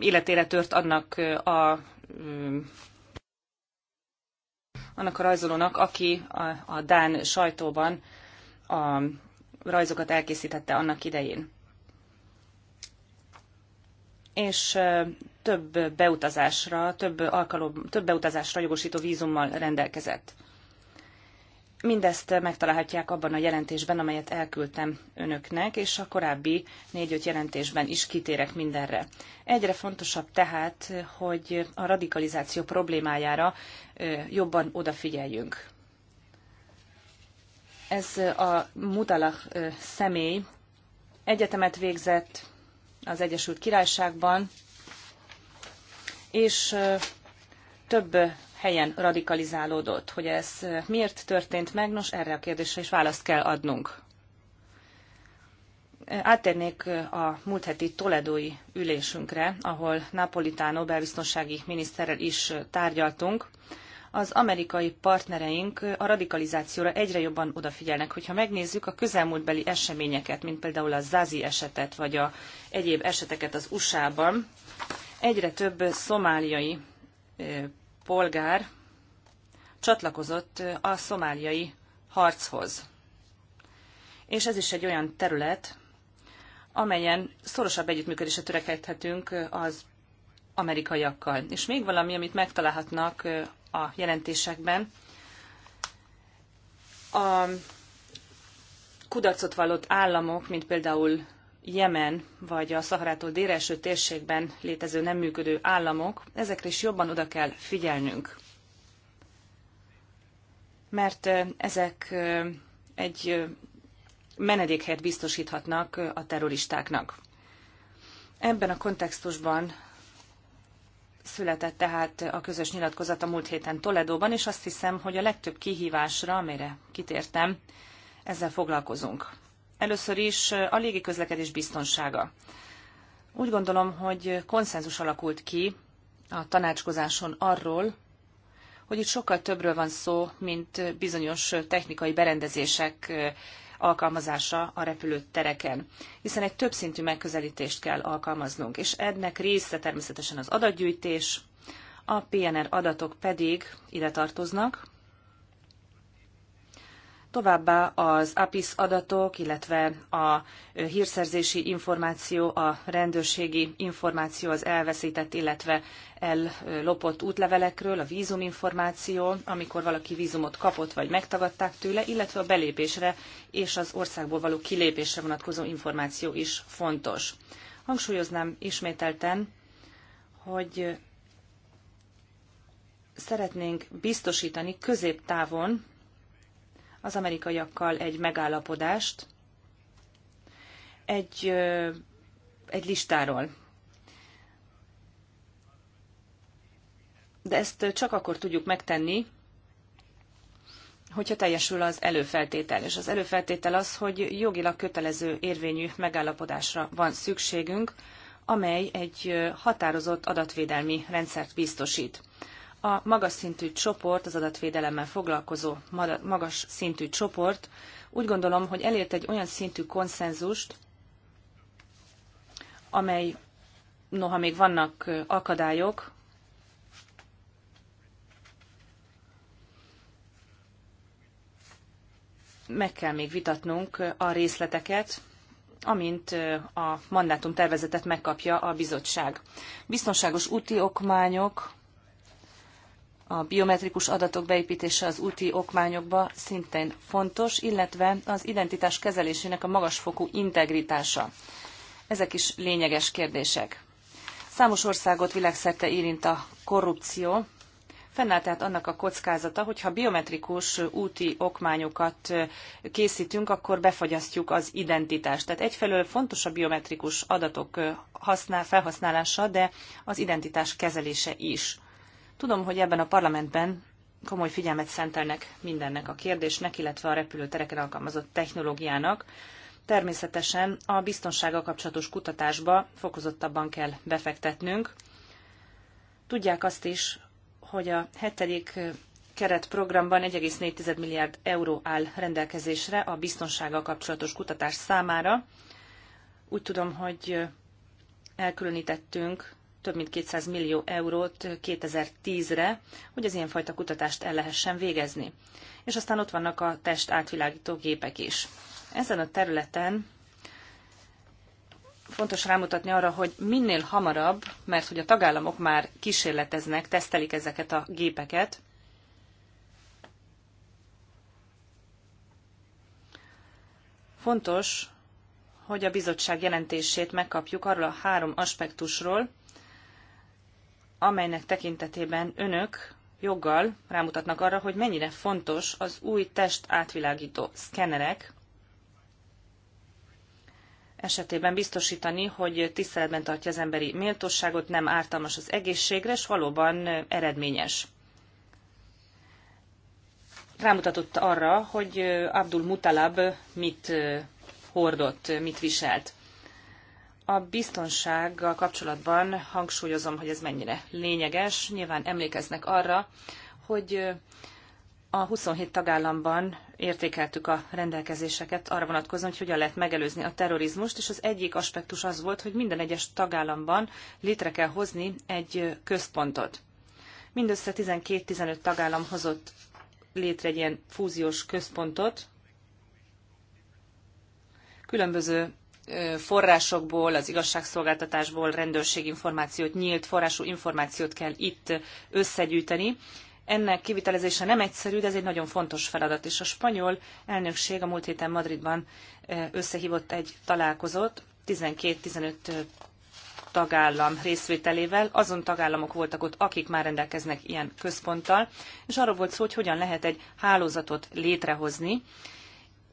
Speaker 3: életére tört annak a annak a rajzolónak, aki a, a Dán sajtóban a rajzokat elkészítette annak idején. És több beutazásra, több, alkalom, több beutazásra jogosító vízummal rendelkezett. Mindezt megtalálhatják abban a jelentésben, amelyet elküldtem önöknek, és a korábbi négy-öt jelentésben is kitérek mindenre. Egyre fontosabb tehát, hogy a radikalizáció problémájára jobban odafigyeljünk. Ez a Mutalach személy egyetemet végzett az Egyesült Királyságban, és több helyen radikalizálódott. Hogy ez miért történt meg, nos erre a kérdésre is választ kell adnunk. Áttérnék a múlt heti toledói ülésünkre, ahol Napolitano belbiztonsági miniszterrel is tárgyaltunk. Az amerikai partnereink a radikalizációra egyre jobban odafigyelnek. Hogyha megnézzük a közelmúltbeli eseményeket, mint például a Zazi esetet, vagy a egyéb eseteket az USA-ban, egyre több szomáliai polgár csatlakozott a szomáliai harchoz. És ez is egy olyan terület, amelyen szorosabb együttműködésre törekedhetünk az amerikaiakkal. És még valami, amit megtalálhatnak a jelentésekben, a kudarcot vallott államok, mint például Jemen vagy a Szaharától déleső térségben létező nem működő államok, ezekre is jobban oda kell figyelnünk. Mert ezek egy menedékhelyet biztosíthatnak a terroristáknak. Ebben a kontextusban született tehát a közös nyilatkozat a múlt héten Toledóban, és azt hiszem, hogy a legtöbb kihívásra, amire kitértem, ezzel foglalkozunk. Először is a légiközlekedés biztonsága. Úgy gondolom, hogy konszenzus alakult ki a tanácskozáson arról, hogy itt sokkal többről van szó, mint bizonyos technikai berendezések alkalmazása a repülőtereken, hiszen egy többszintű megközelítést kell alkalmaznunk, és ennek része természetesen az adatgyűjtés, a PNR adatok pedig ide tartoznak, Továbbá az APIS adatok, illetve a hírszerzési információ, a rendőrségi információ az elveszített, illetve ellopott útlevelekről, a vízuminformáció, amikor valaki vízumot kapott vagy megtagadták tőle, illetve a belépésre és az országból való kilépésre vonatkozó információ is fontos. Hangsúlyoznám ismételten, hogy szeretnénk biztosítani középtávon az amerikaiakkal egy megállapodást, egy, egy listáról. De ezt csak akkor tudjuk megtenni, hogyha teljesül az előfeltétel. És az előfeltétel az, hogy jogilag kötelező érvényű megállapodásra van szükségünk, amely egy határozott adatvédelmi rendszert biztosít a magas szintű csoport, az adatvédelemmel foglalkozó magas szintű csoport úgy gondolom, hogy elért egy olyan szintű konszenzust, amely, noha még vannak akadályok, meg kell még vitatnunk a részleteket, amint a mandátum tervezetet megkapja a bizottság. Biztonságos úti okmányok, a biometrikus adatok beépítése az úti okmányokba szintén fontos, illetve az identitás kezelésének a magasfokú integritása. Ezek is lényeges kérdések. Számos országot világszerte érint a korrupció. Fennáll tehát annak a kockázata, hogy ha biometrikus úti okmányokat készítünk, akkor befagyasztjuk az identitást. Tehát egyfelől fontos a biometrikus adatok használ, felhasználása, de az identitás kezelése is. Tudom, hogy ebben a parlamentben komoly figyelmet szentelnek mindennek a kérdésnek, illetve a repülőtereken alkalmazott technológiának. Természetesen a biztonsága kapcsolatos kutatásba fokozottabban kell befektetnünk. Tudják azt is, hogy a hetedik keretprogramban 1,4 milliárd euró áll rendelkezésre a biztonsága kapcsolatos kutatás számára. Úgy tudom, hogy elkülönítettünk több mint 200 millió eurót 2010-re, hogy az ilyenfajta kutatást el lehessen végezni. És aztán ott vannak a test átvilágító gépek is. Ezen a területen fontos rámutatni arra, hogy minél hamarabb, mert hogy a tagállamok már kísérleteznek, tesztelik ezeket a gépeket, fontos, hogy a bizottság jelentését megkapjuk arról a három aspektusról, amelynek tekintetében önök joggal rámutatnak arra, hogy mennyire fontos az új test átvilágító szkenerek esetében biztosítani, hogy tiszteletben tartja az emberi méltóságot, nem ártalmas az egészségre, és valóban eredményes. Rámutatott arra, hogy Abdul Mutalab mit eh, hordott, mit viselt. A biztonsággal kapcsolatban hangsúlyozom, hogy ez mennyire lényeges. Nyilván emlékeznek arra, hogy a 27 tagállamban értékeltük a rendelkezéseket arra vonatkozóan, hogy hogyan lehet megelőzni a terrorizmust, és az egyik aspektus az volt, hogy minden egyes tagállamban létre kell hozni egy központot. Mindössze 12-15 tagállam hozott létre egy ilyen fúziós központot, különböző forrásokból, az igazságszolgáltatásból rendőrség információt, nyílt forrású információt kell itt összegyűjteni. Ennek kivitelezése nem egyszerű, de ez egy nagyon fontos feladat, és a spanyol elnökség a múlt héten Madridban összehívott egy találkozót, 12-15 tagállam részvételével. Azon tagállamok voltak ott, akik már rendelkeznek ilyen központtal, és arról volt szó, hogy hogyan lehet egy hálózatot létrehozni,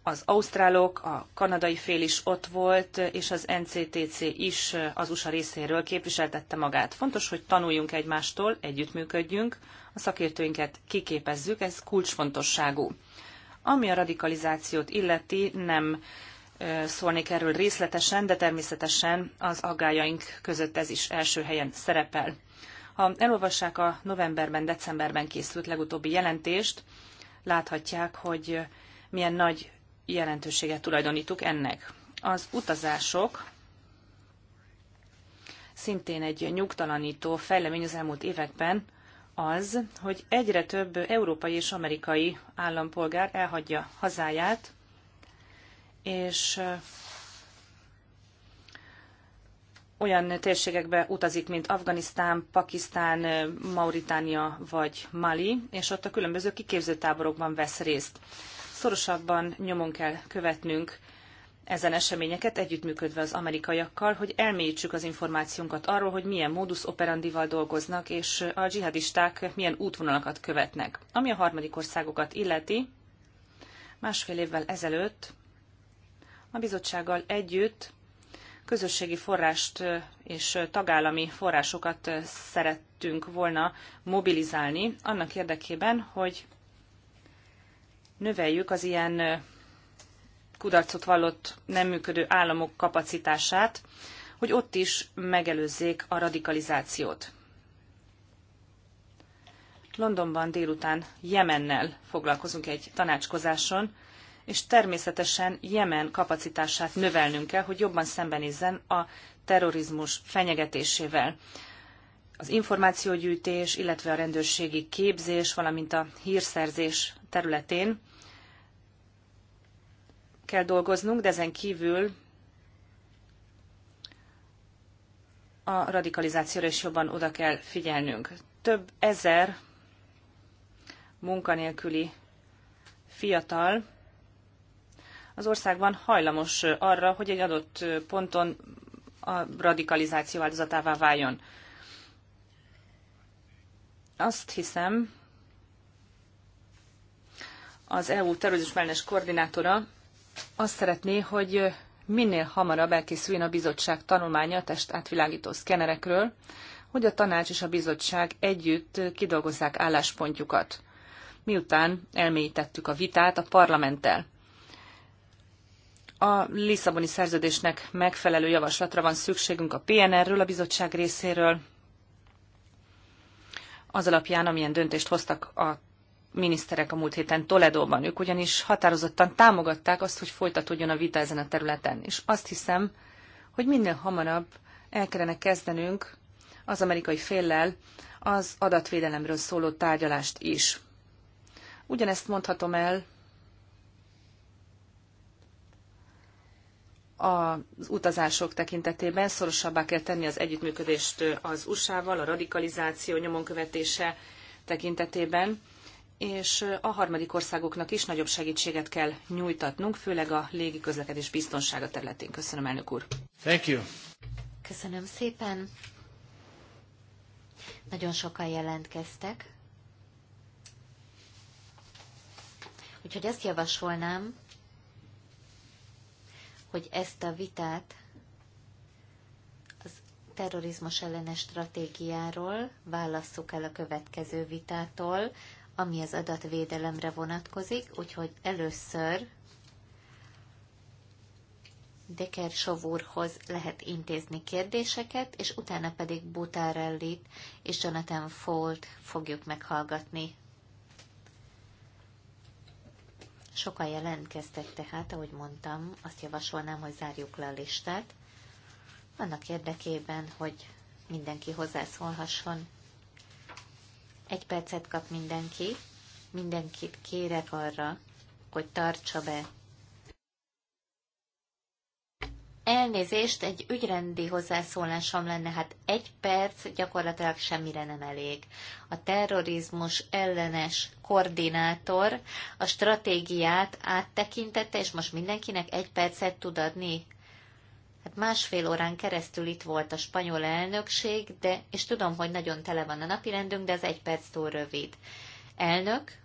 Speaker 3: az ausztrálok, a kanadai fél is ott volt, és az NCTC is az USA részéről képviseltette magát. Fontos, hogy tanuljunk egymástól, együttműködjünk, a szakértőinket kiképezzük, ez kulcsfontosságú. Ami a radikalizációt illeti, nem szólnék erről részletesen, de természetesen az aggájaink között ez is első helyen szerepel. Ha elolvassák a novemberben, decemberben készült legutóbbi jelentést, láthatják, hogy milyen nagy jelentőséget tulajdonítuk ennek. Az utazások szintén egy nyugtalanító fejlemény az elmúlt években az, hogy egyre több európai és amerikai állampolgár elhagyja hazáját, és olyan térségekbe utazik, mint Afganisztán, Pakisztán, Mauritánia vagy Mali, és ott a különböző kiképzőtáborokban vesz részt. Szorosabban nyomon kell követnünk ezen eseményeket együttműködve az amerikaiakkal, hogy elmélyítsük az információnkat arról, hogy milyen módusz operandival dolgoznak, és a dzsihadisták milyen útvonalakat követnek. Ami a harmadik országokat illeti, másfél évvel ezelőtt a bizottsággal együtt közösségi forrást és tagállami forrásokat szerettünk volna mobilizálni annak érdekében, hogy növeljük az ilyen kudarcot vallott nem működő államok kapacitását, hogy ott is megelőzzék a radikalizációt. Londonban délután Jemennel foglalkozunk egy tanácskozáson, és természetesen Jemen kapacitását növelnünk kell, hogy jobban szembenézzen a terrorizmus fenyegetésével. Az információgyűjtés, illetve a rendőrségi képzés, valamint a hírszerzés területén kell dolgoznunk, de ezen kívül a radikalizációra is jobban oda kell figyelnünk. Több ezer munkanélküli fiatal az országban hajlamos arra, hogy egy adott ponton a radikalizáció áldozatává váljon. Azt hiszem, az EU terrorizmus koordinátora azt szeretné, hogy minél hamarabb elkészüljön a bizottság tanulmánya a test szkenerekről, hogy a tanács és a bizottság együtt kidolgozzák álláspontjukat, miután elmélyítettük a vitát a parlamenttel. A Lisszaboni szerződésnek megfelelő javaslatra van szükségünk a PNR-ről, a bizottság részéről, az alapján, amilyen döntést hoztak a miniszterek a múlt héten Toledóban. Ők ugyanis határozottan támogatták azt, hogy folytatódjon a vita ezen a területen. És azt hiszem, hogy minél hamarabb el kellene kezdenünk az amerikai féllel az adatvédelemről szóló tárgyalást is. Ugyanezt mondhatom el az utazások tekintetében szorosabbá kell tenni az együttműködést az USA-val, a radikalizáció nyomon követése tekintetében, és a harmadik országoknak is nagyobb segítséget kell nyújtatnunk, főleg a légi közlekedés biztonsága területén. Köszönöm, elnök úr.
Speaker 1: Thank you.
Speaker 2: Köszönöm szépen. Nagyon sokan jelentkeztek. Úgyhogy azt javasolnám, hogy ezt a vitát az terrorizmus ellenes stratégiáról válasszuk el a következő vitától, ami az adatvédelemre vonatkozik, úgyhogy először Deker Sovúrhoz lehet intézni kérdéseket, és utána pedig Butarellit és Jonathan Folt fogjuk meghallgatni. Sokan jelentkeztek tehát, ahogy mondtam, azt javasolnám, hogy zárjuk le a listát, annak érdekében, hogy mindenki hozzászólhasson. Egy percet kap mindenki. Mindenkit kérek arra, hogy tartsa be. Elnézést, egy ügyrendi hozzászólásom lenne, hát egy perc gyakorlatilag semmire nem elég. A terrorizmus ellenes koordinátor a stratégiát áttekintette, és most mindenkinek egy percet tud adni Hát másfél órán keresztül itt volt a spanyol elnökség, de, és tudom, hogy nagyon tele van a napi rendünk, de ez egy perc túl rövid. Elnök,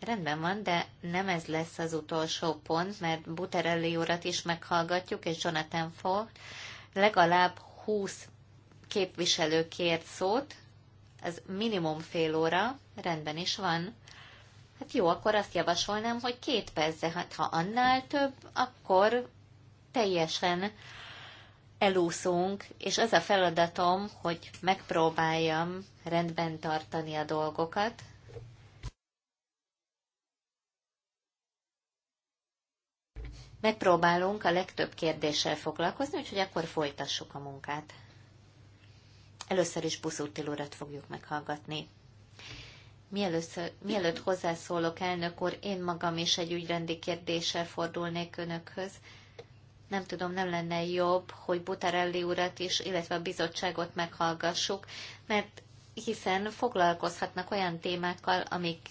Speaker 2: rendben van, de nem ez lesz az utolsó pont, mert Buterelli urat is meghallgatjuk, és Jonathan Ford legalább 20 képviselő kért szót, ez minimum fél óra, rendben is van. Hát jó, akkor azt javasolnám, hogy két perc, hát ha annál több, akkor teljesen elúszunk, és az a feladatom, hogy megpróbáljam rendben tartani a dolgokat, Megpróbálunk a legtöbb kérdéssel foglalkozni, úgyhogy akkor folytassuk a munkát. Először is Buszútil urat fogjuk meghallgatni. Mielőször, mielőtt hozzászólok, elnök úr, én magam is egy ügyrendi kérdéssel fordulnék önökhöz. Nem tudom, nem lenne jobb, hogy Butarelli urat is, illetve a bizottságot meghallgassuk, mert hiszen foglalkozhatnak olyan témákkal, amik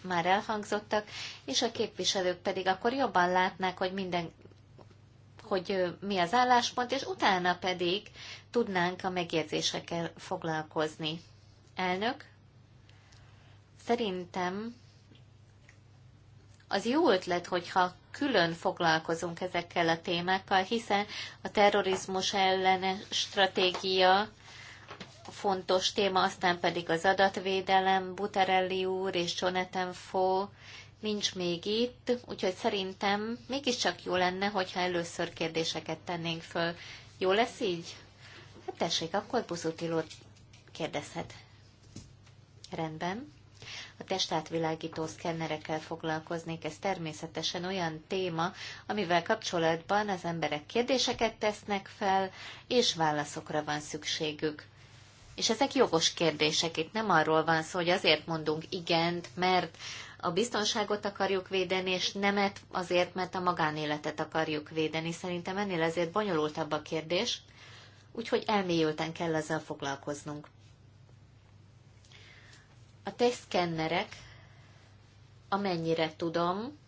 Speaker 2: már elhangzottak, és a képviselők pedig akkor jobban látnák, hogy minden hogy mi az álláspont, és utána pedig tudnánk a megjegyzésekkel foglalkozni. Elnök, szerintem az jó ötlet, hogyha külön foglalkozunk ezekkel a témákkal, hiszen a terrorizmus ellen stratégia fontos téma, aztán pedig az adatvédelem, Buterelli úr és Jonathan Fo nincs még itt, úgyhogy szerintem mégiscsak jó lenne, hogyha először kérdéseket tennénk föl. Jó lesz így? Hát tessék, akkor Buzutilót kérdezhet. Rendben a testátvilágító szkennerekkel foglalkoznék. Ez természetesen olyan téma, amivel kapcsolatban az emberek kérdéseket tesznek fel, és válaszokra van szükségük. És ezek jogos kérdések, itt nem arról van szó, hogy azért mondunk igent, mert a biztonságot akarjuk védeni, és nemet azért, mert a magánéletet akarjuk védeni. Szerintem ennél azért bonyolultabb a kérdés, úgyhogy elmélyülten kell ezzel foglalkoznunk. A tesztkennerek, amennyire tudom,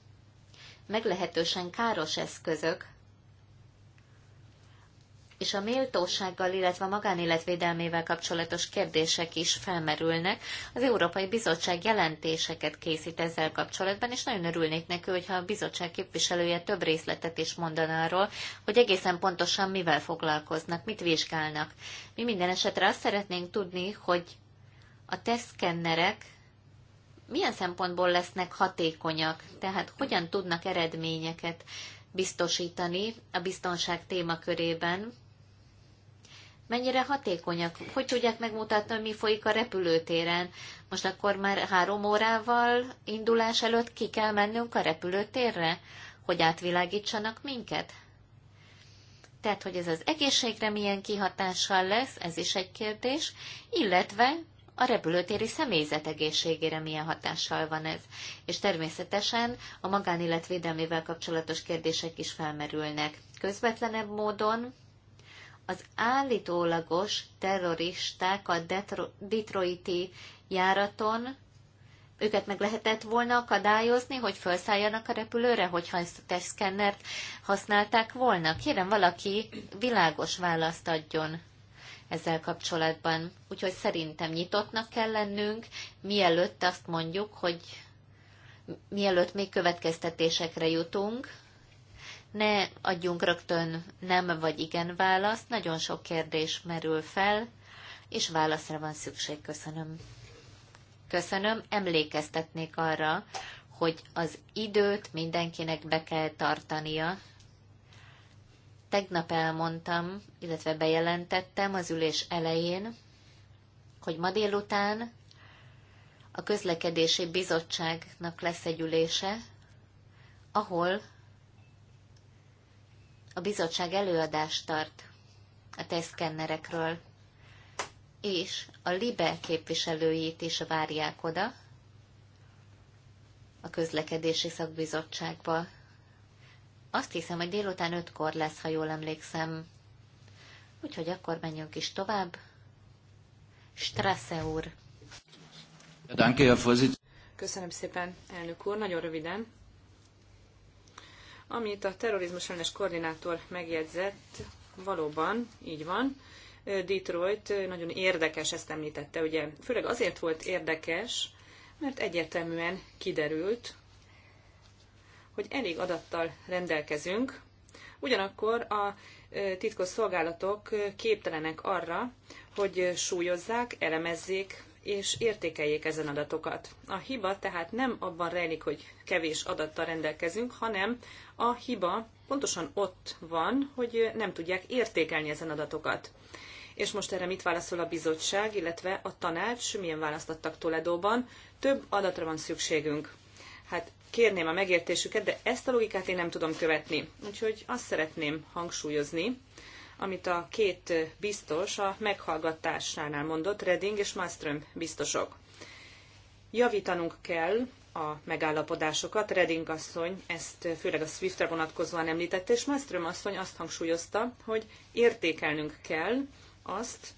Speaker 2: meglehetősen káros eszközök, és a méltósággal, illetve a magánéletvédelmével kapcsolatos kérdések is felmerülnek. Az Európai Bizottság jelentéseket készít ezzel kapcsolatban, és nagyon örülnék neki, hogyha a bizottság képviselője több részletet is mondaná arról, hogy egészen pontosan mivel foglalkoznak, mit vizsgálnak. Mi minden esetre azt szeretnénk tudni, hogy a teszkennerek milyen szempontból lesznek hatékonyak, tehát hogyan tudnak eredményeket biztosítani a biztonság témakörében, mennyire hatékonyak, hogy tudják megmutatni, hogy mi folyik a repülőtéren. Most akkor már három órával indulás előtt ki kell mennünk a repülőtérre, hogy átvilágítsanak minket? Tehát, hogy ez az egészségre milyen kihatással lesz, ez is egy kérdés, illetve a repülőtéri személyzet egészségére milyen hatással van ez. És természetesen a magánélet védelmével kapcsolatos kérdések is felmerülnek. Közvetlenebb módon az állítólagos terroristák a Detro- detroiti járaton őket meg lehetett volna akadályozni, hogy felszálljanak a repülőre, hogyha ezt a testszkennert használták volna? Kérem, valaki világos választ adjon ezzel kapcsolatban. Úgyhogy szerintem nyitottnak kell lennünk, mielőtt azt mondjuk, hogy mielőtt még következtetésekre jutunk, ne adjunk rögtön nem vagy igen választ, nagyon sok kérdés merül fel, és válaszra van szükség. Köszönöm. Köszönöm, emlékeztetnék arra, hogy az időt mindenkinek be kell tartania, Tegnap elmondtam, illetve bejelentettem az ülés elején, hogy ma délután a közlekedési bizottságnak lesz egy ülése, ahol a bizottság előadást tart a teszkennerekről, és a LIBE képviselőjét is várják oda a közlekedési szakbizottságba. Azt hiszem, hogy délután ötkor lesz, ha jól emlékszem. Úgyhogy akkor menjünk is tovább. Strasse úr. Köszönöm szépen,
Speaker 3: elnök úr. Nagyon röviden. Amit a terrorizmus ellenes koordinátor megjegyzett, valóban így van. Detroit nagyon érdekes, ezt említette, ugye főleg azért volt érdekes, mert egyértelműen kiderült, hogy elég adattal rendelkezünk, ugyanakkor a e, titkos szolgálatok képtelenek arra, hogy súlyozzák, elemezzék és értékeljék ezen adatokat. A hiba tehát nem abban rejlik, hogy kevés adattal rendelkezünk, hanem a hiba pontosan ott van, hogy nem tudják értékelni ezen adatokat. És most erre mit válaszol a bizottság, illetve a tanács, milyen választattak Toledóban? Több adatra van szükségünk. Hát kérném a megértésüket, de ezt a logikát én nem tudom követni. Úgyhogy azt szeretném hangsúlyozni, amit a két biztos a meghallgatásánál mondott, Reding és Malmström biztosok. Javítanunk kell a megállapodásokat. Reding asszony ezt főleg a SWIFT-re vonatkozóan említette, és Malmström asszony azt hangsúlyozta, hogy értékelnünk kell azt,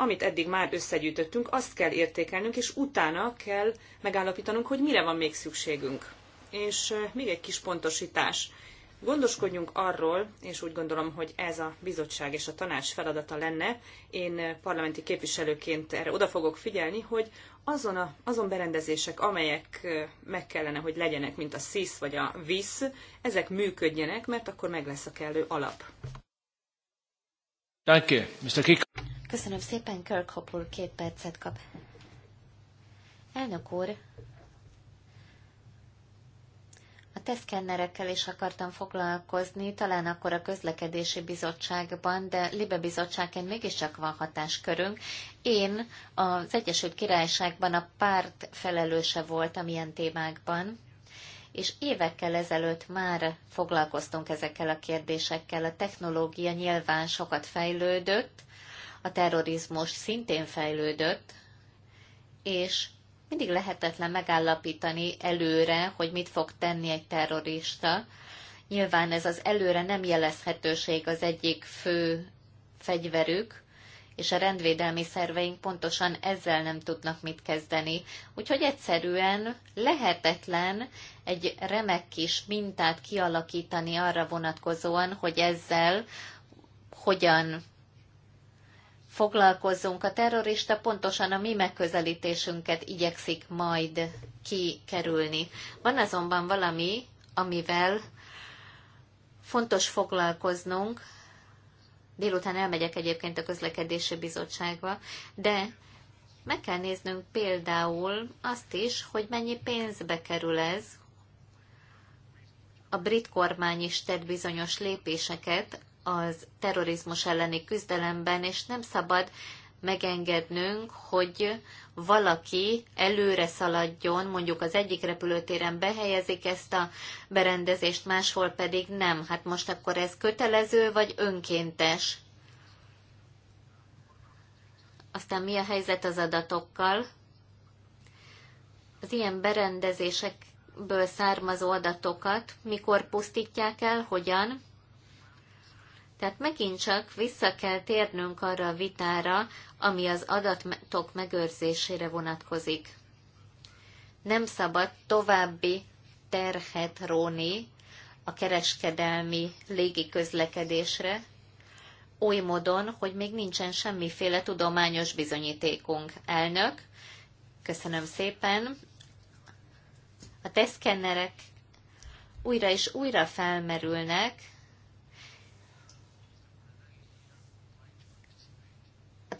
Speaker 3: amit eddig már összegyűjtöttünk, azt kell értékelnünk, és utána kell megállapítanunk, hogy mire van még szükségünk. És még egy kis pontosítás. Gondoskodjunk arról, és úgy gondolom, hogy ez a bizottság és a tanács feladata lenne, én parlamenti képviselőként erre oda fogok figyelni, hogy azon, a, azon berendezések, amelyek meg kellene, hogy legyenek, mint a SZISZ vagy a VISZ, ezek működjenek, mert akkor meg
Speaker 2: lesz a kellő alap.
Speaker 1: Danke, Mr. Kik.
Speaker 2: Köszönöm szépen, Kirk két percet kap. Elnök úr, a teszkennerekkel is akartam foglalkozni, talán akkor a közlekedési bizottságban, de Libe bizottságként mégiscsak van hatáskörünk. Én az Egyesült Királyságban a párt felelőse voltam ilyen témákban, és évekkel ezelőtt már foglalkoztunk ezekkel a kérdésekkel. A technológia nyilván sokat fejlődött, a terrorizmus szintén fejlődött, és mindig lehetetlen megállapítani előre, hogy mit fog tenni egy terrorista. Nyilván ez az előre nem jelezhetőség az egyik fő fegyverük, és a rendvédelmi szerveink pontosan ezzel nem tudnak mit kezdeni. Úgyhogy egyszerűen lehetetlen egy remek kis mintát kialakítani arra vonatkozóan, hogy ezzel hogyan foglalkozzunk. A terrorista pontosan a mi megközelítésünket igyekszik majd kikerülni. Van azonban valami, amivel fontos foglalkoznunk, délután elmegyek egyébként a közlekedési bizottságba, de meg kell néznünk például azt is, hogy mennyi pénzbe kerül ez. A brit kormány is tett bizonyos lépéseket az terrorizmus elleni küzdelemben, és nem szabad megengednünk, hogy valaki előre szaladjon, mondjuk az egyik repülőtéren behelyezik ezt a berendezést, máshol pedig nem. Hát most akkor ez kötelező vagy önkéntes? Aztán mi a helyzet az adatokkal? Az ilyen berendezésekből származó adatokat mikor pusztítják el, hogyan? Tehát megint csak vissza kell térnünk arra a vitára, ami az adatok megőrzésére vonatkozik. Nem szabad további terhet róni a kereskedelmi légiközlekedésre, oly módon, hogy még nincsen semmiféle tudományos bizonyítékunk. Elnök, köszönöm szépen. A teszkennerek újra és újra felmerülnek,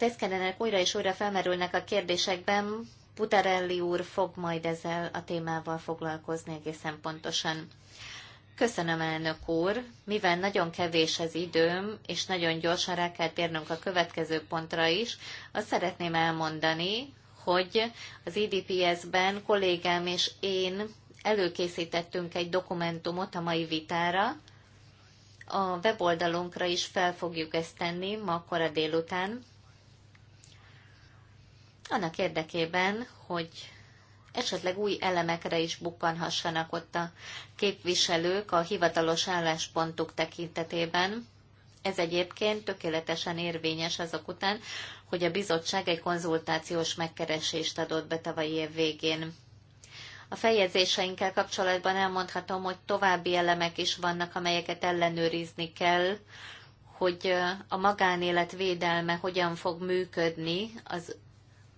Speaker 2: teszkedenek újra és újra felmerülnek a kérdésekben, Budarelli úr fog majd ezzel a témával foglalkozni egészen pontosan. Köszönöm, elnök úr. Mivel nagyon kevés az időm, és nagyon gyorsan rá kell térnünk a következő pontra is, azt szeretném elmondani, hogy az IDPS-ben e kollégám és én előkészítettünk egy dokumentumot a mai vitára. A weboldalunkra is fel fogjuk ezt tenni ma kora délután annak érdekében, hogy esetleg új elemekre is bukkanhassanak ott a képviselők a hivatalos álláspontuk tekintetében. Ez egyébként tökéletesen érvényes azok után, hogy a bizottság egy konzultációs megkeresést adott be tavalyi év végén. A feljegyzéseinkkel kapcsolatban elmondhatom, hogy további elemek is vannak, amelyeket ellenőrizni kell, hogy a magánélet védelme hogyan fog működni az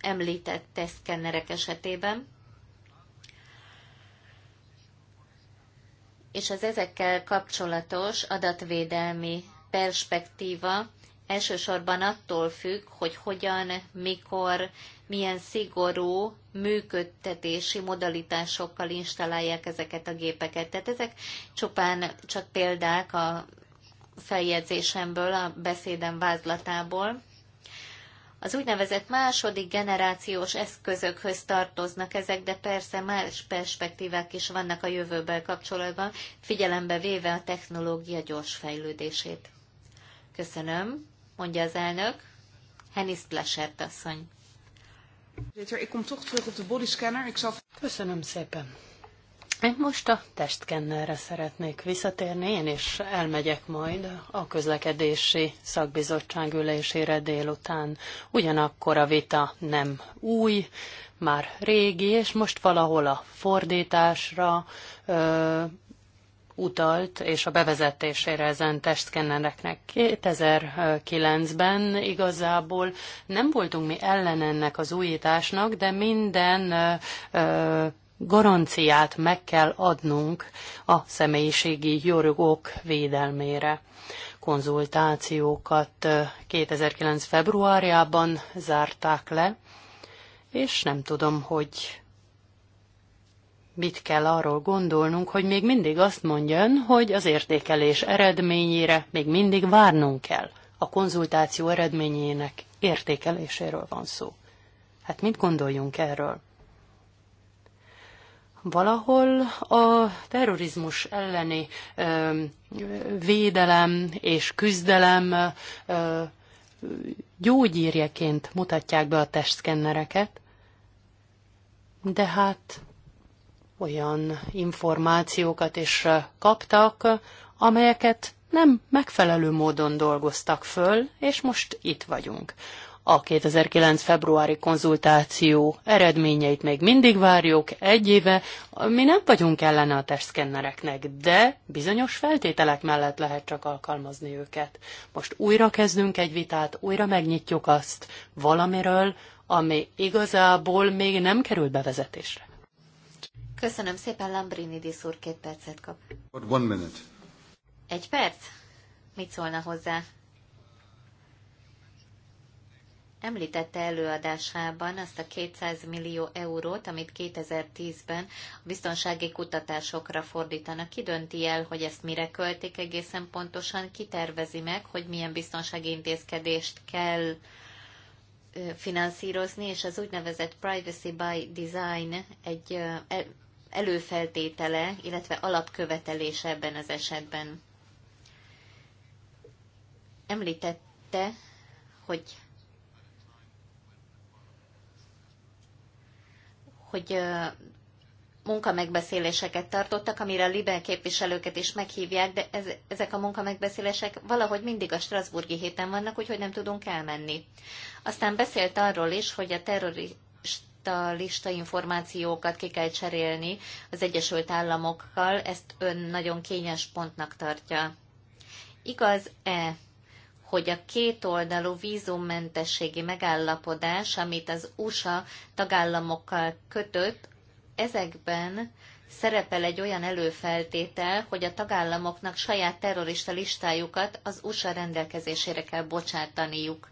Speaker 2: említett tesztkennerek esetében, és az ezekkel kapcsolatos adatvédelmi perspektíva elsősorban attól függ, hogy hogyan, mikor, milyen szigorú működtetési modalitásokkal installálják ezeket a gépeket. Tehát ezek csupán csak példák a feljegyzésemből, a beszédem vázlatából. Az úgynevezett második generációs eszközökhöz tartoznak ezek, de persze más perspektívák is vannak a jövővel kapcsolatban, figyelembe véve a technológia gyors fejlődését. Köszönöm, mondja az elnök. Henis Plesert asszony.
Speaker 5: Köszönöm szépen. Én most a testkennelre szeretnék visszatérni, én is elmegyek majd a közlekedési szakbizottság ülésére délután. Ugyanakkor a vita nem új, már régi, és most valahol a fordításra ö, utalt, és a bevezetésére ezen testkennereknek 2009-ben igazából nem voltunk mi ellen ennek az újításnak, de minden ö, ö, garanciát meg kell adnunk a személyiségi jogok védelmére. Konzultációkat 2009. februárjában zárták le, és nem tudom, hogy mit kell arról gondolnunk, hogy még mindig azt mondjon, hogy az értékelés eredményére még mindig várnunk kell. A konzultáció eredményének értékeléséről van szó. Hát mit gondoljunk erről? valahol a terrorizmus elleni ö, védelem és küzdelem ö, gyógyírjeként mutatják be a testszkennereket, de hát olyan információkat is kaptak, amelyeket nem megfelelő módon dolgoztak föl, és most itt vagyunk a 2009. februári konzultáció eredményeit még mindig várjuk, egy éve. Mi nem vagyunk ellene a testszkennereknek, de bizonyos feltételek mellett lehet csak alkalmazni őket. Most újra kezdünk egy vitát, újra megnyitjuk azt valamiről, ami igazából még nem került bevezetésre.
Speaker 2: Köszönöm szépen, Lambrini úr két percet kap. One minute. Egy perc? Mit szólna hozzá? Említette előadásában azt a 200 millió eurót, amit 2010-ben a biztonsági kutatásokra fordítanak. Ki dönti el, hogy ezt mire költik egészen pontosan? Ki tervezi meg, hogy milyen biztonsági intézkedést kell finanszírozni, és az úgynevezett Privacy by Design egy előfeltétele, illetve alapkövetelése ebben az esetben. Említette, hogy hogy munkamegbeszéléseket tartottak, amire a Liben képviselőket is meghívják, de ez, ezek a munkamegbeszélések valahogy mindig a Strasburgi héten vannak, úgyhogy nem tudunk elmenni. Aztán beszélt arról is, hogy a terrorista lista információkat ki kell cserélni az Egyesült Államokkal, ezt ön nagyon kényes pontnak tartja. Igaz-e, hogy a kétoldalú vízummentességi megállapodás, amit az USA tagállamokkal kötött, ezekben szerepel egy olyan előfeltétel, hogy a tagállamoknak saját terrorista listájukat az USA rendelkezésére kell bocsátaniuk.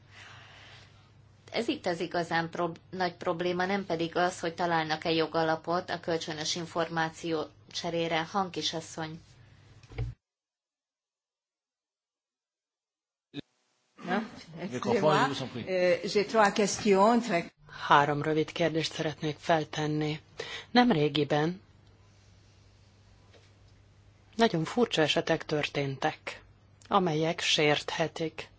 Speaker 2: Ez itt az igazán prob- nagy probléma, nem pedig az, hogy találnak-e jogalapot a kölcsönös információ cserére. Hankisasszony. Euh,
Speaker 5: Három rövid kérdést szeretnék feltenni. Nem régiben nagyon furcsa esetek történtek, amelyek sérthetik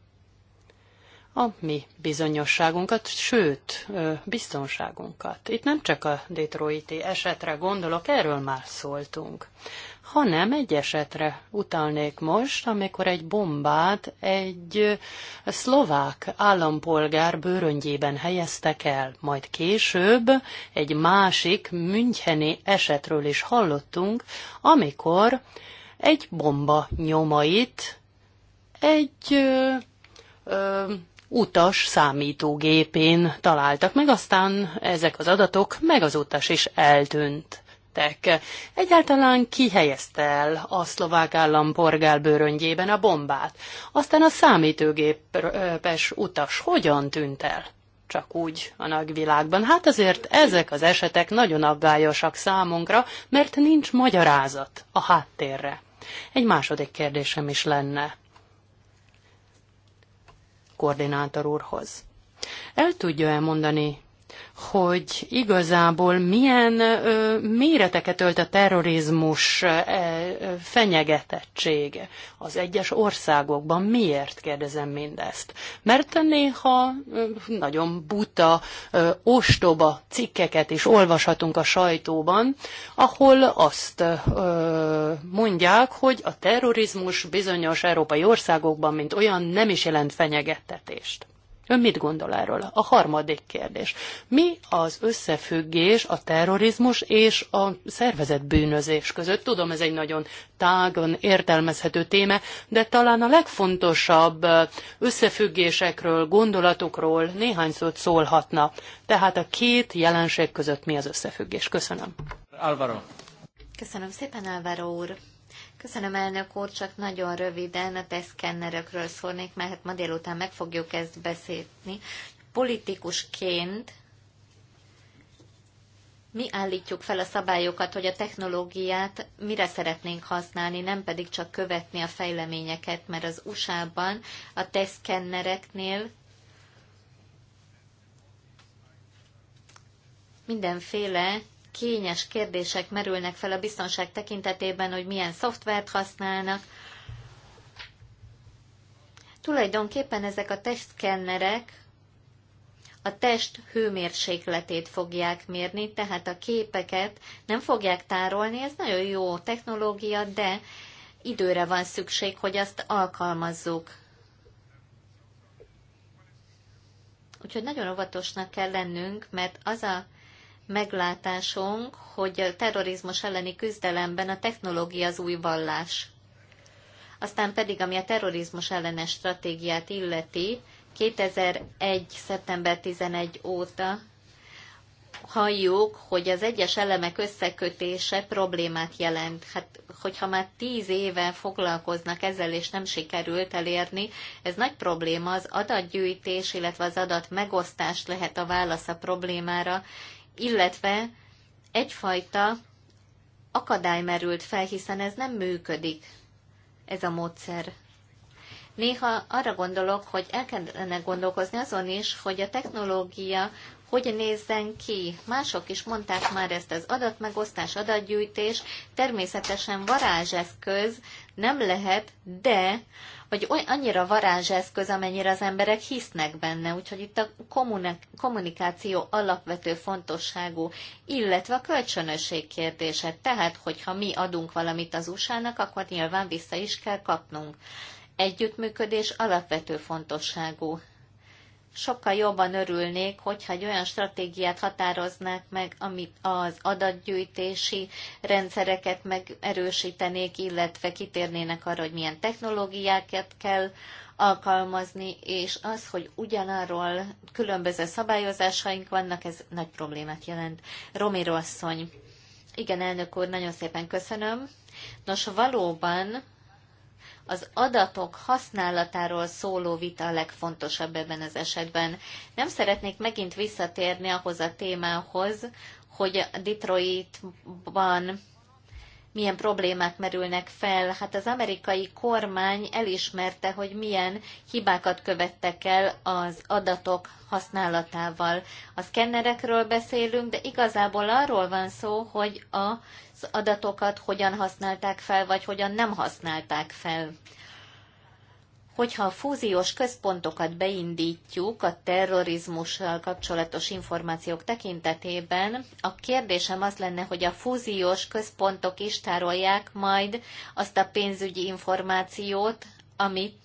Speaker 5: a mi bizonyosságunkat, sőt, biztonságunkat. Itt nem csak a detroiti esetre gondolok, erről már szóltunk, hanem egy esetre utalnék most, amikor egy bombát egy szlovák állampolgár bőröngyében helyeztek el, majd később egy másik müncheni esetről is hallottunk, amikor egy bomba nyomait egy ö, ö, utas számítógépén találtak meg, aztán ezek az adatok meg az utas is eltűnt Egyáltalán Egyáltalán helyezte el a szlovák állam porgálbőröngyében a bombát. Aztán a számítógépes utas hogyan tűnt el? Csak úgy a nagyvilágban. Hát azért ezek az esetek nagyon aggályosak számunkra, mert nincs magyarázat a háttérre. Egy második kérdésem is lenne koordinátor úrhoz. El tudja mondani? hogy igazából milyen ö, méreteket ölt a terrorizmus ö, e, ö, fenyegetettsége az egyes országokban. Miért kérdezem mindezt? Mert néha ö, nagyon buta, ö, ostoba cikkeket is olvashatunk a sajtóban, ahol azt ö, mondják, hogy a terrorizmus bizonyos európai országokban, mint olyan, nem is jelent fenyegetetést. Ön mit gondol erről? A harmadik kérdés. Mi az összefüggés a terrorizmus és a szervezett bűnözés között? Tudom, ez egy nagyon tágon értelmezhető téma, de talán a legfontosabb összefüggésekről, gondolatokról néhány szót szólhatna. Tehát a két jelenség között mi az összefüggés? Köszönöm.
Speaker 1: Álvaro.
Speaker 2: Köszönöm szépen, Álvaro úr. Köszönöm, elnök úr, csak nagyon röviden a teszkennerekről szólnék, mert hát ma délután meg fogjuk ezt beszélni. Politikusként mi állítjuk fel a szabályokat, hogy a technológiát mire szeretnénk használni, nem pedig csak követni a fejleményeket, mert az USA-ban a teszkennereknél mindenféle kényes kérdések merülnek fel a biztonság tekintetében, hogy milyen szoftvert használnak. Tulajdonképpen ezek a testszkennerek a test hőmérsékletét fogják mérni, tehát a képeket nem fogják tárolni, ez nagyon jó technológia, de időre van szükség, hogy azt alkalmazzuk. Úgyhogy nagyon óvatosnak kell lennünk, mert az a meglátásunk, hogy a terrorizmus elleni küzdelemben a technológia az új vallás. Aztán pedig, ami a terrorizmus ellenes stratégiát illeti, 2001. szeptember 11 óta halljuk, hogy az egyes elemek összekötése problémát jelent. Hát, hogyha már tíz éve foglalkoznak ezzel, és nem sikerült elérni, ez nagy probléma. Az adatgyűjtés, illetve az adat megosztás lehet a válasz a problémára, illetve egyfajta akadály merült fel, hiszen ez nem működik, ez a módszer. Néha arra gondolok, hogy el kellene gondolkozni azon is, hogy a technológia hogy nézzen ki. Mások is mondták már ezt az adatmegosztás, adatgyűjtés, természetesen varázseszköz nem lehet, de hogy oly, annyira varázseszköz, amennyire az emberek hisznek benne. Úgyhogy itt a kommunikáció alapvető fontosságú, illetve a kölcsönösség kérdése. Tehát, hogyha mi adunk valamit az USA-nak, akkor nyilván vissza is kell kapnunk. Együttműködés alapvető fontosságú sokkal jobban örülnék, hogyha egy olyan stratégiát határoznák meg, amit az adatgyűjtési rendszereket megerősítenék, illetve kitérnének arra, hogy milyen technológiákat kell alkalmazni, és az, hogy ugyanarról különböző szabályozásaink vannak, ez nagy problémát jelent. Romiro asszony. Igen, elnök úr, nagyon szépen köszönöm. Nos, valóban az adatok használatáról szóló vita a legfontosabb ebben az esetben. Nem szeretnék megint visszatérni ahhoz a témához, hogy Detroitban milyen problémák merülnek fel. Hát az amerikai kormány elismerte, hogy milyen hibákat követtek el az adatok használatával. A szkennerekről beszélünk, de igazából arról van szó, hogy az adatokat hogyan használták fel, vagy hogyan nem használták fel hogyha a fúziós központokat beindítjuk a terrorizmussal kapcsolatos információk tekintetében, a kérdésem az lenne, hogy a fúziós központok is tárolják majd azt a pénzügyi információt, amit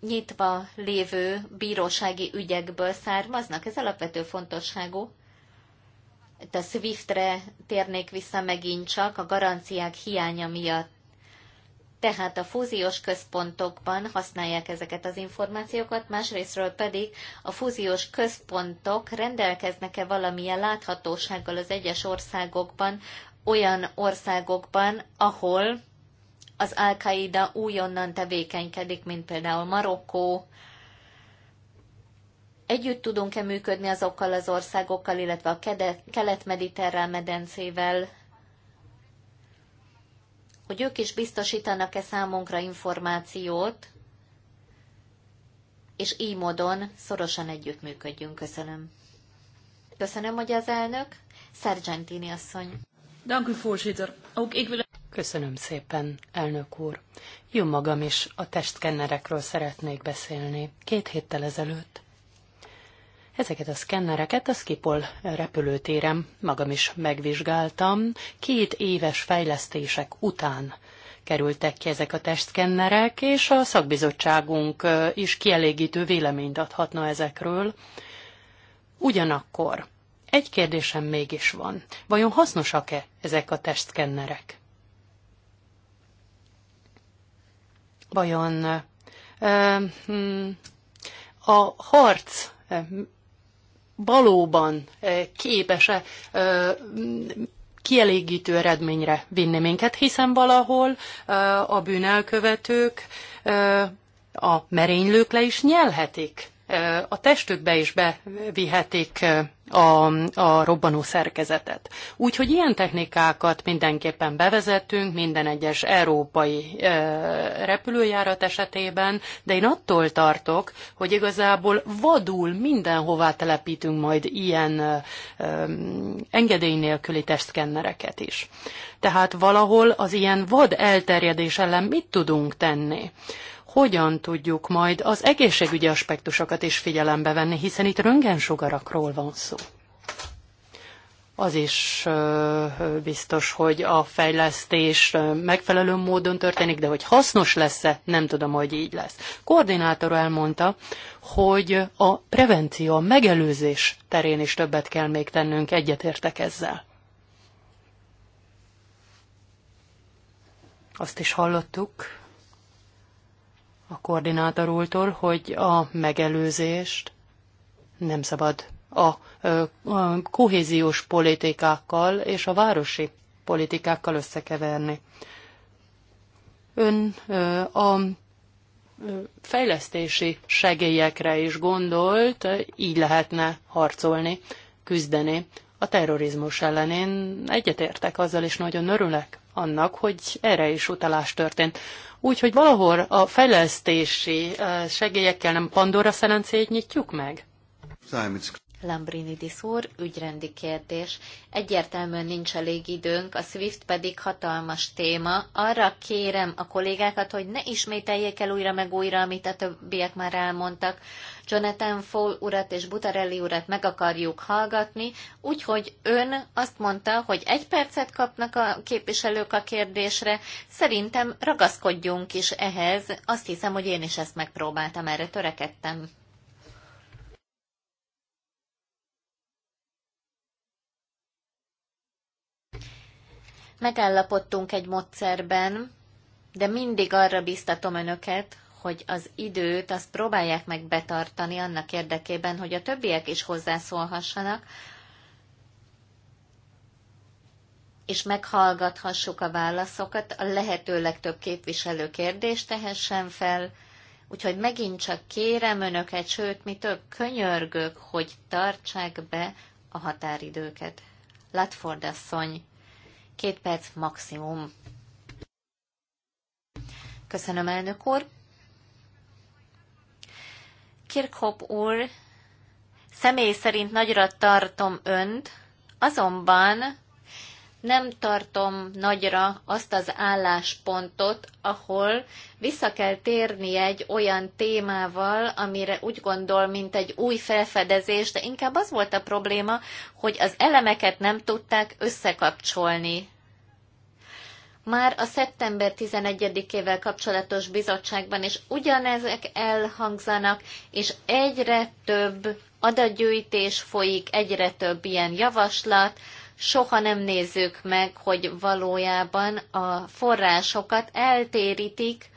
Speaker 2: nyitva lévő bírósági ügyekből származnak. Ez alapvető fontosságú. Itt a SWIFT-re térnék vissza megint csak a garanciák hiánya miatt tehát a fúziós központokban használják ezeket az információkat, másrésztről pedig a fúziós központok rendelkeznek-e valamilyen láthatósággal az egyes országokban, olyan országokban, ahol az al qaeda újonnan tevékenykedik, mint például Marokkó. Együtt tudunk-e működni azokkal az országokkal, illetve a kelet-mediterrán medencével, hogy ők is biztosítanak-e számunkra információt, és így módon szorosan együttműködjünk. Köszönöm. Köszönöm, hogy az elnök. Sargentini asszony.
Speaker 5: Köszönöm szépen, elnök úr. Jó magam is a testkennerekről szeretnék beszélni. Két héttel ezelőtt Ezeket a szkennereket a Skipol repülőtérem magam is megvizsgáltam. Két éves fejlesztések után kerültek ki ezek a testszkennerek, és a szakbizottságunk is kielégítő véleményt adhatna ezekről. Ugyanakkor egy kérdésem mégis van. Vajon hasznosak-e ezek a testszkennerek? Vajon hmm, a harc valóban eh, képes-e eh, kielégítő eredményre vinni minket, hiszen valahol eh, a bűnelkövetők, a merénylők le is nyelhetik a testükbe is bevihetik a, a robbanó szerkezetet. Úgyhogy ilyen technikákat mindenképpen bevezettünk minden egyes európai e, repülőjárat esetében, de én attól tartok, hogy igazából vadul mindenhová telepítünk majd ilyen e, engedély nélküli testszkennereket is. Tehát valahol az ilyen vad elterjedés ellen mit tudunk tenni? hogyan tudjuk majd az egészségügyi aspektusokat is figyelembe venni, hiszen itt röntgensugarakról van szó. Az is biztos, hogy a fejlesztés megfelelő módon történik, de hogy hasznos lesz-e, nem tudom, hogy így lesz. Koordinátor elmondta, hogy a prevenció, a megelőzés terén is többet kell még tennünk, egyetértek ezzel. Azt is hallottuk, a koordinátor úrtól, hogy a megelőzést nem szabad a, a kohéziós politikákkal és a városi politikákkal összekeverni. Ön a fejlesztési segélyekre is gondolt, így lehetne harcolni, küzdeni a terrorizmus ellen. Én egyetértek azzal, és nagyon örülök annak, hogy erre is utalás történt. Úgy, hogy valahol a fejlesztési segélyekkel nem Pandora szerencéjét nyitjuk meg?
Speaker 2: Lambrini diszúr, ügyrendi kérdés. Egyértelműen nincs elég időnk, a SWIFT pedig hatalmas téma. Arra kérem a kollégákat, hogy ne ismételjék el újra meg újra, amit a többiek már elmondtak, Jonathan Fall urat és Butarelli urat meg akarjuk hallgatni, úgyhogy ön azt mondta, hogy egy percet kapnak a képviselők a kérdésre, szerintem ragaszkodjunk is ehhez, azt hiszem, hogy én is ezt megpróbáltam, erre törekedtem. megállapodtunk egy módszerben, de mindig arra biztatom önöket, hogy az időt azt próbálják meg betartani annak érdekében, hogy a többiek is hozzászólhassanak, és meghallgathassuk a válaszokat, a lehető legtöbb képviselő kérdést tehessen fel, úgyhogy megint csak kérem önöket, sőt, mi több könyörgök, hogy tartsák be a határidőket. Latford asszony, két perc maximum. Köszönöm, elnök úr. Kirkhop úr, személy szerint nagyra tartom önt, azonban nem tartom nagyra azt az álláspontot, ahol vissza kell térni egy olyan témával, amire úgy gondol, mint egy új felfedezés, de inkább az volt a probléma, hogy az elemeket nem tudták összekapcsolni már a szeptember 11-ével kapcsolatos bizottságban is ugyanezek elhangzanak, és egyre több adatgyűjtés folyik, egyre több ilyen javaslat, soha nem nézzük meg, hogy valójában a forrásokat eltérítik,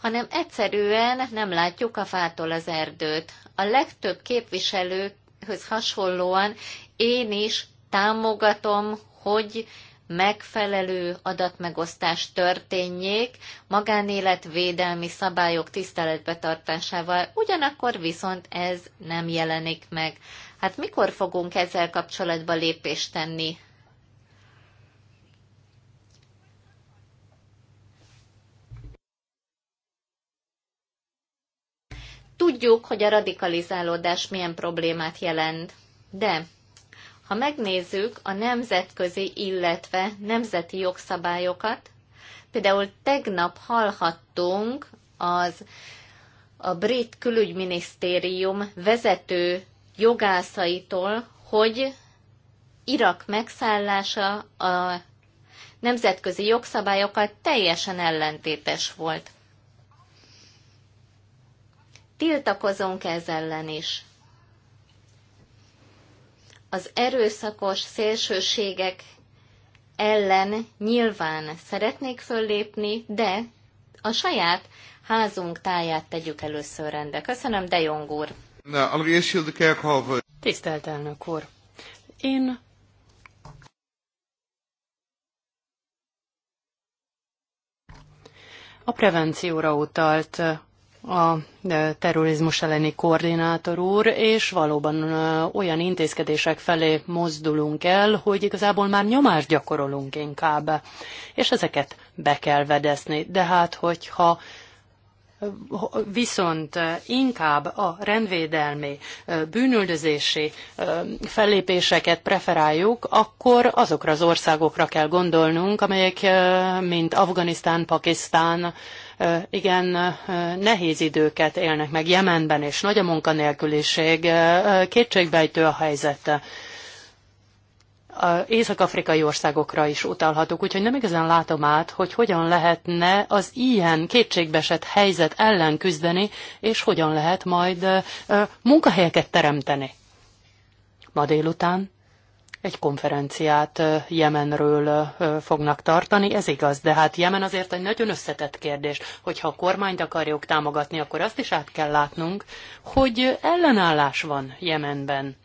Speaker 2: hanem egyszerűen nem látjuk a fától az erdőt. A legtöbb képviselőhöz hasonlóan én is támogatom, hogy megfelelő adatmegosztás történjék, magánéletvédelmi szabályok tiszteletbetartásával, ugyanakkor viszont ez nem jelenik meg. Hát mikor fogunk ezzel kapcsolatban lépést tenni? Tudjuk, hogy a radikalizálódás milyen problémát jelent, de ha megnézzük a nemzetközi, illetve nemzeti jogszabályokat, például tegnap hallhattunk az a brit külügyminisztérium vezető jogászaitól, hogy Irak megszállása a nemzetközi jogszabályokkal teljesen ellentétes volt. Tiltakozunk ez ellen is az erőszakos szélsőségek ellen nyilván szeretnék föllépni, de a saját házunk táját tegyük először rendbe. Köszönöm, De Jong úr. Tisztelt elnök úr! Én
Speaker 5: a prevencióra utalt a e, terrorizmus elleni koordinátor úr, és valóban e, olyan intézkedések felé mozdulunk el, hogy igazából már nyomást gyakorolunk inkább, és ezeket be kell vedezni. De hát, hogyha e, viszont inkább a rendvédelmi, bűnüldözési fellépéseket preferáljuk, akkor azokra az országokra kell gondolnunk, amelyek mint Afganisztán, Pakisztán, igen nehéz időket élnek meg Jemenben, és nagy a munkanélküliség, kétségbejtő a helyzet. A észak-afrikai országokra is utalhatok, úgyhogy nem igazán látom át, hogy hogyan lehetne az ilyen kétségbesett helyzet ellen küzdeni, és hogyan lehet majd munkahelyeket teremteni. Ma délután egy konferenciát Jemenről fognak tartani, ez igaz, de hát Jemen azért egy nagyon összetett kérdés, hogyha a kormányt akarjuk támogatni, akkor azt is át kell látnunk, hogy ellenállás van Jemenben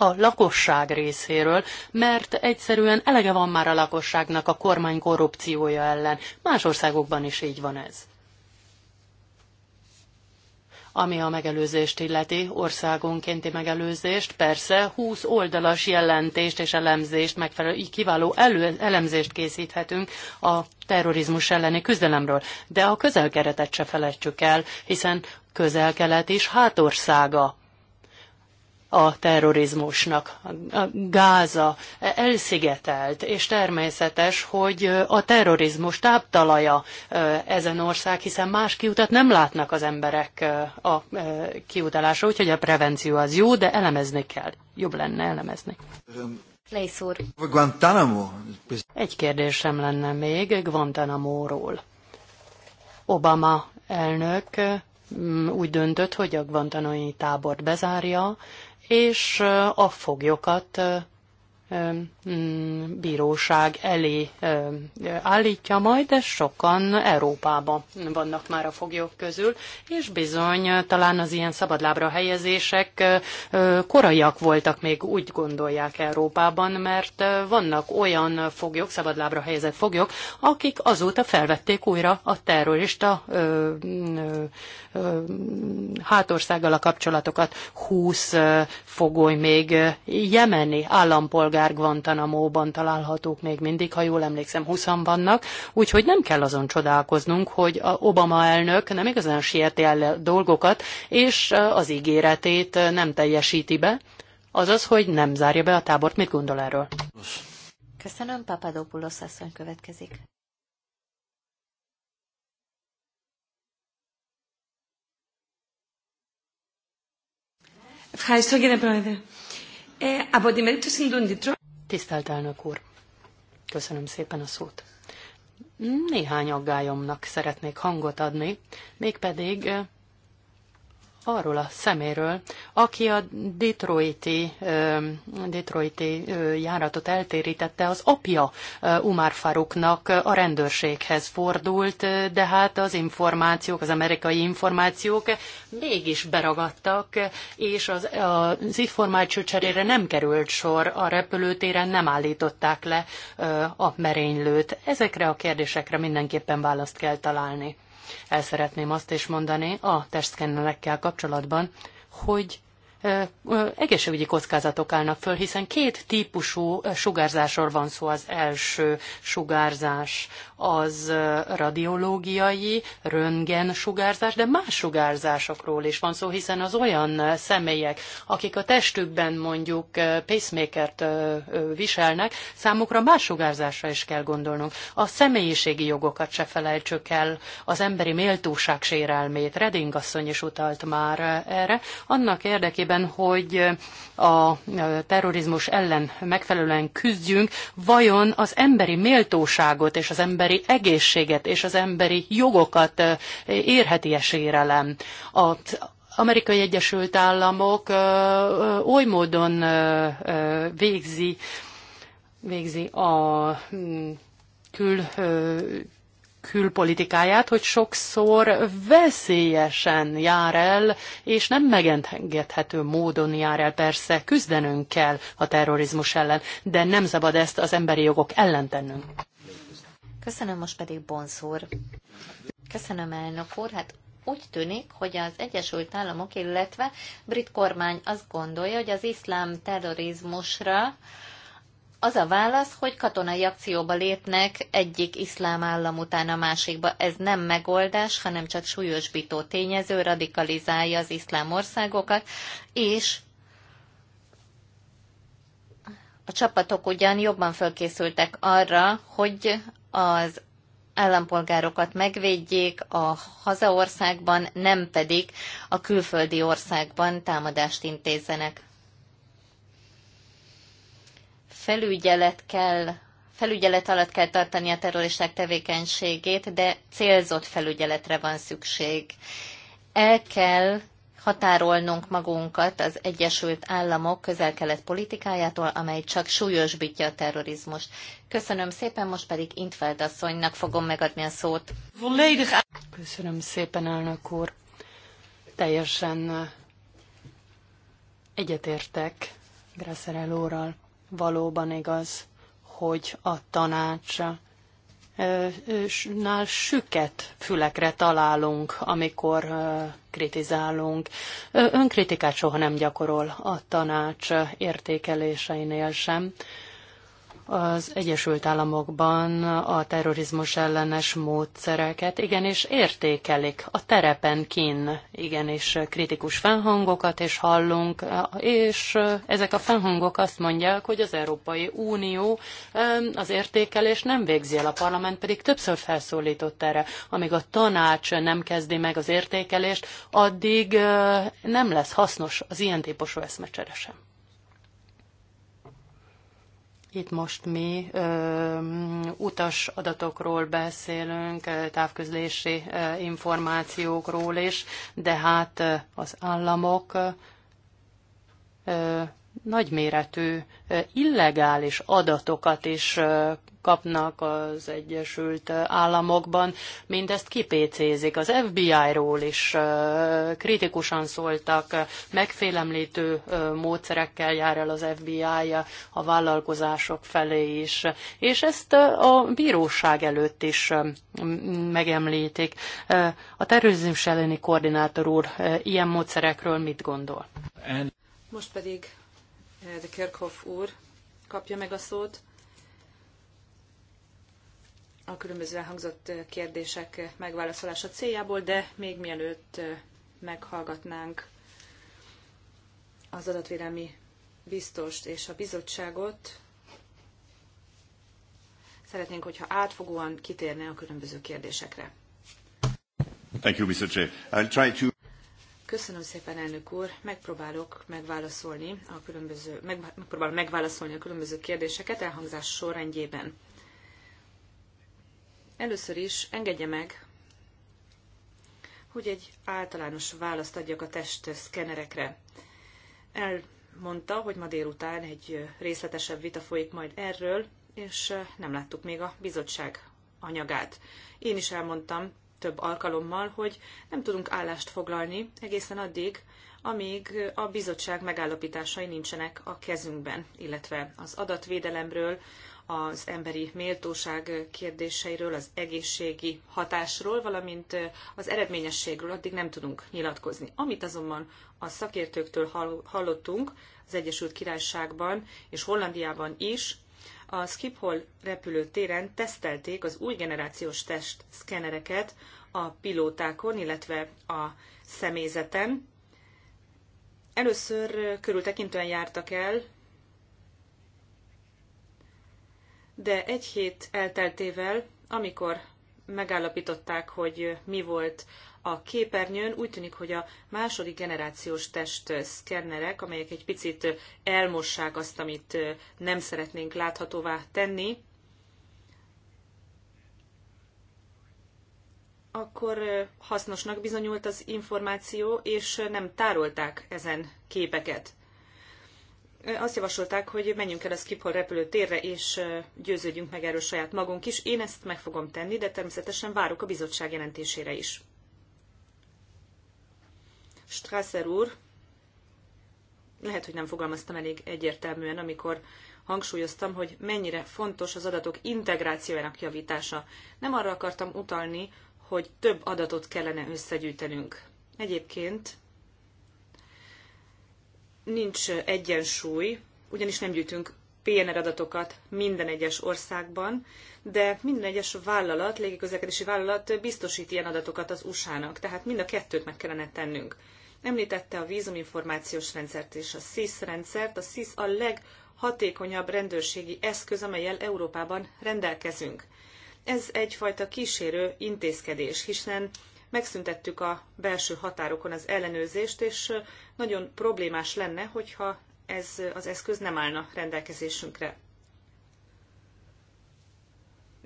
Speaker 5: a lakosság részéről, mert egyszerűen elege van már a lakosságnak a kormány korrupciója ellen. Más országokban is így van ez ami a megelőzést illeti, országonkénti megelőzést, persze 20 oldalas jelentést és elemzést, megfelelő kiváló elő, elemzést készíthetünk a terrorizmus elleni küzdelemről. De a közelkeretet se felejtsük el, hiszen közelkelet is hátországa a terrorizmusnak. A Gáza elszigetelt, és természetes, hogy a terrorizmus táptalaja ezen ország, hiszen más kiutat nem látnak az emberek a kiutalásra, úgyhogy a prevenció az jó, de elemezni kell. Jobb lenne elemezni. Leisz Egy kérdésem lenne még Guantanamo-ról. Obama elnök mm, úgy döntött, hogy a Guantanamo tábort bezárja, és a foglyokat mm, bíróság elé állítja majd, de sokan Európában vannak már a foglyok közül, és bizony talán az ilyen szabadlábra helyezések koraiak voltak még úgy gondolják Európában, mert vannak olyan foglyok, szabadlábra helyezett foglyok, akik azóta felvették újra a terrorista mm, hátországgal a kapcsolatokat 20 fogoly még jemeni állampolgár Guantanamo-ban találhatók még mindig, ha jól emlékszem, 20 vannak, úgyhogy nem kell azon csodálkoznunk, hogy Obama elnök nem igazán sérti el dolgokat, és az ígéretét nem teljesíti be, azaz, hogy nem zárja be a tábort. Mit gondol erről?
Speaker 2: Köszönöm, Papadopoulos asszony következik.
Speaker 5: Ευχαριστώ κύριε Πρόεδρε. Ε, από τη Tisztelt elnök úr, köszönöm szépen a szót. Néhány aggályomnak szeretnék hangot adni, mégpedig arról a szeméről, aki a detroiti, detroiti járatot eltérítette, az apja Umar Faruknak a rendőrséghez fordult, de hát az információk, az amerikai információk mégis beragadtak, és az, az információ cserére nem került sor, a repülőtéren nem állították le a merénylőt. Ezekre a kérdésekre mindenképpen választ kell találni. El szeretném azt is mondani a testszkennelekkel kapcsolatban, hogy egészségügyi kockázatok állnak föl, hiszen két típusú sugárzásról van szó. Az első sugárzás az radiológiai, röntgen sugárzás, de más sugárzásokról is van szó, hiszen az olyan személyek, akik a testükben mondjuk pacemakert viselnek, számukra más sugárzásra is kell gondolnunk. A személyiségi jogokat se felejtsük el, az emberi méltóság sérelmét, Reding asszony is utalt már erre, annak érdekében, érdekében, hogy a terrorizmus ellen megfelelően küzdjünk, vajon az emberi méltóságot és az emberi egészséget és az emberi jogokat érheti-e sérelem? A, Amerikai Egyesült Államok oly módon végzi, végzi a mm, kül külpolitikáját, hogy sokszor veszélyesen jár el, és nem megengedhető módon jár el. Persze küzdenünk kell a terrorizmus ellen, de nem szabad ezt az emberi jogok ellen tennünk.
Speaker 2: Köszönöm most pedig Bonszúr. Köszönöm elnök úr. Hát úgy tűnik, hogy az Egyesült Államok, illetve brit kormány azt gondolja, hogy az iszlám terrorizmusra az a válasz, hogy katonai akcióba lépnek egyik iszlám állam után a másikba. Ez nem megoldás, hanem csak súlyosbító tényező, radikalizálja az iszlám országokat, és a csapatok ugyan jobban fölkészültek arra, hogy az állampolgárokat megvédjék a hazaországban, nem pedig a külföldi országban támadást intézzenek felügyelet kell felügyelet alatt kell tartani a terroristák tevékenységét, de célzott felügyeletre van szükség. El kell határolnunk magunkat az Egyesült Államok közel-kelet politikájától, amely csak súlyosbítja a terrorizmust. Köszönöm szépen, most pedig Intveld asszonynak fogom megadni a szót. Köszönöm szépen, elnök úr. Teljesen eh,
Speaker 5: egyetértek Grasserel úrral valóban igaz, hogy a tanácsa nál süket fülekre találunk, amikor kritizálunk. Önkritikát soha nem gyakorol a tanács értékeléseinél sem az Egyesült Államokban a terrorizmus ellenes módszereket igenis értékelik. A terepen kín igenis kritikus fennhangokat is hallunk, és ezek a fennhangok azt mondják, hogy az Európai Unió az értékelés nem végzi el, a parlament pedig többször felszólított erre. Amíg a tanács nem kezdi meg az értékelést, addig nem lesz hasznos az ilyen típusú eszmecsere sem. Itt most mi ö, utas adatokról beszélünk, távközlési ö, információkról is, de hát az államok ö, nagyméretű illegális adatokat is kapnak az Egyesült Államokban. Mindezt kipécézik. Az FBI-ról is kritikusan szóltak, megfélemlítő módszerekkel jár el az FBI a vállalkozások felé is. És ezt a bíróság előtt is megemlítik. A terrorizmus elleni koordinátor úr ilyen módszerekről mit gondol?
Speaker 3: Most pedig Eh, de Kerkhoff úr kapja meg a szót a különböző elhangzott eh, kérdések eh, megválaszolása céljából, de még mielőtt meghallgatnánk az adatvédelmi biztost és a bizottságot, szeretnénk, hogyha átfogóan kitérne a különböző kérdésekre.
Speaker 5: Thank you, Mr. Chair. I'll try to...
Speaker 3: Köszönöm szépen, elnök úr. Megpróbálok megválaszolni a különböző, meg, megpróbálom megválaszolni a különböző kérdéseket elhangzás sorrendjében. Először is engedje meg, hogy egy általános választ adjak a testszkenerekre. Elmondta, hogy ma délután egy részletesebb vita folyik majd erről, és nem láttuk még a bizottság anyagát. Én is elmondtam több alkalommal, hogy nem tudunk állást foglalni egészen addig, amíg a bizottság megállapításai nincsenek a kezünkben, illetve az adatvédelemről, az emberi méltóság kérdéseiről, az egészségi hatásról, valamint az eredményességről addig nem tudunk nyilatkozni. Amit azonban a szakértőktől hallottunk az Egyesült Királyságban és Hollandiában is, a Schiphol repülőtéren tesztelték az új generációs test szkenereket a pilótákon, illetve a személyzeten. Először körültekintően jártak el, de egy hét elteltével, amikor megállapították, hogy mi volt a képernyőn. Úgy tűnik, hogy a második generációs szkennerek, amelyek egy picit elmossák azt, amit nem szeretnénk láthatóvá tenni, akkor hasznosnak bizonyult az információ, és nem tárolták ezen képeket. Azt javasolták, hogy menjünk el a Schiphol repülőtérre, és győződjünk meg erről saját magunk is. Én ezt meg fogom tenni, de természetesen várok a bizottság jelentésére is. Strasser úr, lehet, hogy nem fogalmaztam elég egyértelműen, amikor hangsúlyoztam, hogy mennyire fontos az adatok integrációjának javítása. Nem arra akartam utalni, hogy több adatot kellene összegyűjtenünk. Egyébként nincs egyensúly, ugyanis nem gyűjtünk PNR adatokat minden egyes országban, de minden egyes vállalat, légiközlekedési vállalat biztosít ilyen adatokat az USA-nak, tehát mind a kettőt meg kellene tennünk. Említette a vízuminformációs rendszert és a SIS rendszert. A SIS a leghatékonyabb rendőrségi eszköz, amelyel Európában rendelkezünk. Ez egyfajta kísérő intézkedés, hiszen megszüntettük a belső határokon az ellenőrzést, és nagyon problémás lenne, hogyha ez az eszköz nem állna rendelkezésünkre.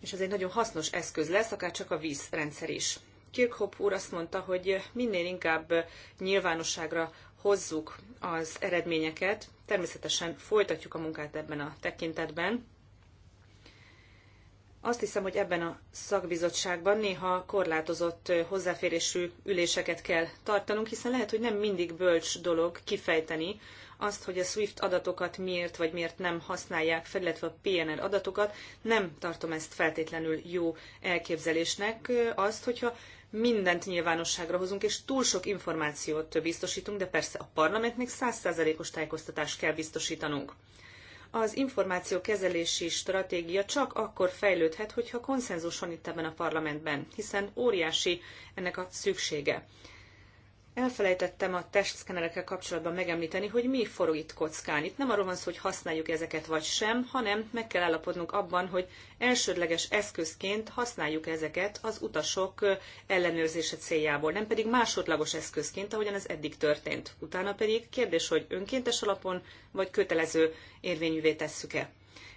Speaker 3: És ez egy nagyon hasznos eszköz lesz, akár csak a vízrendszer is. Kirkhope úr azt mondta, hogy minél inkább nyilvánosságra hozzuk az eredményeket, természetesen folytatjuk a munkát ebben a tekintetben. Azt hiszem, hogy ebben a szakbizottságban néha korlátozott hozzáférésű üléseket kell tartanunk, hiszen lehet, hogy nem mindig bölcs dolog kifejteni azt, hogy a SWIFT adatokat miért vagy miért nem használják fel, illetve a PNR adatokat, nem tartom ezt feltétlenül jó elképzelésnek. Azt, hogyha mindent nyilvánosságra hozunk, és túl sok információt biztosítunk, de persze a parlamentnek százszázalékos tájékoztatást kell biztosítanunk. Az információkezelési stratégia csak akkor fejlődhet, hogyha konszenzus van itt ebben a parlamentben, hiszen óriási ennek a szüksége. Elfelejtettem a testszkenerekkel kapcsolatban megemlíteni, hogy mi forog itt kockán. Itt nem arról van szó, hogy használjuk ezeket vagy sem, hanem meg kell állapodnunk abban, hogy elsődleges eszközként használjuk ezeket az utasok ellenőrzése céljából, nem pedig másodlagos eszközként, ahogyan ez eddig történt. Utána pedig kérdés, hogy önkéntes alapon vagy kötelező érvényűvé tesszük-e.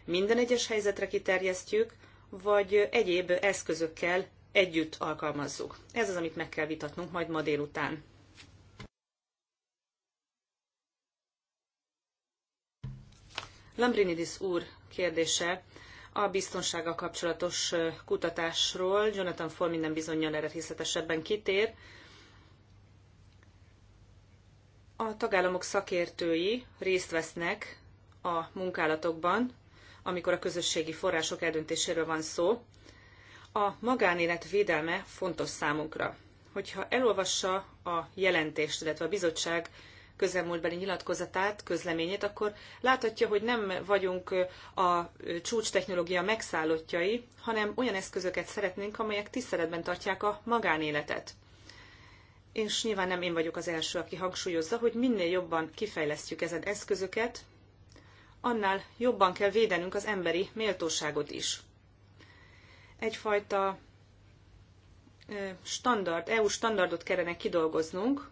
Speaker 3: Minden egyes helyzetre kiterjesztjük, vagy egyéb eszközökkel együtt alkalmazzuk. Ez az, amit meg kell vitatnunk majd ma délután. Lambrinidis úr kérdése a biztonsággal kapcsolatos kutatásról. Jonathan Fall minden bizonyal erre részletesebben kitér. A tagállamok szakértői részt vesznek a munkálatokban, amikor a közösségi források eldöntéséről van szó. A magánélet védelme fontos számunkra. Hogyha elolvassa a jelentést, illetve a bizottság közelmúltbeli nyilatkozatát, közleményét, akkor láthatja, hogy nem vagyunk a csúcs technológia megszállottjai, hanem olyan eszközöket szeretnénk, amelyek tiszteletben tartják a magánéletet. És nyilván nem én vagyok az első, aki hangsúlyozza, hogy minél jobban kifejlesztjük ezen eszközöket, annál jobban kell védenünk az emberi méltóságot is. Egyfajta standard, EU standardot kellene kidolgoznunk,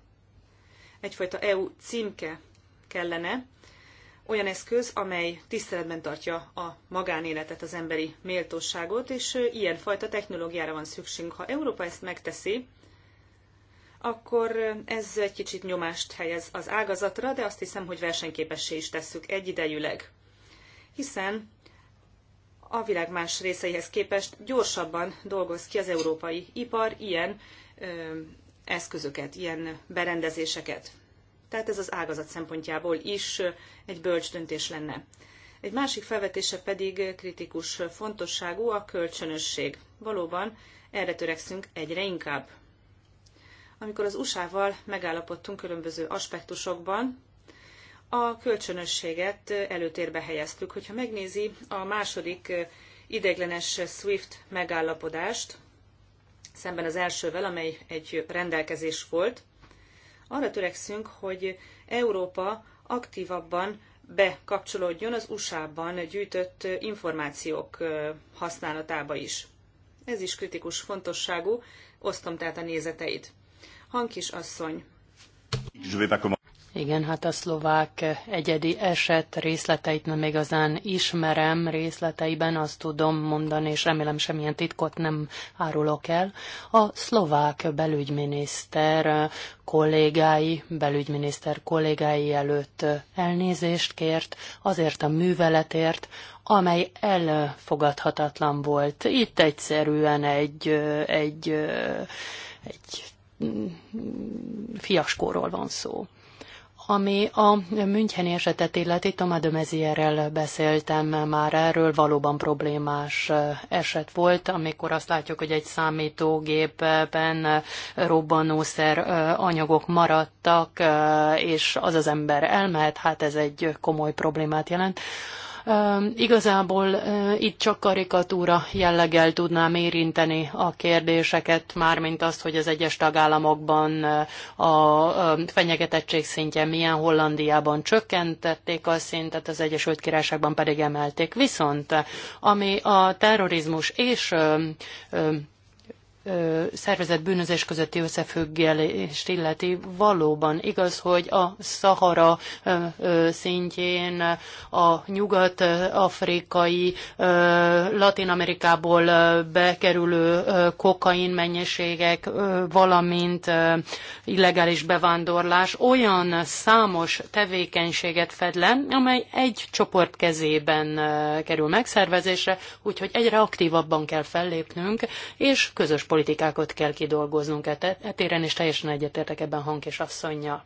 Speaker 3: egyfajta EU címke kellene, olyan eszköz, amely tiszteletben tartja a magánéletet, az emberi méltóságot, és ilyen fajta technológiára van szükségünk. Ha Európa ezt megteszi, akkor ez egy kicsit nyomást helyez az ágazatra, de azt hiszem, hogy versenyképessé is tesszük egyidejűleg. Hiszen a világ más részeihez képest gyorsabban dolgoz ki az európai ipar ilyen eszközöket, ilyen berendezéseket. Tehát ez az ágazat szempontjából is egy bölcs döntés lenne. Egy másik felvetése pedig kritikus fontosságú a kölcsönösség. Valóban erre törekszünk egyre inkább. Amikor az USA-val megállapodtunk különböző aspektusokban, a kölcsönösséget előtérbe helyeztük. Hogyha megnézi a második ideiglenes SWIFT megállapodást, szemben az elsővel, amely egy rendelkezés volt. Arra törekszünk, hogy Európa aktívabban bekapcsolódjon az USA-ban gyűjtött információk használatába is. Ez is kritikus fontosságú, osztom tehát a nézeteit. Hankis asszony
Speaker 5: igen, hát a szlovák egyedi eset részleteit nem igazán ismerem részleteiben, azt tudom mondani, és remélem semmilyen titkot nem árulok el. A szlovák belügyminiszter kollégái, belügyminiszter kollégái előtt elnézést kért azért a műveletért, amely elfogadhatatlan volt. Itt egyszerűen egy, egy, egy fiaskóról van szó ami a Müncheni esetet illeti, Tomá de Mezierrel beszéltem már erről, valóban problémás eset volt, amikor azt látjuk, hogy egy számítógépben robbanószer anyagok maradtak, és az az ember elmehet, hát ez egy komoly problémát jelent. Igazából itt csak karikatúra jelleggel tudnám érinteni a kérdéseket, mármint azt, hogy az egyes tagállamokban a fenyegetettség szintje milyen Hollandiában csökkentették a szintet, az Egyesült Királyságban pedig emelték. Viszont ami a terrorizmus és szervezett bűnözés közötti összefüggést illeti, valóban igaz, hogy a Szahara szintjén a nyugat-afrikai, Latin-Amerikából bekerülő kokain mennyiségek, valamint illegális bevándorlás olyan számos tevékenységet fed le, amely egy csoport kezében kerül megszervezésre, úgyhogy egyre aktívabban kell fellépnünk, és közös politikákat kell kidolgoznunk etéren, e és teljesen egyetértek ebben hang és asszonynal.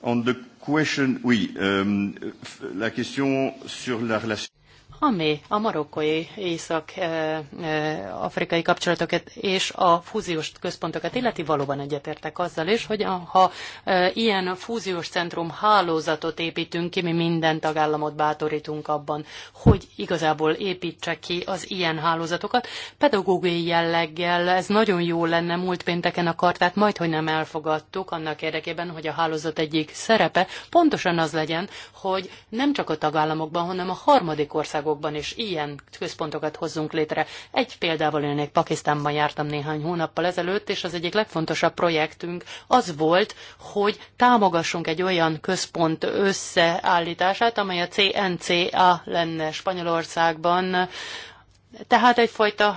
Speaker 5: On the question, oui, um, la question sur la relation ami a marokkói észak-afrikai e, e, kapcsolatokat és a fúziós központokat illeti, valóban egyetértek azzal is, hogy ha e, ilyen fúziós centrum hálózatot építünk ki, mi minden tagállamot bátorítunk abban, hogy igazából építse ki az ilyen hálózatokat. Pedagógiai jelleggel ez nagyon jó lenne múlt pénteken a kartát, majd hogy nem elfogadtuk annak érdekében, hogy a hálózat egyik szerepe pontosan az legyen, hogy nem csak a tagállamokban, hanem a harmadik országokban országokban is ilyen központokat hozzunk létre. Egy példával élnék, Pakisztánban jártam néhány hónappal ezelőtt, és az egyik legfontosabb projektünk az volt, hogy támogassunk egy olyan központ összeállítását, amely a CNCA lenne Spanyolországban, tehát egyfajta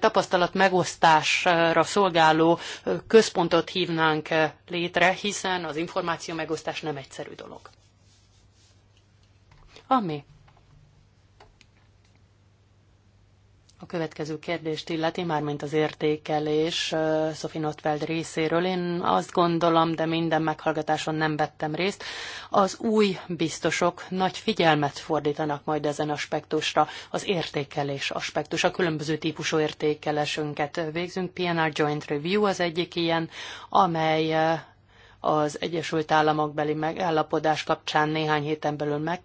Speaker 5: tapasztalat megosztásra szolgáló központot hívnánk létre, hiszen az információ megosztás nem egyszerű dolog. Ami a következő kérdést illeti, mármint az értékelés Sophie Notfeld részéről. Én azt gondolom, de minden meghallgatáson nem vettem részt. Az új biztosok nagy figyelmet fordítanak majd ezen aspektusra, az értékelés aspektus, a különböző típusú értékelésünket végzünk. PNR Joint Review az egyik ilyen, amely az Egyesült államokbeli megállapodás kapcsán néhány héten belül meg,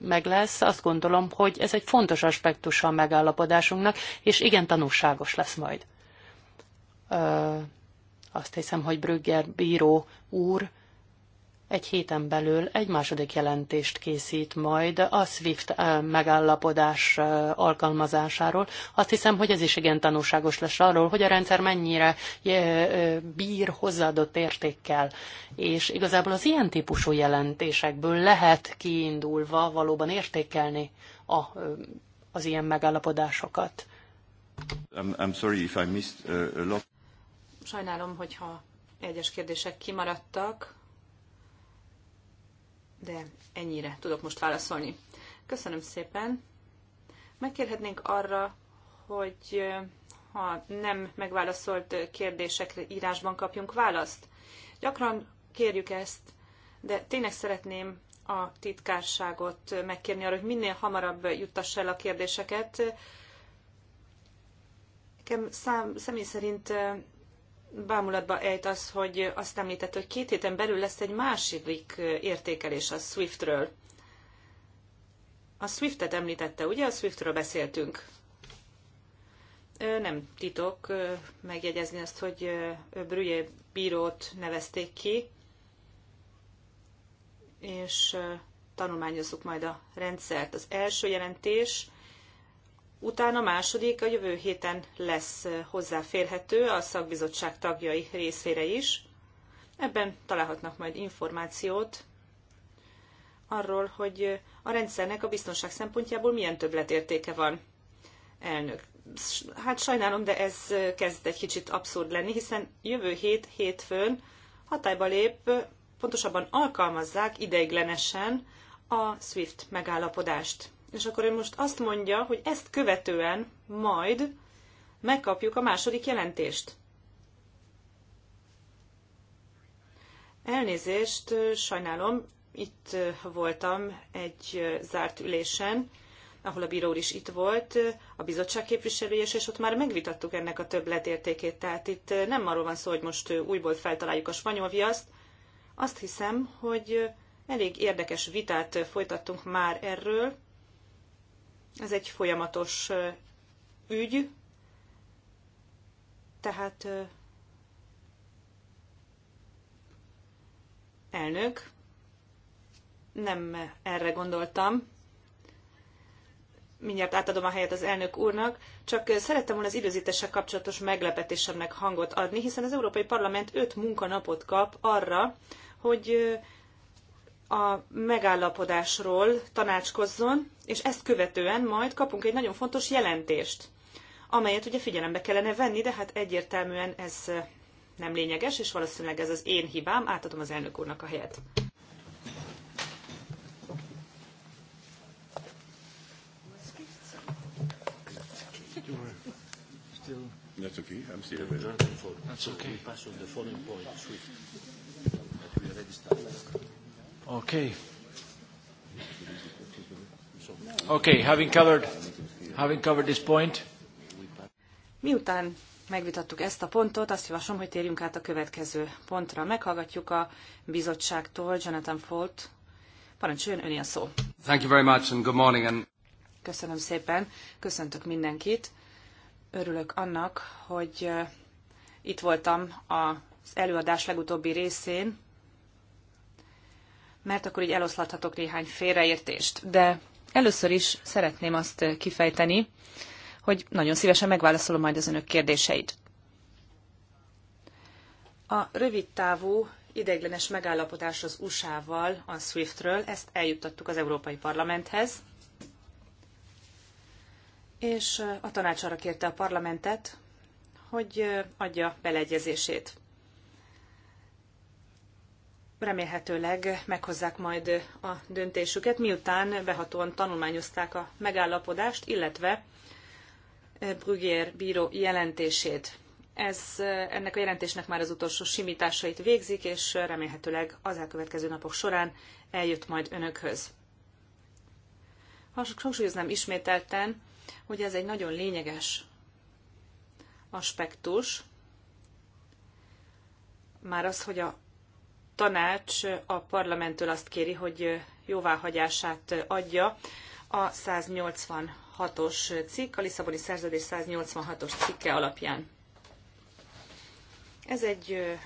Speaker 5: meg lesz. Azt gondolom, hogy ez egy fontos aspektusa a megállapodásunknak, és igen tanulságos lesz majd. azt hiszem, hogy Brügger bíró úr egy héten belül egy második jelentést készít majd a SWIFT megállapodás alkalmazásáról. Azt hiszem, hogy ez is igen tanulságos lesz arról, hogy a rendszer mennyire bír hozzáadott értékkel. És igazából az ilyen típusú jelentésekből lehet kiindulva valóban értékelni a, az ilyen megállapodásokat.
Speaker 4: I'm, I'm sorry if I missed a lot.
Speaker 5: Sajnálom, hogyha egyes kérdések kimaradtak
Speaker 3: de ennyire tudok most válaszolni. Köszönöm szépen. Megkérhetnénk arra, hogy ha nem megválaszolt kérdésekre írásban kapjunk választ. Gyakran kérjük ezt, de tényleg szeretném a titkárságot megkérni arra, hogy minél hamarabb juttass el a kérdéseket. Nekem szám, személy szerint bámulatba ejt az, hogy azt említett, hogy két héten belül lesz egy másik értékelés a Swiftről. A Swiftet említette, ugye? A Swiftről beszéltünk. Nem titok megjegyezni azt, hogy Brüje bírót nevezték ki, és tanulmányozzuk majd a rendszert. Az első jelentés Utána a második a jövő héten lesz hozzáférhető a szakbizottság tagjai részére is. Ebben találhatnak majd információt arról, hogy a rendszernek a biztonság szempontjából milyen többletértéke van. Elnök, hát sajnálom, de ez kezd egy kicsit abszurd lenni, hiszen jövő hét hétfőn hatályba lép, pontosabban alkalmazzák ideiglenesen a SWIFT megállapodást és akkor ő most azt mondja, hogy ezt követően majd megkapjuk a második jelentést. Elnézést, sajnálom, itt voltam egy zárt ülésen, ahol a bíró is itt volt, a bizottság képviselője, és ott már megvitattuk ennek a többletértékét. Tehát itt nem arról van szó, hogy most újból feltaláljuk a spanyol viaszt. Azt hiszem, hogy elég érdekes vitát folytattunk már erről, ez egy folyamatos ügy, tehát elnök, nem erre gondoltam. Mindjárt átadom a helyet az elnök úrnak, csak szerettem volna az időzítéssel kapcsolatos meglepetésemnek hangot adni, hiszen az Európai Parlament öt munkanapot kap arra, hogy a megállapodásról tanácskozzon, és ezt követően majd kapunk egy nagyon fontos jelentést, amelyet ugye figyelembe kellene venni, de hát egyértelműen ez nem lényeges, és valószínűleg ez az én hibám, átadom az elnök úrnak a helyet.
Speaker 1: That's okay. I'm still That's okay. Pass on the following point we already started. Okay. Okay, having covered, having covered this point.
Speaker 3: Miután megvitattuk ezt a pontot, azt javaslom, hogy térjünk át a következő pontra. Meghallgatjuk a bizottságtól Jonathan Folt. Parancsoljon öné a szó.
Speaker 1: Thank you very much and good morning and...
Speaker 3: Köszönöm szépen, köszöntök mindenkit. Örülök annak, hogy eh, itt voltam az előadás legutóbbi részén, mert akkor így eloszlathatok néhány félreértést. De először is szeretném azt kifejteni, hogy nagyon szívesen megválaszolom majd az önök kérdéseit. A rövid távú ideiglenes megállapodás az USA-val, a SWIFT-ről, ezt eljuttattuk az Európai Parlamenthez, és a tanács arra kérte a parlamentet, hogy adja beleegyezését remélhetőleg meghozzák majd a döntésüket, miután behatóan tanulmányozták a megállapodást, illetve e, Brugier bíró jelentését. Ez, e, ennek a jelentésnek már az utolsó simításait végzik, és remélhetőleg az elkövetkező napok során eljut majd önökhöz. Hangsúlyoznám ismételten, hogy ez egy nagyon lényeges aspektus, már az, hogy a tanács a parlamenttől azt kéri, hogy jóváhagyását adja a 186-os cikk, a Lisszaboni Szerződés 186-os cikke alapján. Ez egy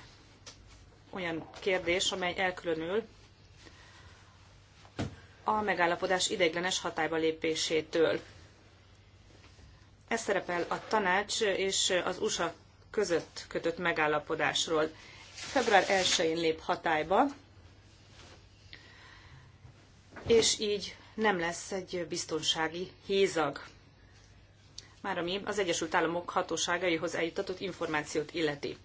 Speaker 3: olyan kérdés, amely elkülönül a megállapodás ideiglenes hatályba lépésétől. Ez szerepel a tanács és az USA között kötött megállapodásról február 1-én lép hatályba, és így nem lesz egy biztonsági hézag. Már ami az Egyesült Államok hatóságaihoz eljutatott információt illeti.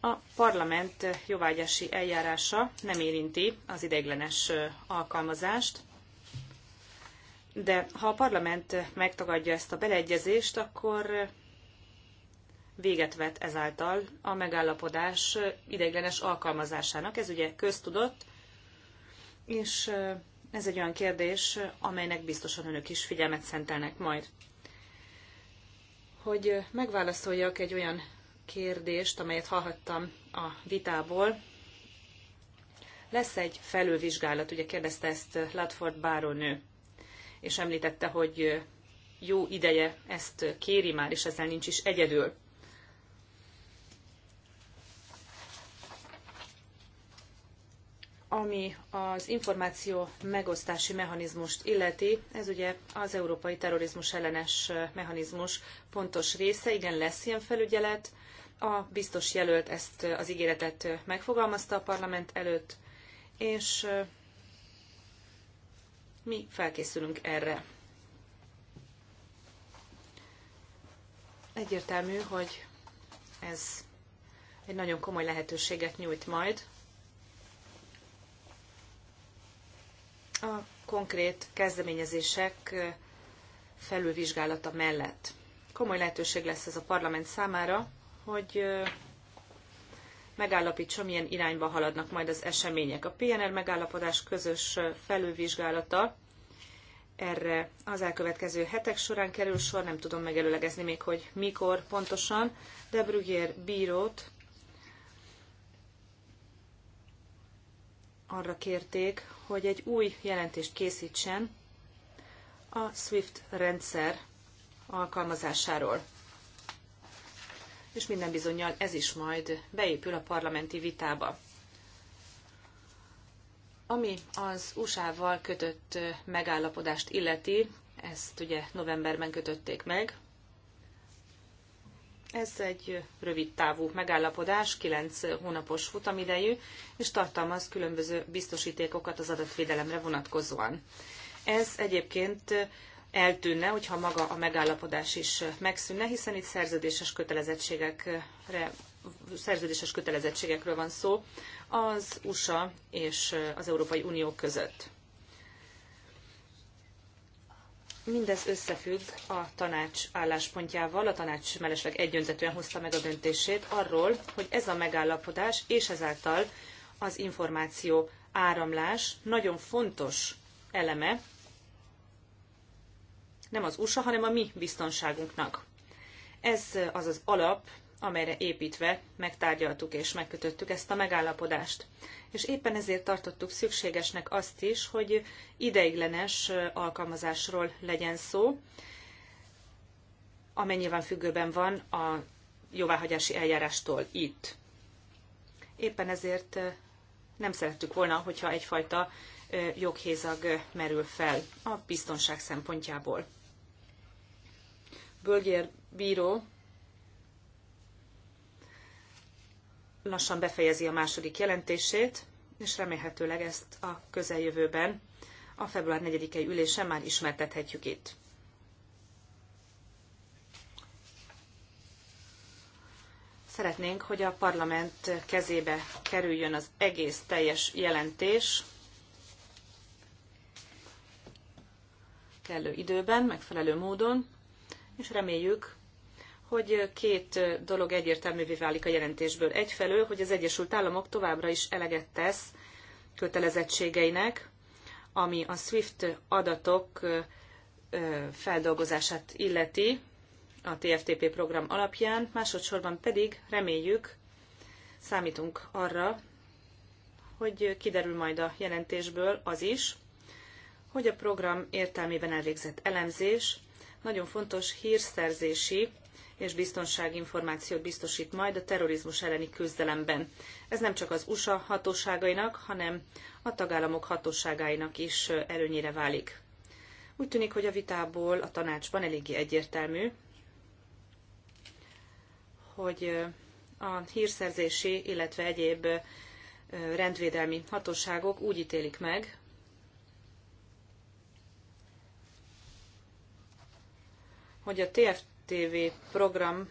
Speaker 3: A parlament jóvágyási eljárása nem érinti az ideiglenes alkalmazást, de ha a parlament megtagadja ezt a beleegyezést, akkor véget vet ezáltal a megállapodás ideiglenes alkalmazásának. Ez ugye köztudott, és ez egy olyan kérdés, amelynek biztosan önök is figyelmet szentelnek majd. Hogy megválaszoljak egy olyan kérdést, amelyet hallhattam a vitából, lesz egy felülvizsgálat, ugye kérdezte ezt Latford Báronő, és említette, hogy jó ideje ezt kéri már, és ezzel nincs is egyedül. ami az információ megosztási mechanizmust illeti, ez ugye az európai terrorizmus ellenes mechanizmus pontos része, igen, lesz ilyen felügyelet. A biztos jelölt ezt az ígéretet megfogalmazta a parlament előtt, és mi felkészülünk erre. Egyértelmű, hogy ez egy nagyon komoly lehetőséget nyújt majd a konkrét kezdeményezések felülvizsgálata mellett. Komoly lehetőség lesz ez a parlament számára, hogy megállapítsa, milyen irányba haladnak majd az események. A PNR megállapodás közös felülvizsgálata erre az elkövetkező hetek során kerül sor, nem tudom megelőlegezni még, hogy mikor pontosan, de Brugier bírót arra kérték, hogy egy új jelentést készítsen a SWIFT rendszer alkalmazásáról. És minden bizonyal ez is majd beépül a parlamenti vitába. Ami az USA-val kötött megállapodást illeti, ezt ugye novemberben kötötték meg, ez egy rövid távú megállapodás, 9 hónapos futamidejű, és tartalmaz különböző biztosítékokat az adatvédelemre vonatkozóan. Ez egyébként eltűnne, hogyha maga a megállapodás is megszűnne, hiszen itt szerződéses kötelezettségekre szerződéses kötelezettségekről van szó az USA és az Európai Unió között. Mindez összefügg a tanács álláspontjával, a tanács mellesleg egyöntetően hozta meg a döntését arról, hogy ez a megállapodás és ezáltal az információ áramlás nagyon fontos eleme nem az USA, hanem a mi biztonságunknak. Ez az az alap, amelyre építve megtárgyaltuk és megkötöttük ezt a megállapodást. És éppen ezért tartottuk szükségesnek azt is, hogy ideiglenes alkalmazásról legyen szó, amely nyilván függőben van a jóváhagyási eljárástól itt. Éppen ezért nem szerettük volna, hogyha egyfajta joghézag merül fel a biztonság szempontjából. Bölgér bíró lassan befejezi a második jelentését, és remélhetőleg ezt a közeljövőben, a február 4-i ülésen már ismertethetjük itt. Szeretnénk, hogy a parlament kezébe kerüljön az egész teljes jelentés kellő időben, megfelelő módon, és reméljük, hogy két dolog egyértelművé válik a jelentésből. Egyfelől, hogy az Egyesült Államok továbbra is eleget tesz kötelezettségeinek, ami a SWIFT adatok feldolgozását illeti a TFTP program alapján, másodszorban pedig reméljük, számítunk arra, hogy kiderül majd a jelentésből az is, hogy a program értelmében elvégzett elemzés nagyon fontos hírszerzési és biztonságinformációt biztosít majd a terrorizmus elleni küzdelemben. Ez nem csak az USA hatóságainak, hanem a tagállamok hatóságáinak is előnyére válik. Úgy tűnik, hogy a vitából a tanácsban eléggé egyértelmű, hogy a hírszerzési, illetve egyéb rendvédelmi hatóságok úgy ítélik meg, hogy a TF TV program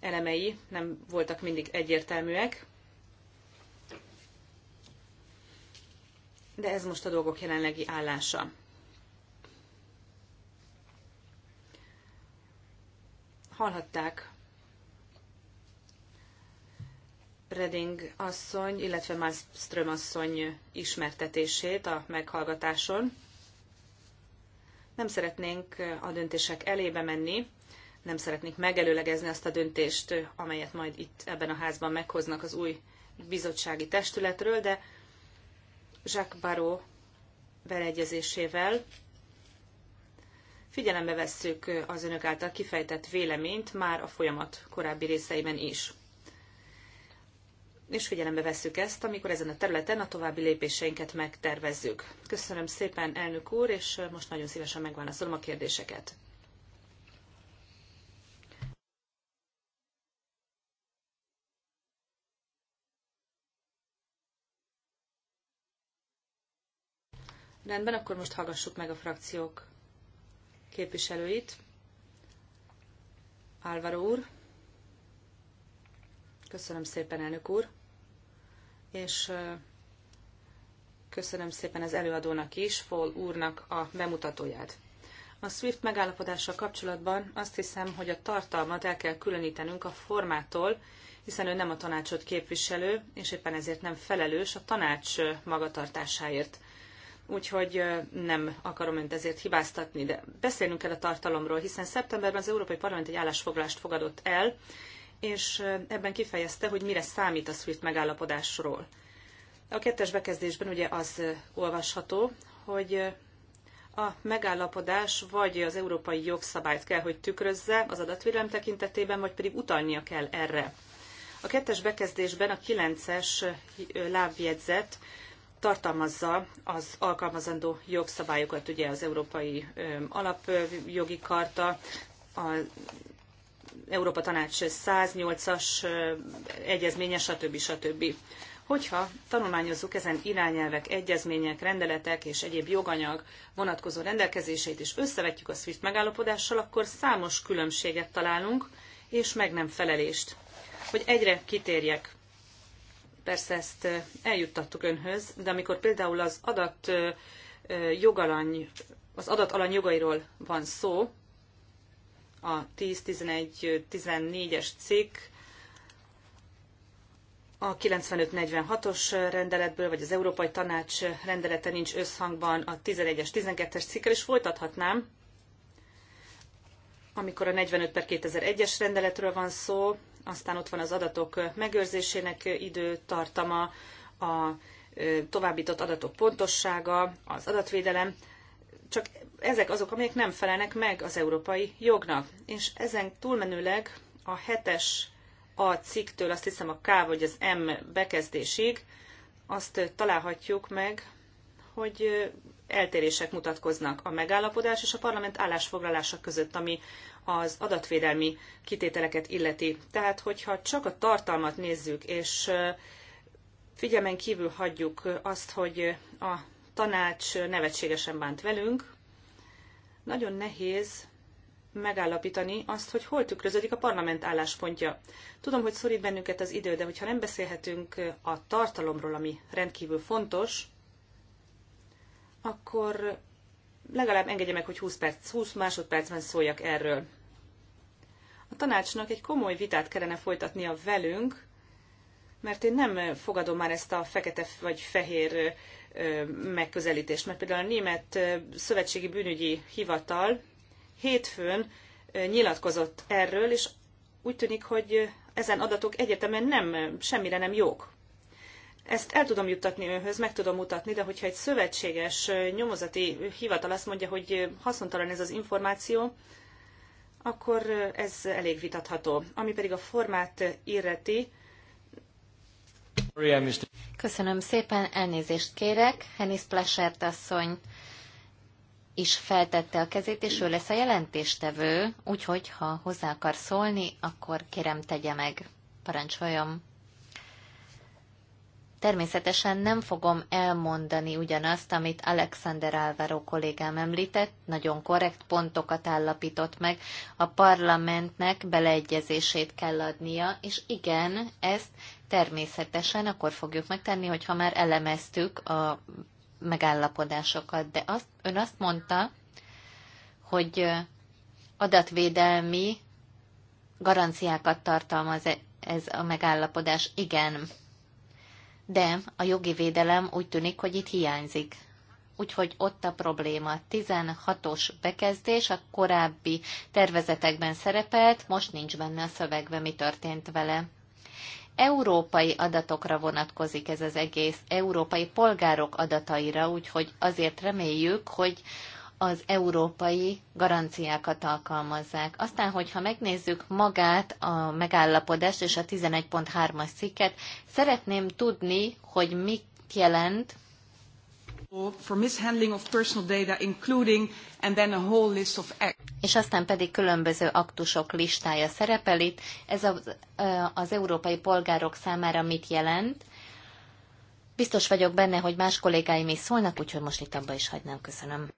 Speaker 3: elemei nem voltak mindig egyértelműek, de ez most a dolgok jelenlegi állása. Hallhatták Reding asszony, illetve Malmström asszony ismertetését a meghallgatáson. Nem szeretnénk eh, a döntések elébe menni, nem szeretnénk megelőlegezni azt a döntést, eh, amelyet majd itt ebben a házban meghoznak az új bizottsági testületről, de Jacques Barrault beleegyezésével figyelembe vesszük eh, az önök által kifejtett véleményt már a folyamat korábbi részeiben is és figyelembe vesszük ezt, amikor ezen a területen a további lépéseinket megtervezzük. Köszönöm szépen, elnök úr, és most nagyon szívesen megválaszolom a kérdéseket. Rendben, akkor most hallgassuk meg a frakciók képviselőit. Álvaro úr. Köszönöm szépen, elnök úr és köszönöm szépen az előadónak is, Fall úrnak a bemutatóját. A SWIFT megállapodással kapcsolatban azt hiszem, hogy a tartalmat el kell különítenünk a formától, hiszen ő nem a tanácsot képviselő, és éppen ezért nem felelős a tanács magatartásáért. Úgyhogy nem akarom önt ezért hibáztatni, de beszélnünk kell a tartalomról, hiszen szeptemberben az Európai Parlament egy állásfoglalást fogadott el, és ebben kifejezte, hogy mire számít a SWIFT megállapodásról. A kettes bekezdésben ugye az olvasható, hogy a megállapodás vagy az európai jogszabályt kell, hogy tükrözze az adatvédelem tekintetében, vagy pedig utalnia kell erre. A kettes bekezdésben a kilences lábjegyzet tartalmazza az alkalmazandó jogszabályokat, ugye az Európai Alapjogi Karta, a Európa Tanács 108-as egyezménye, stb. stb. Hogyha tanulmányozzuk ezen irányelvek, egyezmények, rendeletek és egyéb joganyag vonatkozó rendelkezéseit és összevetjük a SWIFT megállapodással, akkor számos különbséget találunk, és meg nem felelést. Hogy egyre kitérjek persze ezt eljuttattuk önhöz, de amikor például az adat jogalany, az adatalany jogairól van szó, a 10-11-14-es cikk a 9546-os rendeletből, vagy az Európai Tanács rendelete nincs összhangban a 11-es, 12-es cikkel, és folytathatnám, amikor a 45 per 2001-es rendeletről van szó, aztán ott van az adatok megőrzésének időtartama, a továbbított adatok pontossága, az adatvédelem. Csak ezek azok, amelyek nem felelnek meg az európai jognak. És ezen túlmenőleg a hetes a cikktől, azt hiszem a K vagy az M bekezdésig, azt találhatjuk meg, hogy eltérések mutatkoznak a megállapodás és a parlament állásfoglalása között, ami az adatvédelmi kitételeket illeti. Tehát, hogyha csak a tartalmat nézzük, és figyelmen kívül hagyjuk azt, hogy a tanács nevetségesen bánt velünk, nagyon nehéz megállapítani azt, hogy hol tükröződik a parlament álláspontja. Tudom, hogy szorít bennünket az idő, de hogyha nem beszélhetünk a tartalomról, ami rendkívül fontos, akkor legalább engedje meg, hogy 20, perc, 20 másodpercben szóljak erről. A tanácsnak egy komoly vitát kellene folytatnia velünk, mert én nem fogadom már ezt a fekete vagy fehér megközelítést. Mert például a Német Szövetségi Bűnügyi Hivatal hétfőn nyilatkozott erről, és úgy tűnik, hogy ezen adatok egyetemen nem, semmire nem jók. Ezt el tudom juttatni önhöz, meg tudom mutatni, de hogyha egy szövetséges nyomozati hivatal azt mondja, hogy haszontalan ez az információ, akkor ez elég vitatható. Ami pedig a
Speaker 2: formát illeti,
Speaker 1: Köszönöm szépen,
Speaker 2: elnézést kérek. Henis Plesert asszony is feltette a kezét, és ő lesz a jelentéstevő, úgyhogy ha hozzá akar szólni, akkor kérem tegye meg. Parancsoljon. Természetesen nem fogom elmondani ugyanazt, amit Alexander Álvaro kollégám említett, nagyon korrekt pontokat állapított meg, a parlamentnek beleegyezését kell adnia, és igen, ezt természetesen akkor fogjuk megtenni, hogyha már elemeztük a megállapodásokat. De azt, ön azt mondta, hogy adatvédelmi garanciákat tartalmaz e, ez a megállapodás. Igen. De a jogi védelem úgy tűnik, hogy itt hiányzik. Úgyhogy ott a probléma. 16-os bekezdés a korábbi tervezetekben szerepelt, most nincs benne a szövegben, mi történt vele európai adatokra vonatkozik ez az egész, európai polgárok adataira, úgyhogy azért reméljük, hogy az európai garanciákat alkalmazzák. Aztán, hogyha megnézzük magát a megállapodást és a 11.3-as cikket, szeretném tudni, hogy mit jelent és aztán pedig különböző aktusok listája szerepel itt. Ez az, az európai polgárok számára mit jelent? Biztos vagyok benne, hogy más kollégáim is szólnak, úgyhogy most itt abba is hagynám. Köszönöm.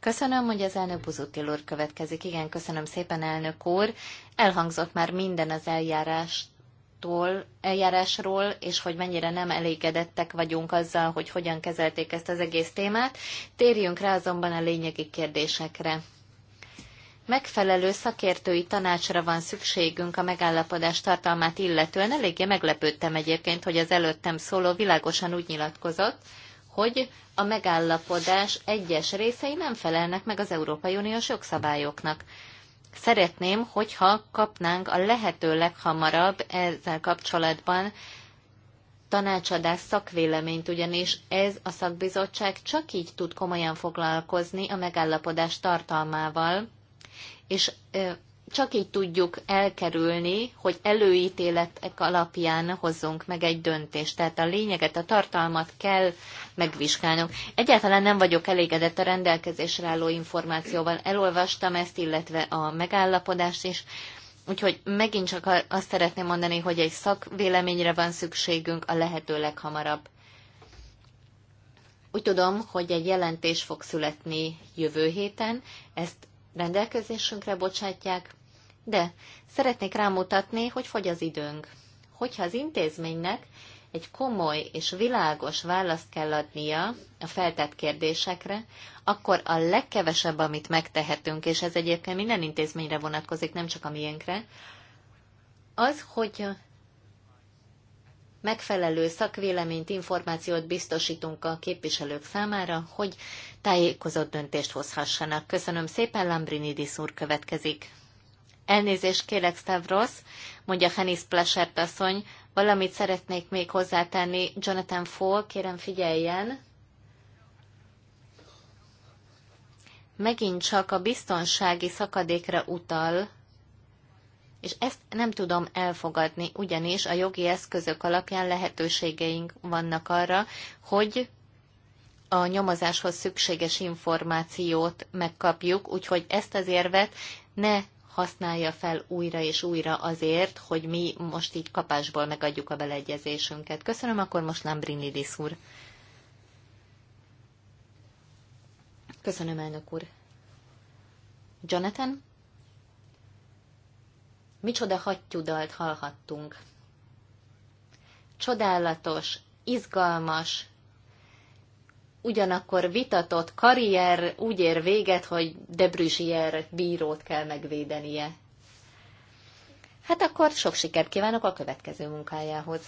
Speaker 2: Köszönöm, hogy az elnök Buzutil úr következik. Igen, köszönöm szépen, elnök úr. Elhangzott már minden az eljárás tól eljárásról, és hogy mennyire nem elégedettek vagyunk azzal, hogy hogyan kezelték ezt az egész témát. Térjünk rá azonban a lényegi kérdésekre. Megfelelő szakértői tanácsra van szükségünk a megállapodás tartalmát illetően. Eléggé meglepődtem egyébként, hogy az előttem szóló világosan úgy nyilatkozott, hogy a megállapodás egyes részei nem felelnek meg az Európai Uniós jogszabályoknak. Szeretném, hogyha kapnánk a lehető leghamarabb ezzel kapcsolatban tanácsadás szakvéleményt, ugyanis ez a szakbizottság csak így tud komolyan foglalkozni a megállapodás tartalmával, és csak így tudjuk elkerülni, hogy előítéletek alapján hozzunk meg egy döntést. Tehát a lényeget, a tartalmat kell megvizsgálnunk. Egyáltalán nem vagyok elégedett a rendelkezésre álló információval. Elolvastam ezt, illetve a megállapodást is. Úgyhogy megint csak azt szeretném mondani, hogy egy szakvéleményre van szükségünk a lehető leghamarabb. Úgy tudom, hogy egy jelentés fog születni jövő héten, ezt rendelkezésünkre bocsátják, de szeretnék rámutatni, hogy fogy az időnk. Hogyha az intézménynek egy komoly és világos választ kell adnia a feltett kérdésekre, akkor a legkevesebb, amit megtehetünk, és ez egyébként minden intézményre vonatkozik, nem csak a miénkre, az, hogy megfelelő szakvéleményt, információt biztosítunk a képviselők számára, hogy tájékozott döntést hozhassanak. Köszönöm szépen, Lambrini úr következik. Elnézést kérek, Stavros, mondja Hennis Plesert asszony, valamit szeretnék még hozzátenni. Jonathan Fall, kérem figyeljen. Megint csak a biztonsági szakadékra utal és ezt nem tudom elfogadni, ugyanis a jogi eszközök alapján lehetőségeink vannak arra, hogy a nyomozáshoz szükséges információt megkapjuk, úgyhogy ezt az érvet ne használja fel újra és újra azért, hogy mi most így kapásból megadjuk a beleegyezésünket. Köszönöm, akkor most Lambrinidis úr. Köszönöm, elnök úr. Jonathan? Micsoda hattyúdalt hallhattunk. Csodálatos, izgalmas, ugyanakkor vitatott karrier úgy ér véget, hogy Debrüsier bírót kell megvédenie. Hát akkor sok sikert kívánok a következő munkájához.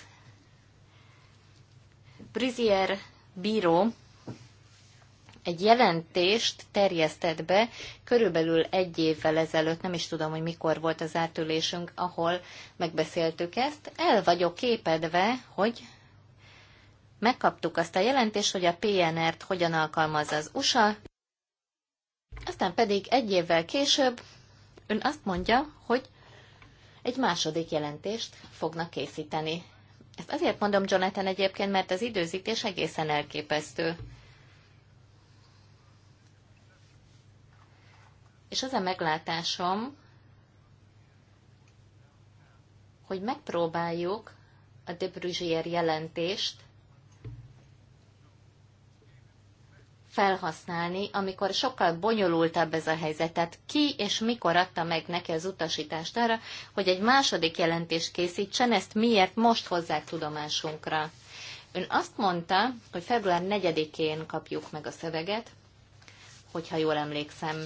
Speaker 2: Brizier bíró egy jelentést terjesztett be körülbelül egy évvel ezelőtt, nem is tudom, hogy mikor volt az átülésünk, ahol megbeszéltük ezt. El vagyok képedve, hogy megkaptuk azt a jelentést, hogy a PNR-t hogyan alkalmazza az USA, aztán pedig egy évvel később ön azt mondja, hogy egy második jelentést fognak készíteni. Ezt azért mondom, Jonathan, egyébként, mert az időzítés egészen elképesztő. És az a meglátásom, hogy megpróbáljuk a De Brugier jelentést felhasználni, amikor sokkal bonyolultabb ez a helyzet. Tehát ki és mikor adta meg neki az utasítást arra, hogy egy második jelentést készítsen, ezt miért most hozzák tudomásunkra. Ön azt mondta, hogy február 4-én kapjuk meg a szöveget, hogyha jól emlékszem.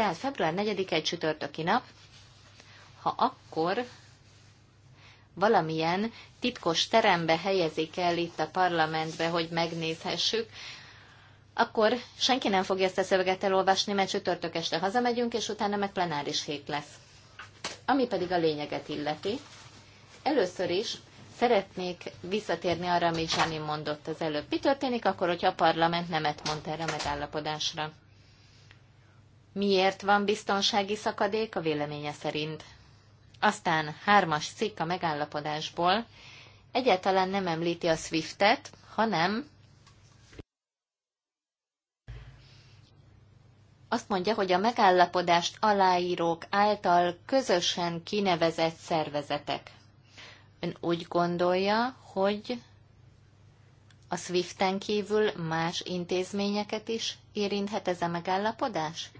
Speaker 2: Tehát február 4 egy csütörtöki nap, ha akkor valamilyen titkos terembe helyezik el itt a parlamentbe, hogy megnézhessük, akkor senki nem fogja ezt a szöveget elolvasni, mert csütörtök este hazamegyünk, és utána meg plenáris hét lesz. Ami pedig a lényeget illeti. Először is szeretnék visszatérni arra, amit Zsani mondott az előbb. Mi történik akkor, hogyha a parlament nemet mond erre a megállapodásra? Miért van biztonsági szakadék a véleménye szerint? Aztán hármas cikk a megállapodásból egyáltalán nem említi a SWIFT-et, hanem azt mondja, hogy a megállapodást aláírók által közösen kinevezett szervezetek. Ön úgy gondolja, hogy a SWIFT-en kívül más intézményeket is érinthet ez a megállapodás?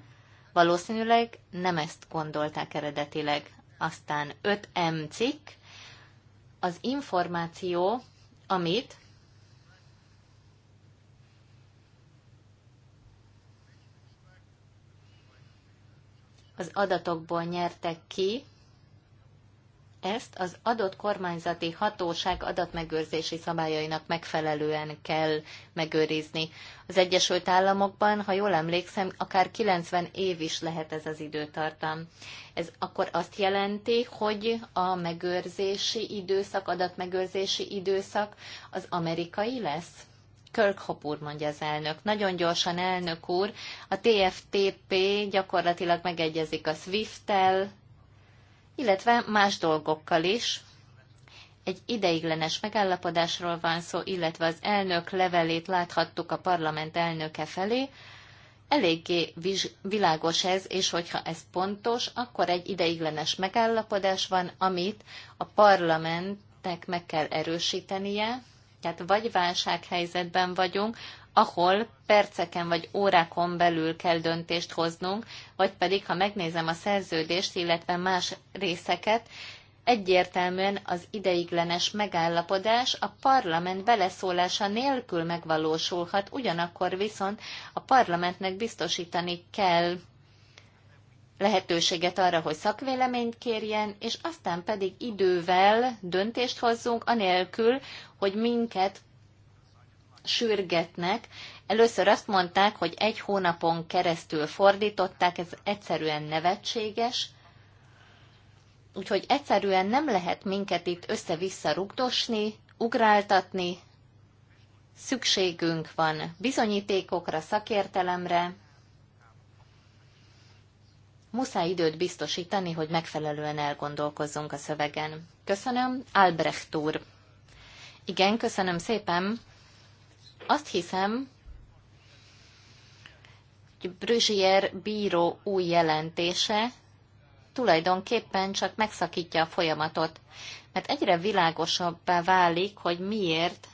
Speaker 2: Valószínűleg nem ezt gondolták eredetileg. Aztán 5M cikk, az információ, amit az adatokból nyertek ki, ezt az adott kormányzati hatóság adatmegőrzési szabályainak megfelelően kell megőrizni. Az Egyesült Államokban, ha jól emlékszem, akár 90 év is lehet ez az időtartam. Ez akkor azt jelenti, hogy a megőrzési időszak, adatmegőrzési időszak az amerikai lesz? Kirk Hopur mondja az elnök. Nagyon gyorsan, elnök úr, a TFTP gyakorlatilag megegyezik a SWIFT-tel, illetve más dolgokkal is. Egy ideiglenes megállapodásról van szó, illetve az elnök levelét láthattuk a parlament elnöke felé. Eléggé világos ez, és hogyha ez pontos, akkor egy ideiglenes megállapodás van, amit a parlamentnek meg kell erősítenie, tehát vagy válsághelyzetben vagyunk, ahol perceken vagy órákon belül kell döntést hoznunk, vagy pedig, ha megnézem a szerződést, illetve más részeket, egyértelműen az ideiglenes megállapodás a parlament beleszólása nélkül megvalósulhat, ugyanakkor viszont a parlamentnek biztosítani kell lehetőséget arra, hogy szakvéleményt kérjen, és aztán pedig idővel döntést hozzunk, anélkül, hogy minket sürgetnek. Először azt mondták, hogy egy hónapon keresztül fordították, ez egyszerűen nevetséges. Úgyhogy egyszerűen nem lehet minket itt össze-vissza rugdosni, ugráltatni. Szükségünk van bizonyítékokra, szakértelemre. Muszáj időt biztosítani, hogy megfelelően elgondolkozzunk a szövegen. Köszönöm, Albrecht úr. Igen, köszönöm szépen. Azt hiszem, hogy Brüzsier bíró új jelentése tulajdonképpen csak megszakítja a folyamatot, mert egyre világosabbá válik, hogy miért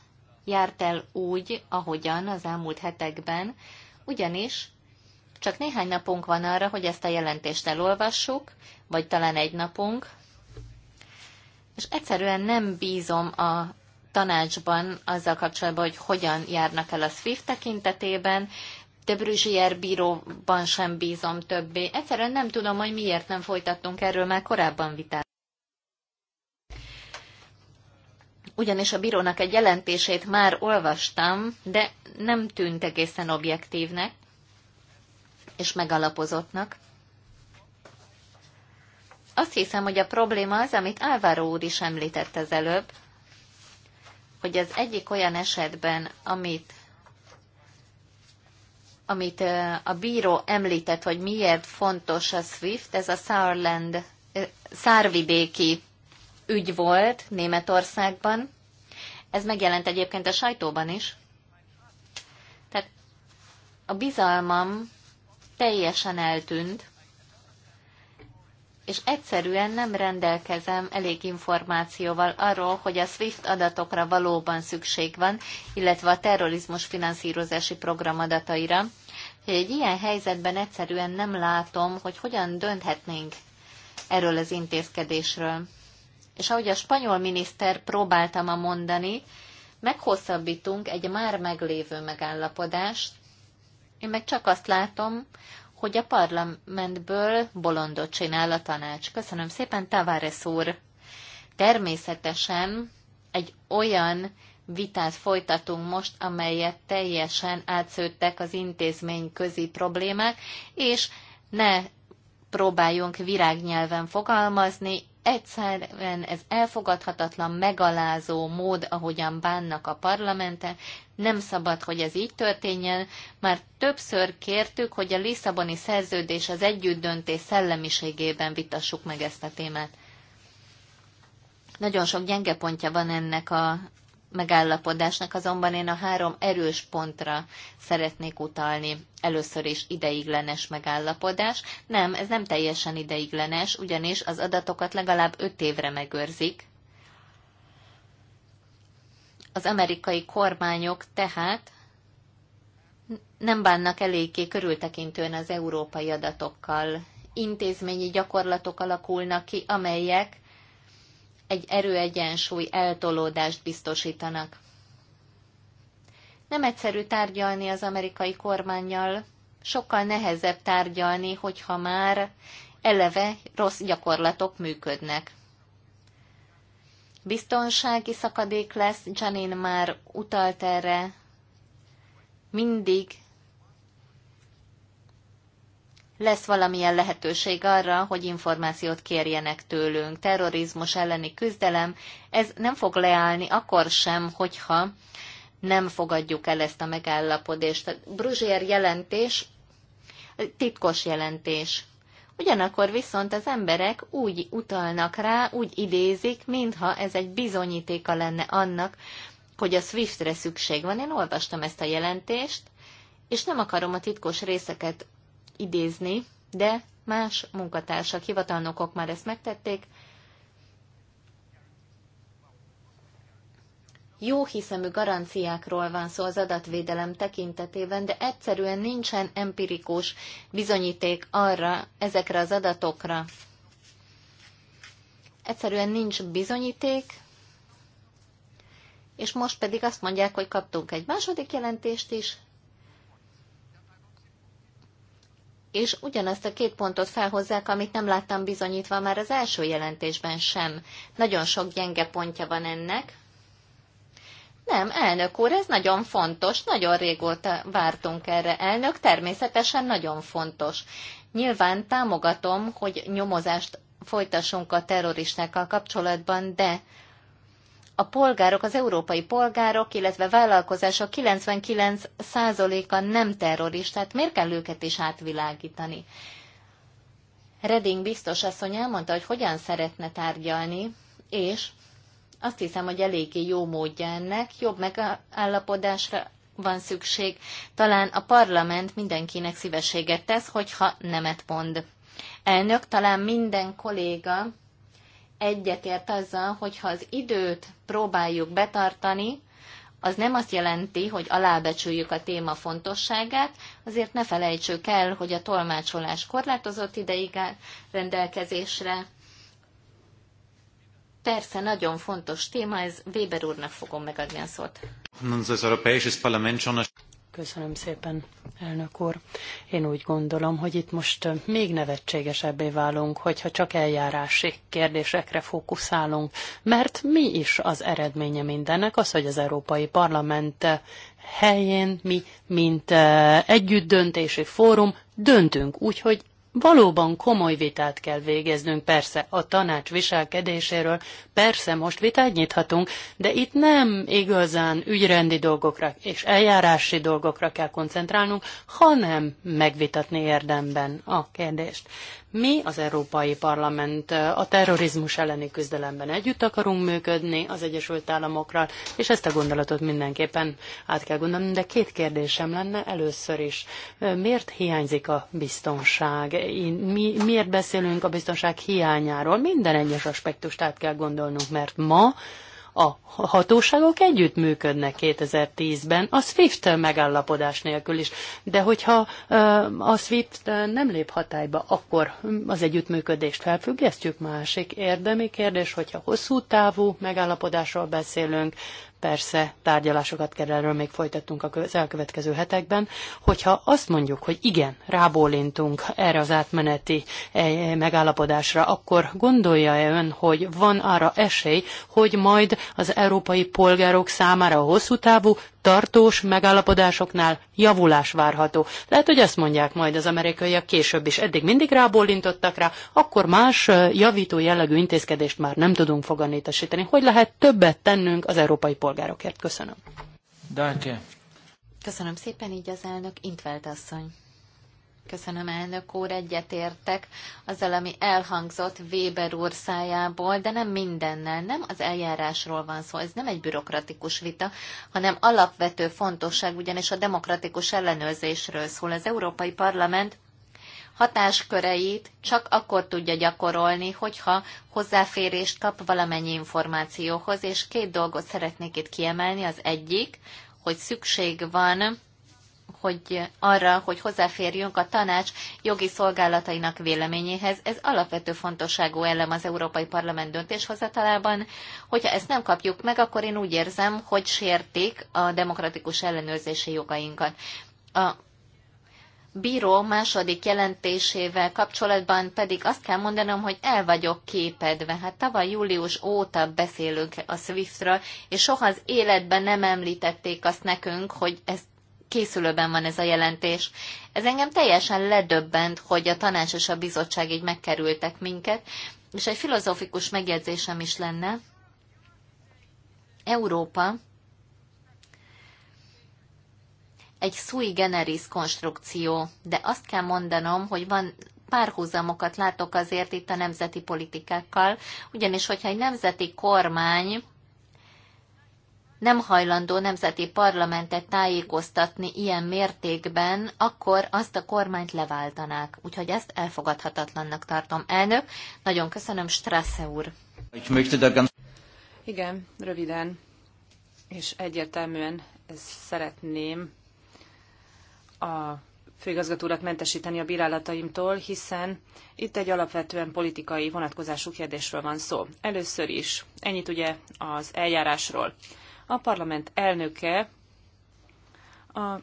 Speaker 2: járt el úgy, ahogyan az elmúlt hetekben, ugyanis csak néhány napunk van arra, hogy ezt a jelentést elolvassuk, vagy talán egy napunk, és egyszerűen nem bízom a tanácsban azzal kapcsolatban, hogy hogyan járnak el a SWIFT tekintetében, de Brüzsier bíróban sem bízom többé. Egyszerűen nem tudom, hogy miért nem folytattunk erről már korábban vitát. Ugyanis a bírónak egy jelentését már olvastam, de nem tűnt egészen objektívnek és megalapozottnak. Azt hiszem, hogy a probléma az, amit Álvaro úr is említett az előbb, hogy az egyik olyan esetben, amit amit a bíró említett, hogy miért fontos a SWIFT, ez a Saarland, szárvidéki ügy volt Németországban. Ez megjelent egyébként a sajtóban is. Tehát a bizalmam teljesen eltűnt, és egyszerűen nem rendelkezem elég információval arról, hogy a SWIFT adatokra valóban szükség van, illetve a terrorizmus finanszírozási program adataira. Hogy egy ilyen helyzetben egyszerűen nem látom, hogy hogyan dönthetnénk erről az intézkedésről. És ahogy a spanyol miniszter próbáltam a mondani, meghosszabbítunk egy már meglévő megállapodást, én meg csak azt látom, hogy a parlamentből bolondot csinál a tanács. Köszönöm szépen, Tavares úr! Természetesen egy olyan vitát folytatunk most, amelyet teljesen átszőttek az intézmény közi problémák, és ne próbáljunk virágnyelven fogalmazni, egyszerűen ez elfogadhatatlan, megalázó mód, ahogyan bánnak a parlamenten. Nem szabad, hogy ez így történjen. Már többször kértük, hogy a Lisszaboni szerződés az együttdöntés szellemiségében vitassuk meg ezt a témát. Nagyon sok gyenge pontja van ennek a megállapodásnak azonban én a három erős pontra szeretnék utalni. Először is ideiglenes megállapodás. Nem, ez nem teljesen ideiglenes, ugyanis az adatokat legalább öt évre megőrzik. Az amerikai kormányok tehát nem bánnak eléggé körültekintően az európai adatokkal. Intézményi gyakorlatok alakulnak ki, amelyek egy erőegyensúly eltolódást biztosítanak. Nem egyszerű tárgyalni az amerikai kormányjal, sokkal nehezebb tárgyalni, hogyha már eleve rossz gyakorlatok működnek. Biztonsági szakadék lesz, Janin már utalt erre, mindig lesz valamilyen lehetőség arra, hogy információt kérjenek tőlünk. Terrorizmus elleni küzdelem, ez nem fog leállni akkor sem, hogyha nem fogadjuk el ezt a megállapodást. Bruzsér jelentés titkos jelentés. Ugyanakkor viszont az emberek úgy utalnak rá, úgy idézik, mintha ez egy bizonyítéka lenne annak, hogy a Swiftre szükség van. Én olvastam ezt a jelentést, és nem akarom a titkos részeket idézni, de más munkatársak, hivatalnokok már ezt megtették. Jó hiszemű garanciákról van szó az adatvédelem tekintetében, de egyszerűen nincsen empirikus bizonyíték arra, ezekre az adatokra. Egyszerűen nincs bizonyíték, és most pedig azt mondják, hogy kaptunk egy második jelentést is, és ugyanazt a két pontot felhozzák, amit nem láttam bizonyítva már az első jelentésben sem. Nagyon sok gyenge pontja van ennek. Nem, elnök úr, ez nagyon fontos, nagyon régóta vártunk erre. Elnök, természetesen nagyon fontos. Nyilván támogatom, hogy nyomozást folytassunk a terroristákkal kapcsolatban, de a polgárok, az európai polgárok, illetve vállalkozások 99%-a nem terroristát, miért kell őket is átvilágítani? Reding biztos asszony elmondta, hogy hogyan szeretne tárgyalni, és azt hiszem, hogy eléggé jó módja ennek, jobb megállapodásra van szükség. Talán a parlament mindenkinek szívességet tesz, hogyha nemet mond. Elnök, talán minden kolléga egyetért azzal, hogyha az időt próbáljuk betartani, az nem azt jelenti, hogy alábecsüljük a téma fontosságát, azért ne felejtsük el, hogy a tolmácsolás korlátozott ideig áll rendelkezésre. Persze, nagyon fontos téma, ez Weber úrnak fogom megadni a szót.
Speaker 5: Köszönöm szépen, elnök úr. Én
Speaker 2: úgy gondolom, hogy
Speaker 5: itt most még nevetségesebbé válunk, hogyha csak eljárási kérdésekre fókuszálunk, mert mi is az eredménye mindennek az, hogy az Európai Parlament helyén mi, mint együttdöntési fórum, döntünk úgy, hogy valóban komoly vitát kell végeznünk, persze a tanács viselkedéséről, persze most vitát nyithatunk, de itt nem igazán ügyrendi dolgokra és eljárási dolgokra kell koncentrálnunk, hanem megvitatni érdemben a kérdést. Mi az Európai Parlament a terrorizmus elleni küzdelemben együtt akarunk működni az Egyesült Államokra, és ezt a gondolatot mindenképpen át kell gondolni, de két kérdésem lenne először is. Miért hiányzik a biztonság? Mi, miért beszélünk a biztonság hiányáról? Minden egyes aspektust át kell gondolnunk, mert ma a hatóságok együttműködnek 2010-ben, a SWIFT megállapodás nélkül is, de hogyha a SWIFT nem lép hatályba, akkor az együttműködést felfüggesztjük. Másik érdemi kérdés, hogyha hosszú távú megállapodásról beszélünk, Persze tárgyalásokat kell erről még folytatnunk az elkövetkező hetekben, hogyha azt mondjuk, hogy igen, rábólintunk erre az átmeneti e, megállapodásra, akkor gondolja-e ön, hogy van arra esély, hogy majd az európai polgárok számára a hosszú távú tartós megállapodásoknál javulás várható. Lehet, hogy ezt mondják majd az amerikaiak később is. Eddig mindig rábólintottak rá, akkor más javító jellegű intézkedést már nem tudunk foganítasítani. Hogy lehet többet tennünk az európai polgárokért? Köszönöm.
Speaker 1: Danke.
Speaker 2: Köszönöm szépen, így az elnök Intvelt asszony. Köszönöm, elnök úr, egyetértek azzal, ami elhangzott Weber úr szájából, de nem mindennel, nem az eljárásról van szó, ez nem egy bürokratikus vita, hanem alapvető fontosság, ugyanis a demokratikus ellenőrzésről szól. Az Európai Parlament hatásköreit csak akkor tudja gyakorolni, hogyha hozzáférést kap valamennyi információhoz, és két dolgot szeretnék itt kiemelni. Az egyik, hogy szükség van hogy arra, hogy hozzáférjünk a tanács jogi szolgálatainak véleményéhez. Ez alapvető fontosságú elem az Európai Parlament döntéshozatalában. Hogyha ezt nem kapjuk meg, akkor én úgy érzem, hogy sértik a demokratikus ellenőrzési jogainkat. A bíró második jelentésével kapcsolatban pedig azt kell mondanom, hogy el vagyok képedve. Hát tavaly július óta beszélünk a swift és soha az életben nem említették azt nekünk, hogy ezt készülőben van ez a jelentés. Ez engem teljesen ledöbbent, hogy a tanács és a bizottság így megkerültek minket, és egy filozófikus megjegyzésem is lenne. Európa egy sui generis konstrukció, de azt kell mondanom, hogy van párhuzamokat látok azért itt a nemzeti politikákkal, ugyanis hogyha egy nemzeti kormány nem hajlandó nemzeti parlamentet tájékoztatni ilyen mértékben, akkor azt a kormányt leváltanák. Úgyhogy ezt elfogadhatatlannak tartom. Elnök, nagyon köszönöm, Strasse úr. Igen, röviden és egyértelműen
Speaker 3: szeretném a főigazgatórat mentesíteni a bírálataimtól, hiszen itt egy alapvetően politikai vonatkozású kérdésről van szó. Először is, ennyit ugye az eljárásról. A parlament elnöke a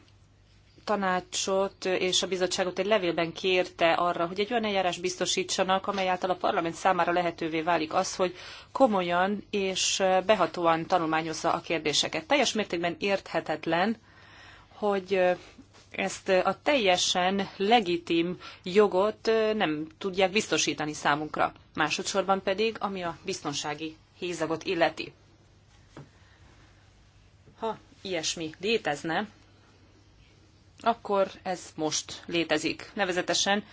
Speaker 3: tanácsot és a bizottságot egy levélben kérte arra, hogy egy olyan eljárás biztosítsanak, amely által a parlament számára lehetővé válik az, hogy komolyan és behatóan tanulmányozza a kérdéseket. Teljes mértékben érthetetlen, hogy ezt a teljesen legitim jogot nem tudják biztosítani számunkra. Másodszorban pedig, ami a biztonsági hézagot illeti. Ha ilyesmi létezne, akkor ez most létezik, nevezetesen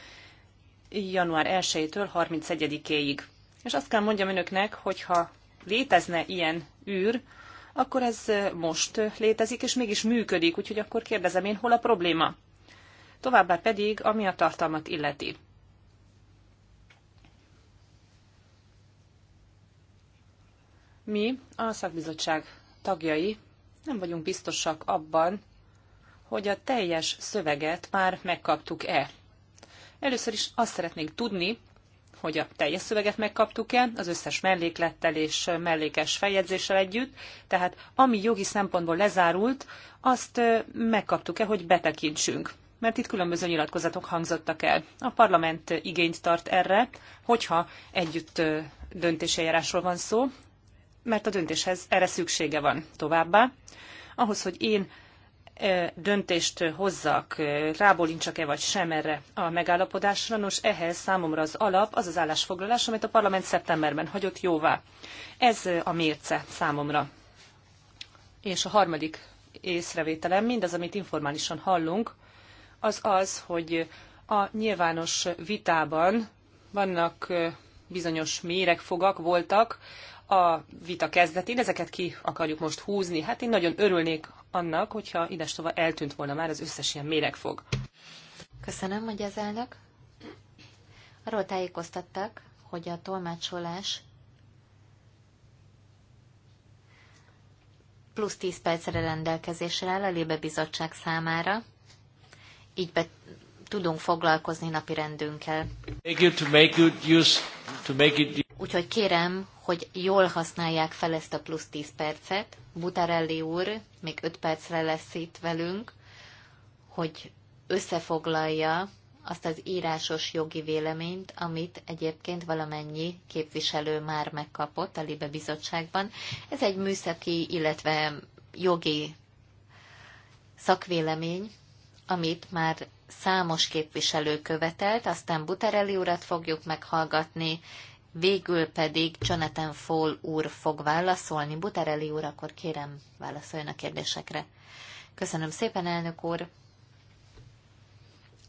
Speaker 3: január 1-től 31-éig. És azt kell mondjam önöknek, hogyha létezne ilyen űr, akkor ez most létezik, és mégis működik, úgyhogy akkor kérdezem én, hol a probléma? Továbbá pedig, ami a tartalmat illeti. Mi, a szakbizottság tagjai nem vagyunk biztosak abban, hogy a teljes szöveget már megkaptuk-e. Először is azt szeretnénk tudni, hogy a teljes szöveget megkaptuk-e, az összes melléklettel és mellékes feljegyzéssel együtt, tehát ami jogi szempontból lezárult, azt megkaptuk-e, hogy betekintsünk. Mert itt különböző nyilatkozatok hangzottak el. A parlament igényt tart erre, hogyha együtt döntéseljárásról van szó, mert a döntéshez erre szüksége van továbbá. Ahhoz, hogy én döntést hozzak, rábólincsak-e vagy sem erre a megállapodásra. Nos, ehhez számomra az alap az az állásfoglalás, amit a parlament szeptemberben hagyott jóvá. Ez a mérce számomra. És a harmadik észrevételem, mindaz, amit informálisan hallunk, az az, hogy a nyilvános vitában vannak bizonyos méregfogak voltak, a vita kezdetén, ezeket ki akarjuk most húzni. Hát én nagyon örülnék annak,
Speaker 2: hogyha idestova eltűnt volna már az összes ilyen méregfog. Köszönöm, hogy az elnök. Arról tájékoztattak, hogy a tolmácsolás plusz 10 percre rendelkezésre áll a Lébe Bizottság számára, így be tudunk foglalkozni napi rendünkkel.
Speaker 1: Make it, to make it use, to make it
Speaker 2: Úgyhogy kérem, hogy jól használják fel ezt a plusz 10 percet. Butarelli úr még 5 percre lesz itt velünk, hogy összefoglalja azt az írásos jogi véleményt, amit egyébként valamennyi képviselő már megkapott a Libe Bizottságban. Ez egy műszaki, illetve jogi szakvélemény, amit már számos képviselő követelt, aztán Butarelli urat fogjuk meghallgatni, Végül pedig Jonathan Fall úr fog válaszolni. Butarelli úr, akkor kérem, válaszoljon a kérdésekre. Köszönöm szépen, elnök úr!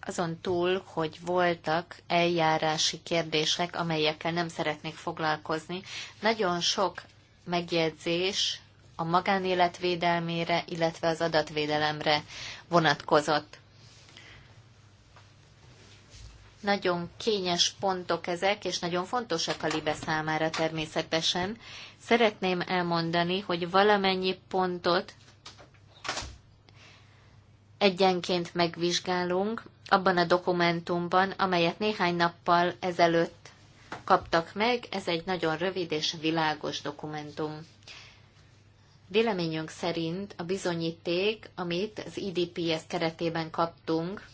Speaker 2: Azon túl, hogy voltak eljárási kérdések, amelyekkel nem szeretnék foglalkozni, nagyon sok megjegyzés a magánélet védelmére, illetve az adatvédelemre vonatkozott. Nagyon kényes pontok ezek, és nagyon fontosak a Libe számára természetesen. Szeretném elmondani, hogy valamennyi pontot egyenként megvizsgálunk abban a dokumentumban, amelyet néhány nappal ezelőtt kaptak meg. Ez egy nagyon rövid és világos dokumentum. Véleményünk szerint a bizonyíték, amit az IDPS keretében kaptunk,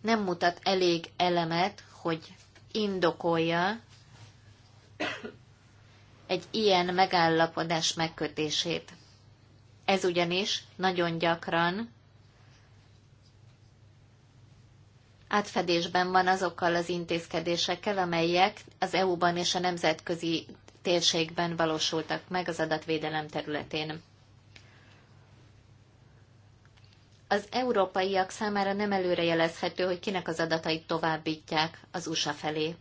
Speaker 2: nem mutat elég elemet, hogy indokolja egy ilyen megállapodás megkötését. Ez ugyanis nagyon gyakran átfedésben van azokkal az intézkedésekkel, amelyek az EU-ban és a nemzetközi térségben valósultak meg az adatvédelem területén. az európaiak számára nem előrejelezhető, hogy kinek az adatait továbbítják az USA felé.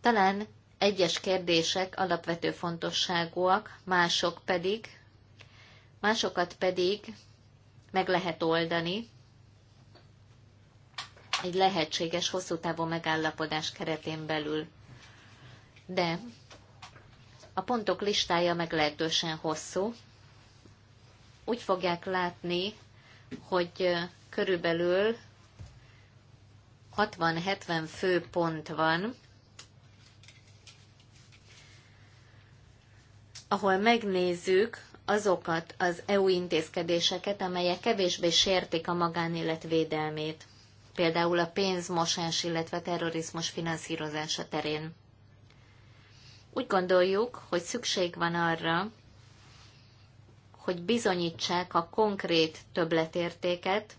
Speaker 2: Talán egyes kérdések alapvető fontosságúak, mások pedig, másokat pedig meg lehet oldani egy lehetséges hosszú távú megállapodás keretén belül. De a pontok listája meglehetősen hosszú. Úgy fogják látni, hogy körülbelül 60-70 fő pont van, ahol megnézzük azokat az EU intézkedéseket, amelyek kevésbé sértik a magánélet védelmét, például a pénzmosás, illetve terrorizmus finanszírozása terén. Úgy gondoljuk, hogy szükség van arra, hogy bizonyítsák a konkrét többletértéket,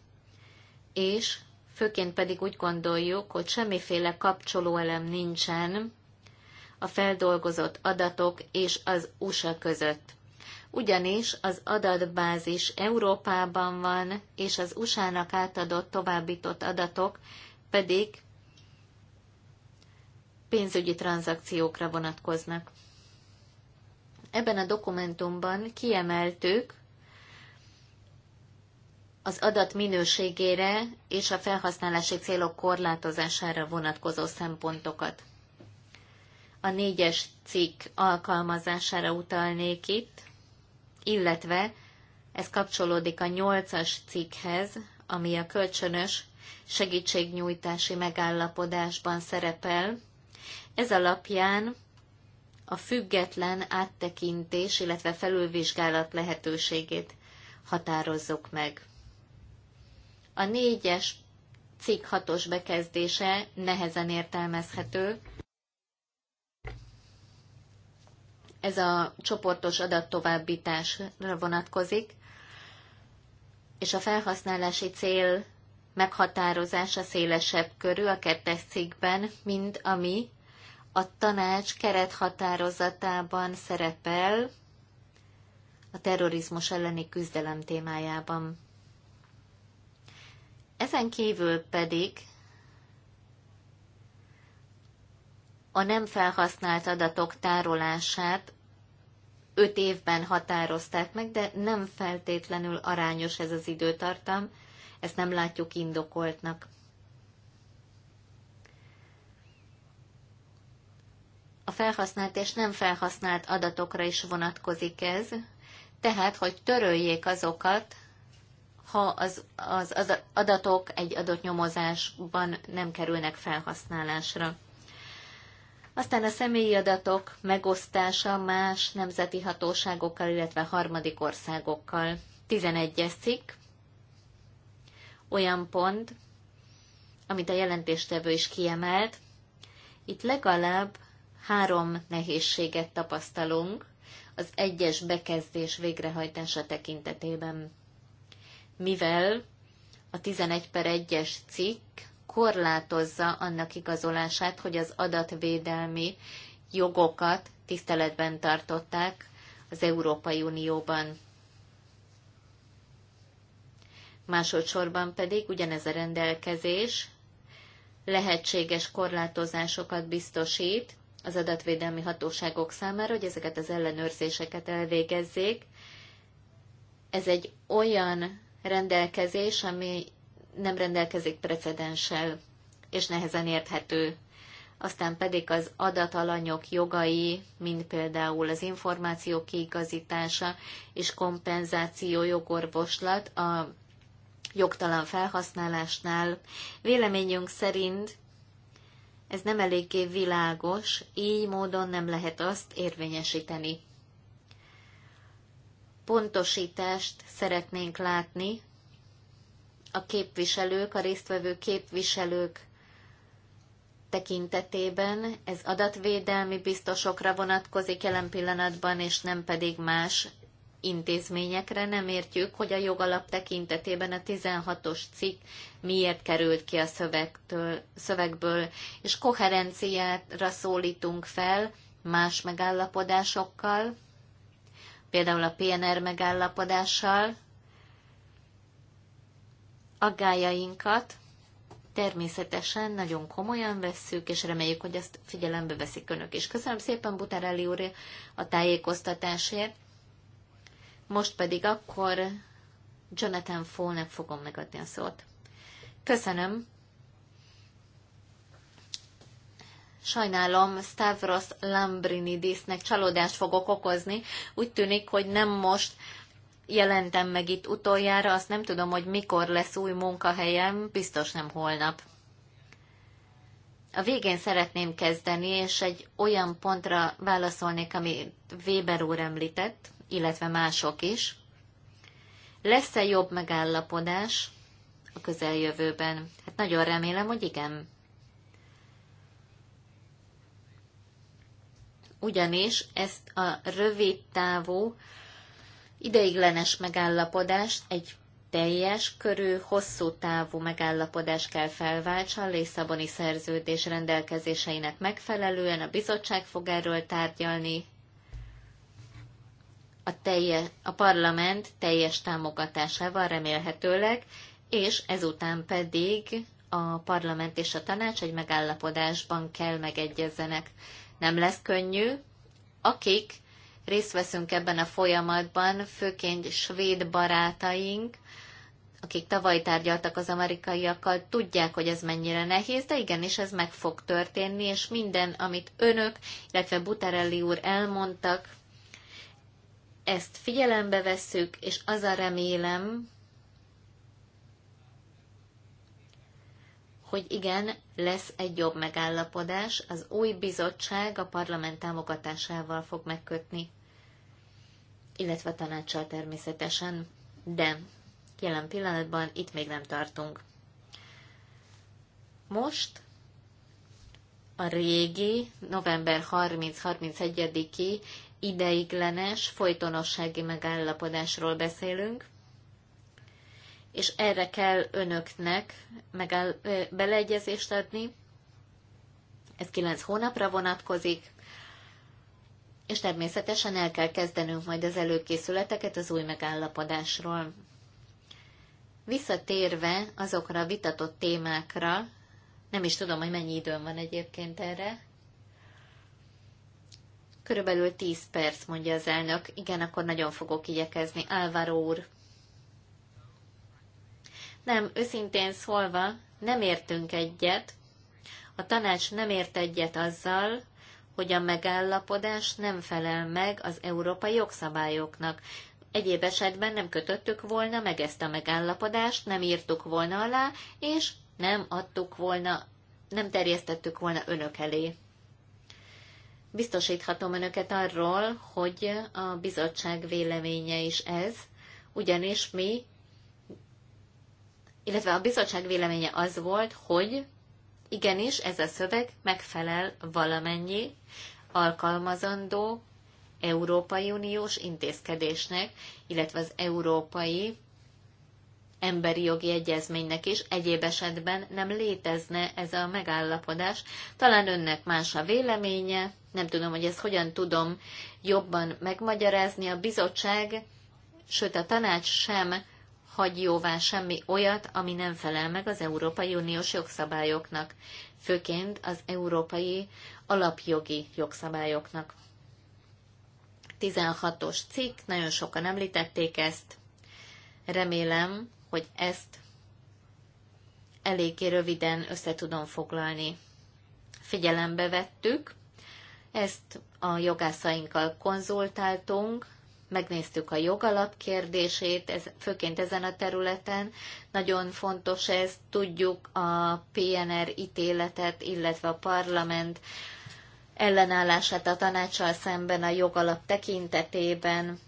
Speaker 2: és főként pedig úgy gondoljuk, hogy semmiféle kapcsolóelem nincsen a feldolgozott adatok és az USA között. Ugyanis az adatbázis Európában van, és az USA-nak átadott, továbbított adatok pedig pénzügyi tranzakciókra vonatkoznak. Ebben a dokumentumban kiemeltük az adat minőségére és a felhasználási célok korlátozására vonatkozó szempontokat. A négyes cikk alkalmazására utalnék itt, illetve ez kapcsolódik a nyolcas cikkhez, ami a kölcsönös segítségnyújtási megállapodásban szerepel. Ez alapján a független áttekintés, illetve felülvizsgálat lehetőségét határozzuk meg. A négyes cikk hatos bekezdése nehezen értelmezhető. Ez a csoportos adattovábbításra vonatkozik, és a felhasználási cél meghatározása szélesebb körül a kettes cikkben, mint ami a tanács kerethatározatában szerepel a terrorizmus elleni küzdelem témájában. Ezen kívül pedig a nem felhasznált adatok tárolását öt évben határozták meg, de nem feltétlenül arányos ez az időtartam, ezt nem látjuk indokoltnak. a felhasznált és nem felhasznált adatokra is vonatkozik ez, tehát, hogy töröljék azokat, ha az, az, az adatok egy adott nyomozásban nem kerülnek felhasználásra. Aztán a személyi adatok megosztása más nemzeti hatóságokkal, illetve harmadik országokkal. 11-es cikk, olyan pont, amit a jelentéstevő is kiemelt, itt legalább három nehézséget tapasztalunk az egyes bekezdés végrehajtása tekintetében. Mivel a 11 per 1-es cikk korlátozza annak igazolását, hogy az adatvédelmi jogokat tiszteletben tartották az Európai Unióban. Másodszorban pedig ugyanez a rendelkezés lehetséges korlátozásokat biztosít az adatvédelmi hatóságok számára, hogy ezeket az ellenőrzéseket elvégezzék. Ez egy olyan rendelkezés, ami nem rendelkezik precedenssel, és nehezen érthető. Aztán pedig az adatalanyok jogai, mint például az információ kiigazítása és kompenzáció jogorvoslat a jogtalan felhasználásnál. Véleményünk szerint ez nem eléggé világos, így módon nem lehet azt érvényesíteni. Pontosítást szeretnénk látni a képviselők, a résztvevő képviselők tekintetében. Ez adatvédelmi biztosokra vonatkozik jelen pillanatban, és nem pedig más intézményekre, nem értjük, hogy a jogalap tekintetében a 16-os cikk miért került ki a szövegtől, szövegből, és koherenciára szólítunk fel más megállapodásokkal, például a PNR megállapodással, aggájainkat természetesen nagyon komolyan vesszük, és reméljük, hogy ezt figyelembe veszik önök is. Köszönöm szépen Butarelli úr a tájékoztatásért. Most pedig akkor Jonathan Fallnek fogom megadni a szót. Köszönöm. Sajnálom, Stavros Lambrinidisnek csalódást fogok okozni. Úgy tűnik, hogy nem most jelentem meg itt utoljára, azt nem tudom, hogy mikor lesz új munkahelyem, biztos nem holnap. A végén szeretném kezdeni, és egy olyan pontra válaszolnék, amit Weber úr említett illetve mások is. Lesz-e jobb megállapodás a közeljövőben? Hát nagyon remélem, hogy igen. Ugyanis ezt a rövid távú ideiglenes megállapodást egy teljes körű, hosszú távú megállapodás kell felváltsa a Lészaboni szerződés rendelkezéseinek megfelelően. A bizottság fog erről tárgyalni a, telje, a parlament teljes támogatásával remélhetőleg, és ezután pedig a parlament és a tanács egy megállapodásban kell megegyezzenek. Nem lesz könnyű. Akik részt veszünk ebben a folyamatban, főként svéd barátaink, akik tavaly tárgyaltak az amerikaiakkal, tudják, hogy ez mennyire nehéz, de igenis ez meg fog történni, és minden, amit önök, illetve Buterelli úr elmondtak, ezt figyelembe vesszük, és az a remélem, hogy igen, lesz egy jobb megállapodás, az új bizottság a parlament támogatásával fog megkötni, illetve a tanácssal természetesen, de jelen pillanatban itt még nem tartunk. Most a régi november 30-31-i ideiglenes folytonossági megállapodásról beszélünk, és erre kell önöknek megáll, beleegyezést adni. Ez kilenc hónapra vonatkozik, és természetesen el kell kezdenünk majd az előkészületeket az új megállapodásról. Visszatérve azokra a vitatott témákra, nem is tudom, hogy mennyi időm van egyébként erre, Körülbelül tíz perc, mondja az elnök. Igen, akkor nagyon fogok igyekezni. Álvaro úr. Nem, őszintén szólva, nem értünk egyet. A tanács nem ért egyet azzal, hogy a megállapodás nem felel meg az európai jogszabályoknak. Egyéb esetben nem kötöttük volna meg ezt a megállapodást, nem írtuk volna alá, és nem adtuk volna, nem terjesztettük volna önök elé. Biztosíthatom önöket arról, hogy a bizottság véleménye is ez, ugyanis mi, illetve a bizottság véleménye az volt, hogy igenis ez a szöveg megfelel valamennyi alkalmazandó Európai Uniós intézkedésnek, illetve az európai emberi jogi egyezménynek is, egyéb esetben nem létezne ez a megállapodás. Talán önnek más a véleménye, nem tudom, hogy ezt hogyan tudom jobban megmagyarázni. A bizottság, sőt a tanács sem hagy jóvá semmi olyat, ami nem felel meg az Európai Uniós jogszabályoknak, főként az európai alapjogi jogszabályoknak. 16-os cikk, nagyon sokan említették ezt. Remélem, hogy ezt eléggé röviden össze tudom foglalni. Figyelembe vettük, ezt a jogászainkkal konzultáltunk, megnéztük a jogalap kérdését, ez, főként ezen a területen. Nagyon fontos ez, tudjuk a PNR ítéletet, illetve a parlament ellenállását a tanácssal szemben a jogalap tekintetében.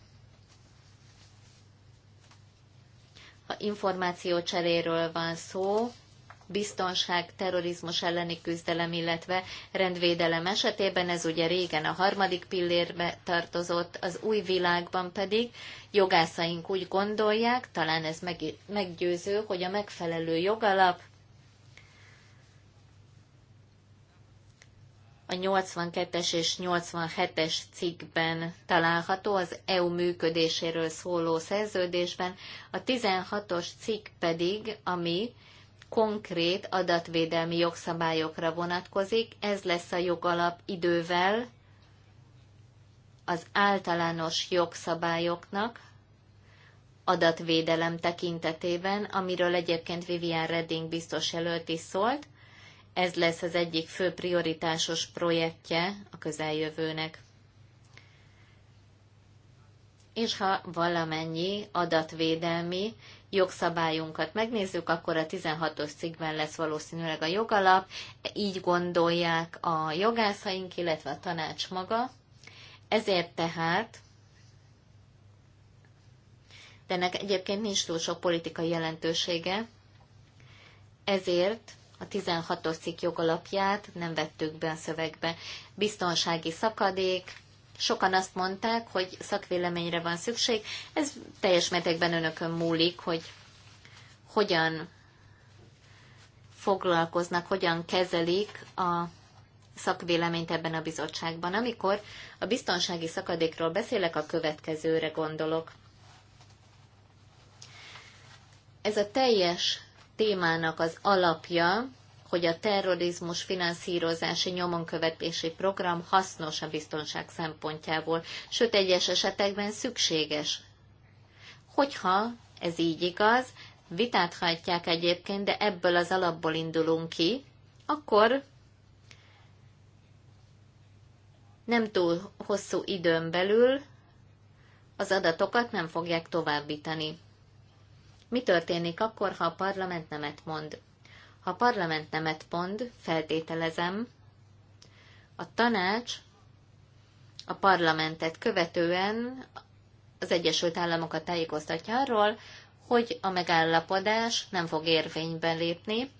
Speaker 2: információcseréről van szó, biztonság, terrorizmus elleni küzdelem, illetve rendvédelem esetében ez ugye régen a harmadik pillérbe tartozott, az új világban pedig jogászaink úgy gondolják, talán ez meggyőző, hogy a megfelelő jogalap a 82-es és 87-es cikkben található, az EU működéséről szóló szerződésben, a 16-os cikk pedig, ami konkrét adatvédelmi jogszabályokra vonatkozik, ez lesz a jogalap idővel az általános jogszabályoknak, adatvédelem tekintetében, amiről egyébként Vivian Redding biztos jelölt is szólt, ez lesz az egyik fő prioritásos projektje a közeljövőnek. És ha valamennyi adatvédelmi jogszabályunkat megnézzük, akkor a 16-os cikkben lesz valószínűleg a jogalap, így gondolják a jogászaink, illetve a tanács maga. Ezért tehát, de ennek egyébként nincs túl sok politikai jelentősége, ezért a 16-os cikk jogalapját nem vettük be a szövegbe. Biztonsági szakadék, sokan azt mondták, hogy szakvéleményre van szükség. Ez teljes mértékben önökön múlik, hogy hogyan foglalkoznak, hogyan kezelik a szakvéleményt ebben a bizottságban. Amikor a biztonsági szakadékról beszélek, a következőre gondolok. Ez a teljes témának az alapja, hogy a terrorizmus finanszírozási nyomonkövetési program hasznos a biztonság szempontjából, sőt egyes esetekben szükséges. Hogyha ez így igaz, vitát hajtják egyébként, de ebből az alapból indulunk ki, akkor nem túl hosszú időn belül az adatokat nem fogják továbbítani. Mi történik akkor, ha a parlament nemet mond? Ha a parlament nemet mond, feltételezem, a tanács a parlamentet követően az Egyesült Államokat tájékoztatja arról, hogy a megállapodás nem fog érvényben lépni.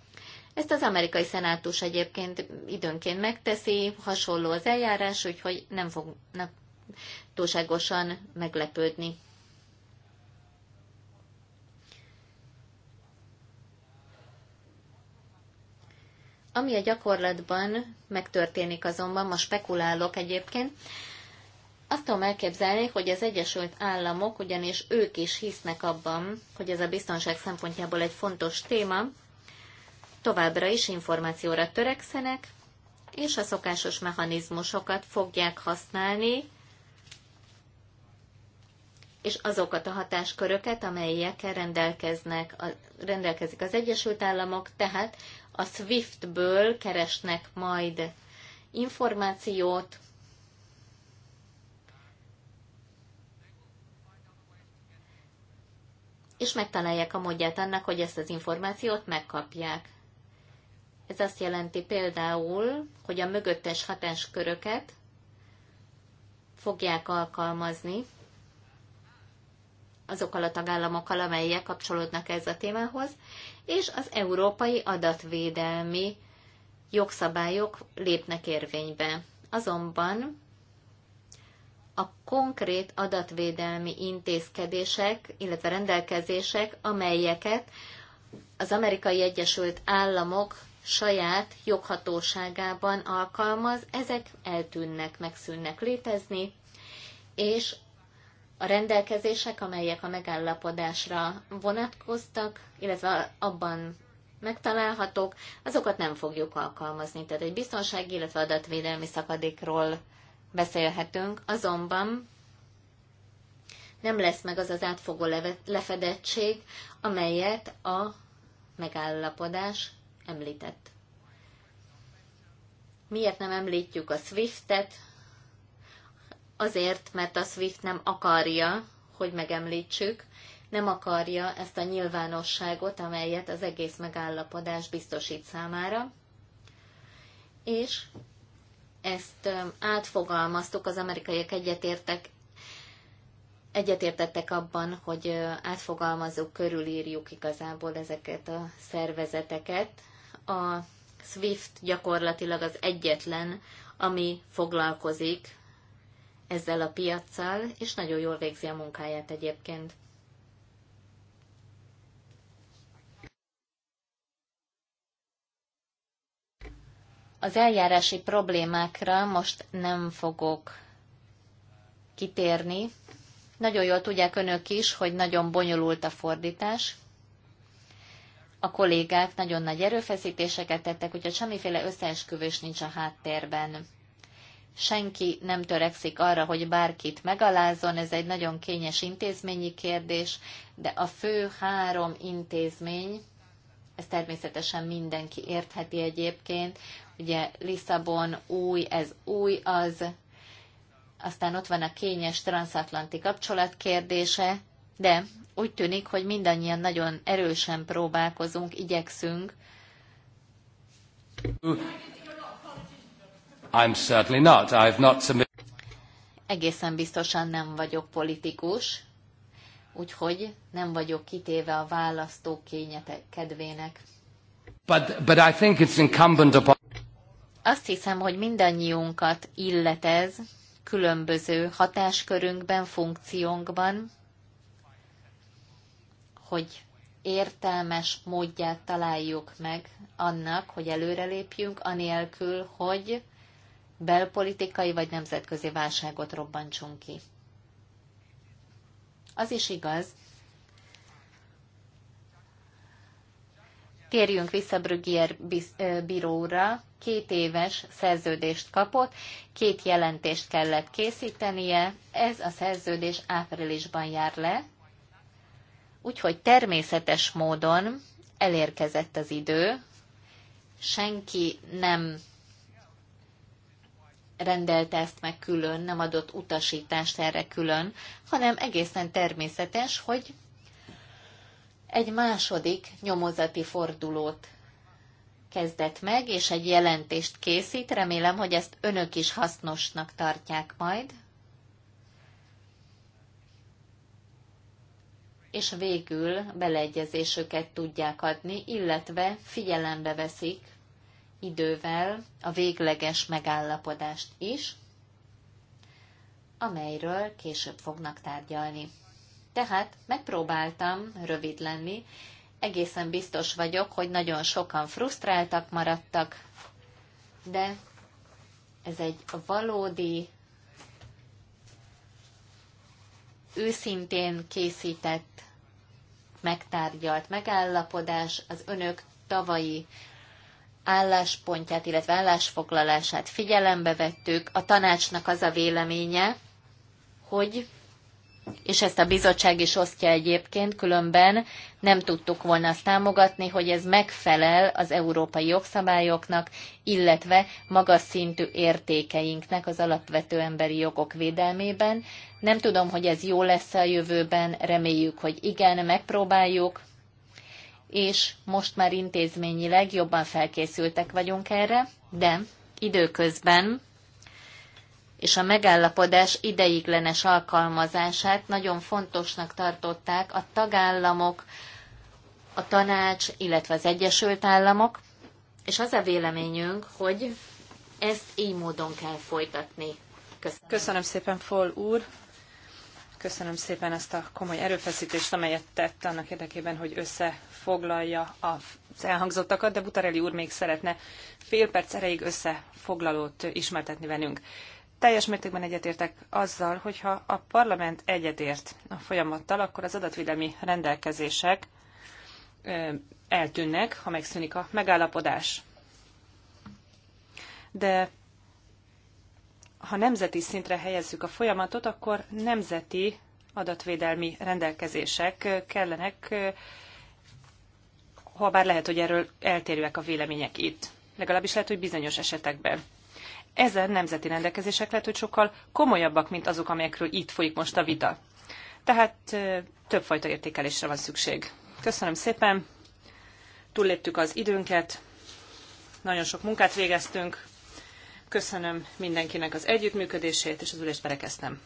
Speaker 2: Ezt az amerikai szenátus egyébként időnként megteszi, hasonló az eljárás, úgyhogy nem fog nem túlságosan meglepődni. Ami a gyakorlatban megtörténik azonban, ma spekulálok egyébként, azt tudom elképzelni, hogy az Egyesült Államok, ugyanis ők is hisznek abban, hogy ez a biztonság szempontjából egy fontos téma, továbbra is információra törekszenek, és a szokásos mechanizmusokat fogják használni, és azokat a hatásköröket, amelyekkel rendelkeznek, rendelkezik az Egyesült Államok, tehát a Swiftből keresnek majd információt, és megtalálják a módját annak, hogy ezt az információt megkapják. Ez azt jelenti például, hogy a mögöttes hatásköröket fogják alkalmazni azokkal a tagállamokkal, amelyek kapcsolódnak ez a témához, és az európai adatvédelmi jogszabályok lépnek érvénybe. Azonban a konkrét adatvédelmi intézkedések, illetve rendelkezések, amelyeket az Amerikai Egyesült Államok saját joghatóságában alkalmaz, ezek eltűnnek, megszűnnek létezni, és a rendelkezések, amelyek a megállapodásra vonatkoztak, illetve abban megtalálhatók, azokat nem fogjuk alkalmazni. Tehát egy biztonsági, illetve adatvédelmi szakadékról beszélhetünk, azonban nem lesz meg az az átfogó lefedettség, amelyet a megállapodás említett. Miért nem említjük a SWIFT-et, azért, mert a SWIFT nem akarja, hogy megemlítsük, nem akarja ezt a nyilvánosságot, amelyet az egész megállapodás biztosít számára, és ezt átfogalmaztuk, az amerikaiak egyetértek, egyetértettek abban, hogy átfogalmazzuk, körülírjuk igazából ezeket a szervezeteket. A SWIFT gyakorlatilag az egyetlen, ami foglalkozik ezzel a piaccal, és nagyon jól végzi a munkáját egyébként. Az eljárási problémákra most nem fogok kitérni. Nagyon jól tudják önök is, hogy nagyon bonyolult a fordítás. A kollégák nagyon nagy erőfeszítéseket tettek, úgyhogy semmiféle összeesküvés nincs a háttérben senki nem törekszik arra, hogy bárkit megalázzon, ez egy nagyon kényes intézményi kérdés, de a fő három intézmény, ez természetesen mindenki értheti egyébként, ugye Lisszabon új, ez új az, aztán ott van a kényes transatlanti kapcsolat kérdése, de úgy tűnik, hogy mindannyian nagyon erősen próbálkozunk, igyekszünk.
Speaker 1: I'm certainly not. I've not submitted...
Speaker 2: Egészen biztosan nem vagyok politikus, úgyhogy nem vagyok kitéve a választók kényetek kedvének.
Speaker 1: But, but I think it's incumbent upon...
Speaker 2: Azt hiszem, hogy mindannyiunkat illetez különböző hatáskörünkben, funkciónkban, hogy értelmes módját találjuk meg annak, hogy előrelépjünk, anélkül, hogy belpolitikai vagy nemzetközi válságot robbantsunk ki. Az is igaz, Térjünk vissza Brüggier bíróra, két éves szerződést kapott, két jelentést kellett készítenie, ez a szerződés áprilisban jár le, úgyhogy természetes módon elérkezett az idő, senki nem rendelte ezt meg külön, nem adott utasítást erre külön, hanem egészen természetes, hogy egy második nyomozati fordulót kezdett meg, és egy jelentést készít. Remélem, hogy ezt önök is hasznosnak tartják majd. És végül beleegyezésüket tudják adni, illetve figyelembe veszik idővel a végleges megállapodást is, amelyről később fognak tárgyalni. Tehát megpróbáltam rövid lenni, egészen biztos vagyok, hogy nagyon sokan frusztráltak maradtak, de ez egy valódi, őszintén készített, megtárgyalt megállapodás az önök tavalyi álláspontját, illetve állásfoglalását figyelembe vettük. A tanácsnak az a véleménye, hogy, és ezt a bizottság is osztja egyébként, különben nem tudtuk volna azt támogatni, hogy ez megfelel az európai jogszabályoknak, illetve magas szintű értékeinknek az alapvető emberi jogok védelmében. Nem tudom, hogy ez jó lesz a jövőben, reméljük, hogy igen, megpróbáljuk, és most már intézményileg jobban felkészültek vagyunk erre, de időközben és a megállapodás ideiglenes alkalmazását nagyon fontosnak tartották a tagállamok, a tanács, illetve az Egyesült Államok, és az a véleményünk, hogy ezt így módon kell folytatni. Köszönöm, Köszönöm szépen, Fol úr! Köszönöm szépen ezt a
Speaker 3: komoly erőfeszítést, amelyet tett annak érdekében, hogy össze foglalja az elhangzottakat, de Butarelli úr még szeretne fél perc erejéig összefoglalót ismertetni velünk. Teljes mértékben egyetértek azzal, hogyha a parlament egyetért a folyamattal, akkor az adatvédelmi rendelkezések eltűnnek, ha megszűnik a megállapodás. De ha nemzeti szintre helyezzük a folyamatot, akkor nemzeti adatvédelmi rendelkezések kellenek ha bár lehet, hogy erről eltérőek a vélemények itt. Legalábbis lehet, hogy bizonyos esetekben. Ezen nemzeti rendelkezések lehet, hogy sokkal komolyabbak, mint azok, amelyekről itt folyik most a vita. Tehát többfajta értékelésre van szükség. Köszönöm szépen, túlléptük az időnket, nagyon sok munkát végeztünk, köszönöm mindenkinek az együttműködését, és az ülést berekeztem.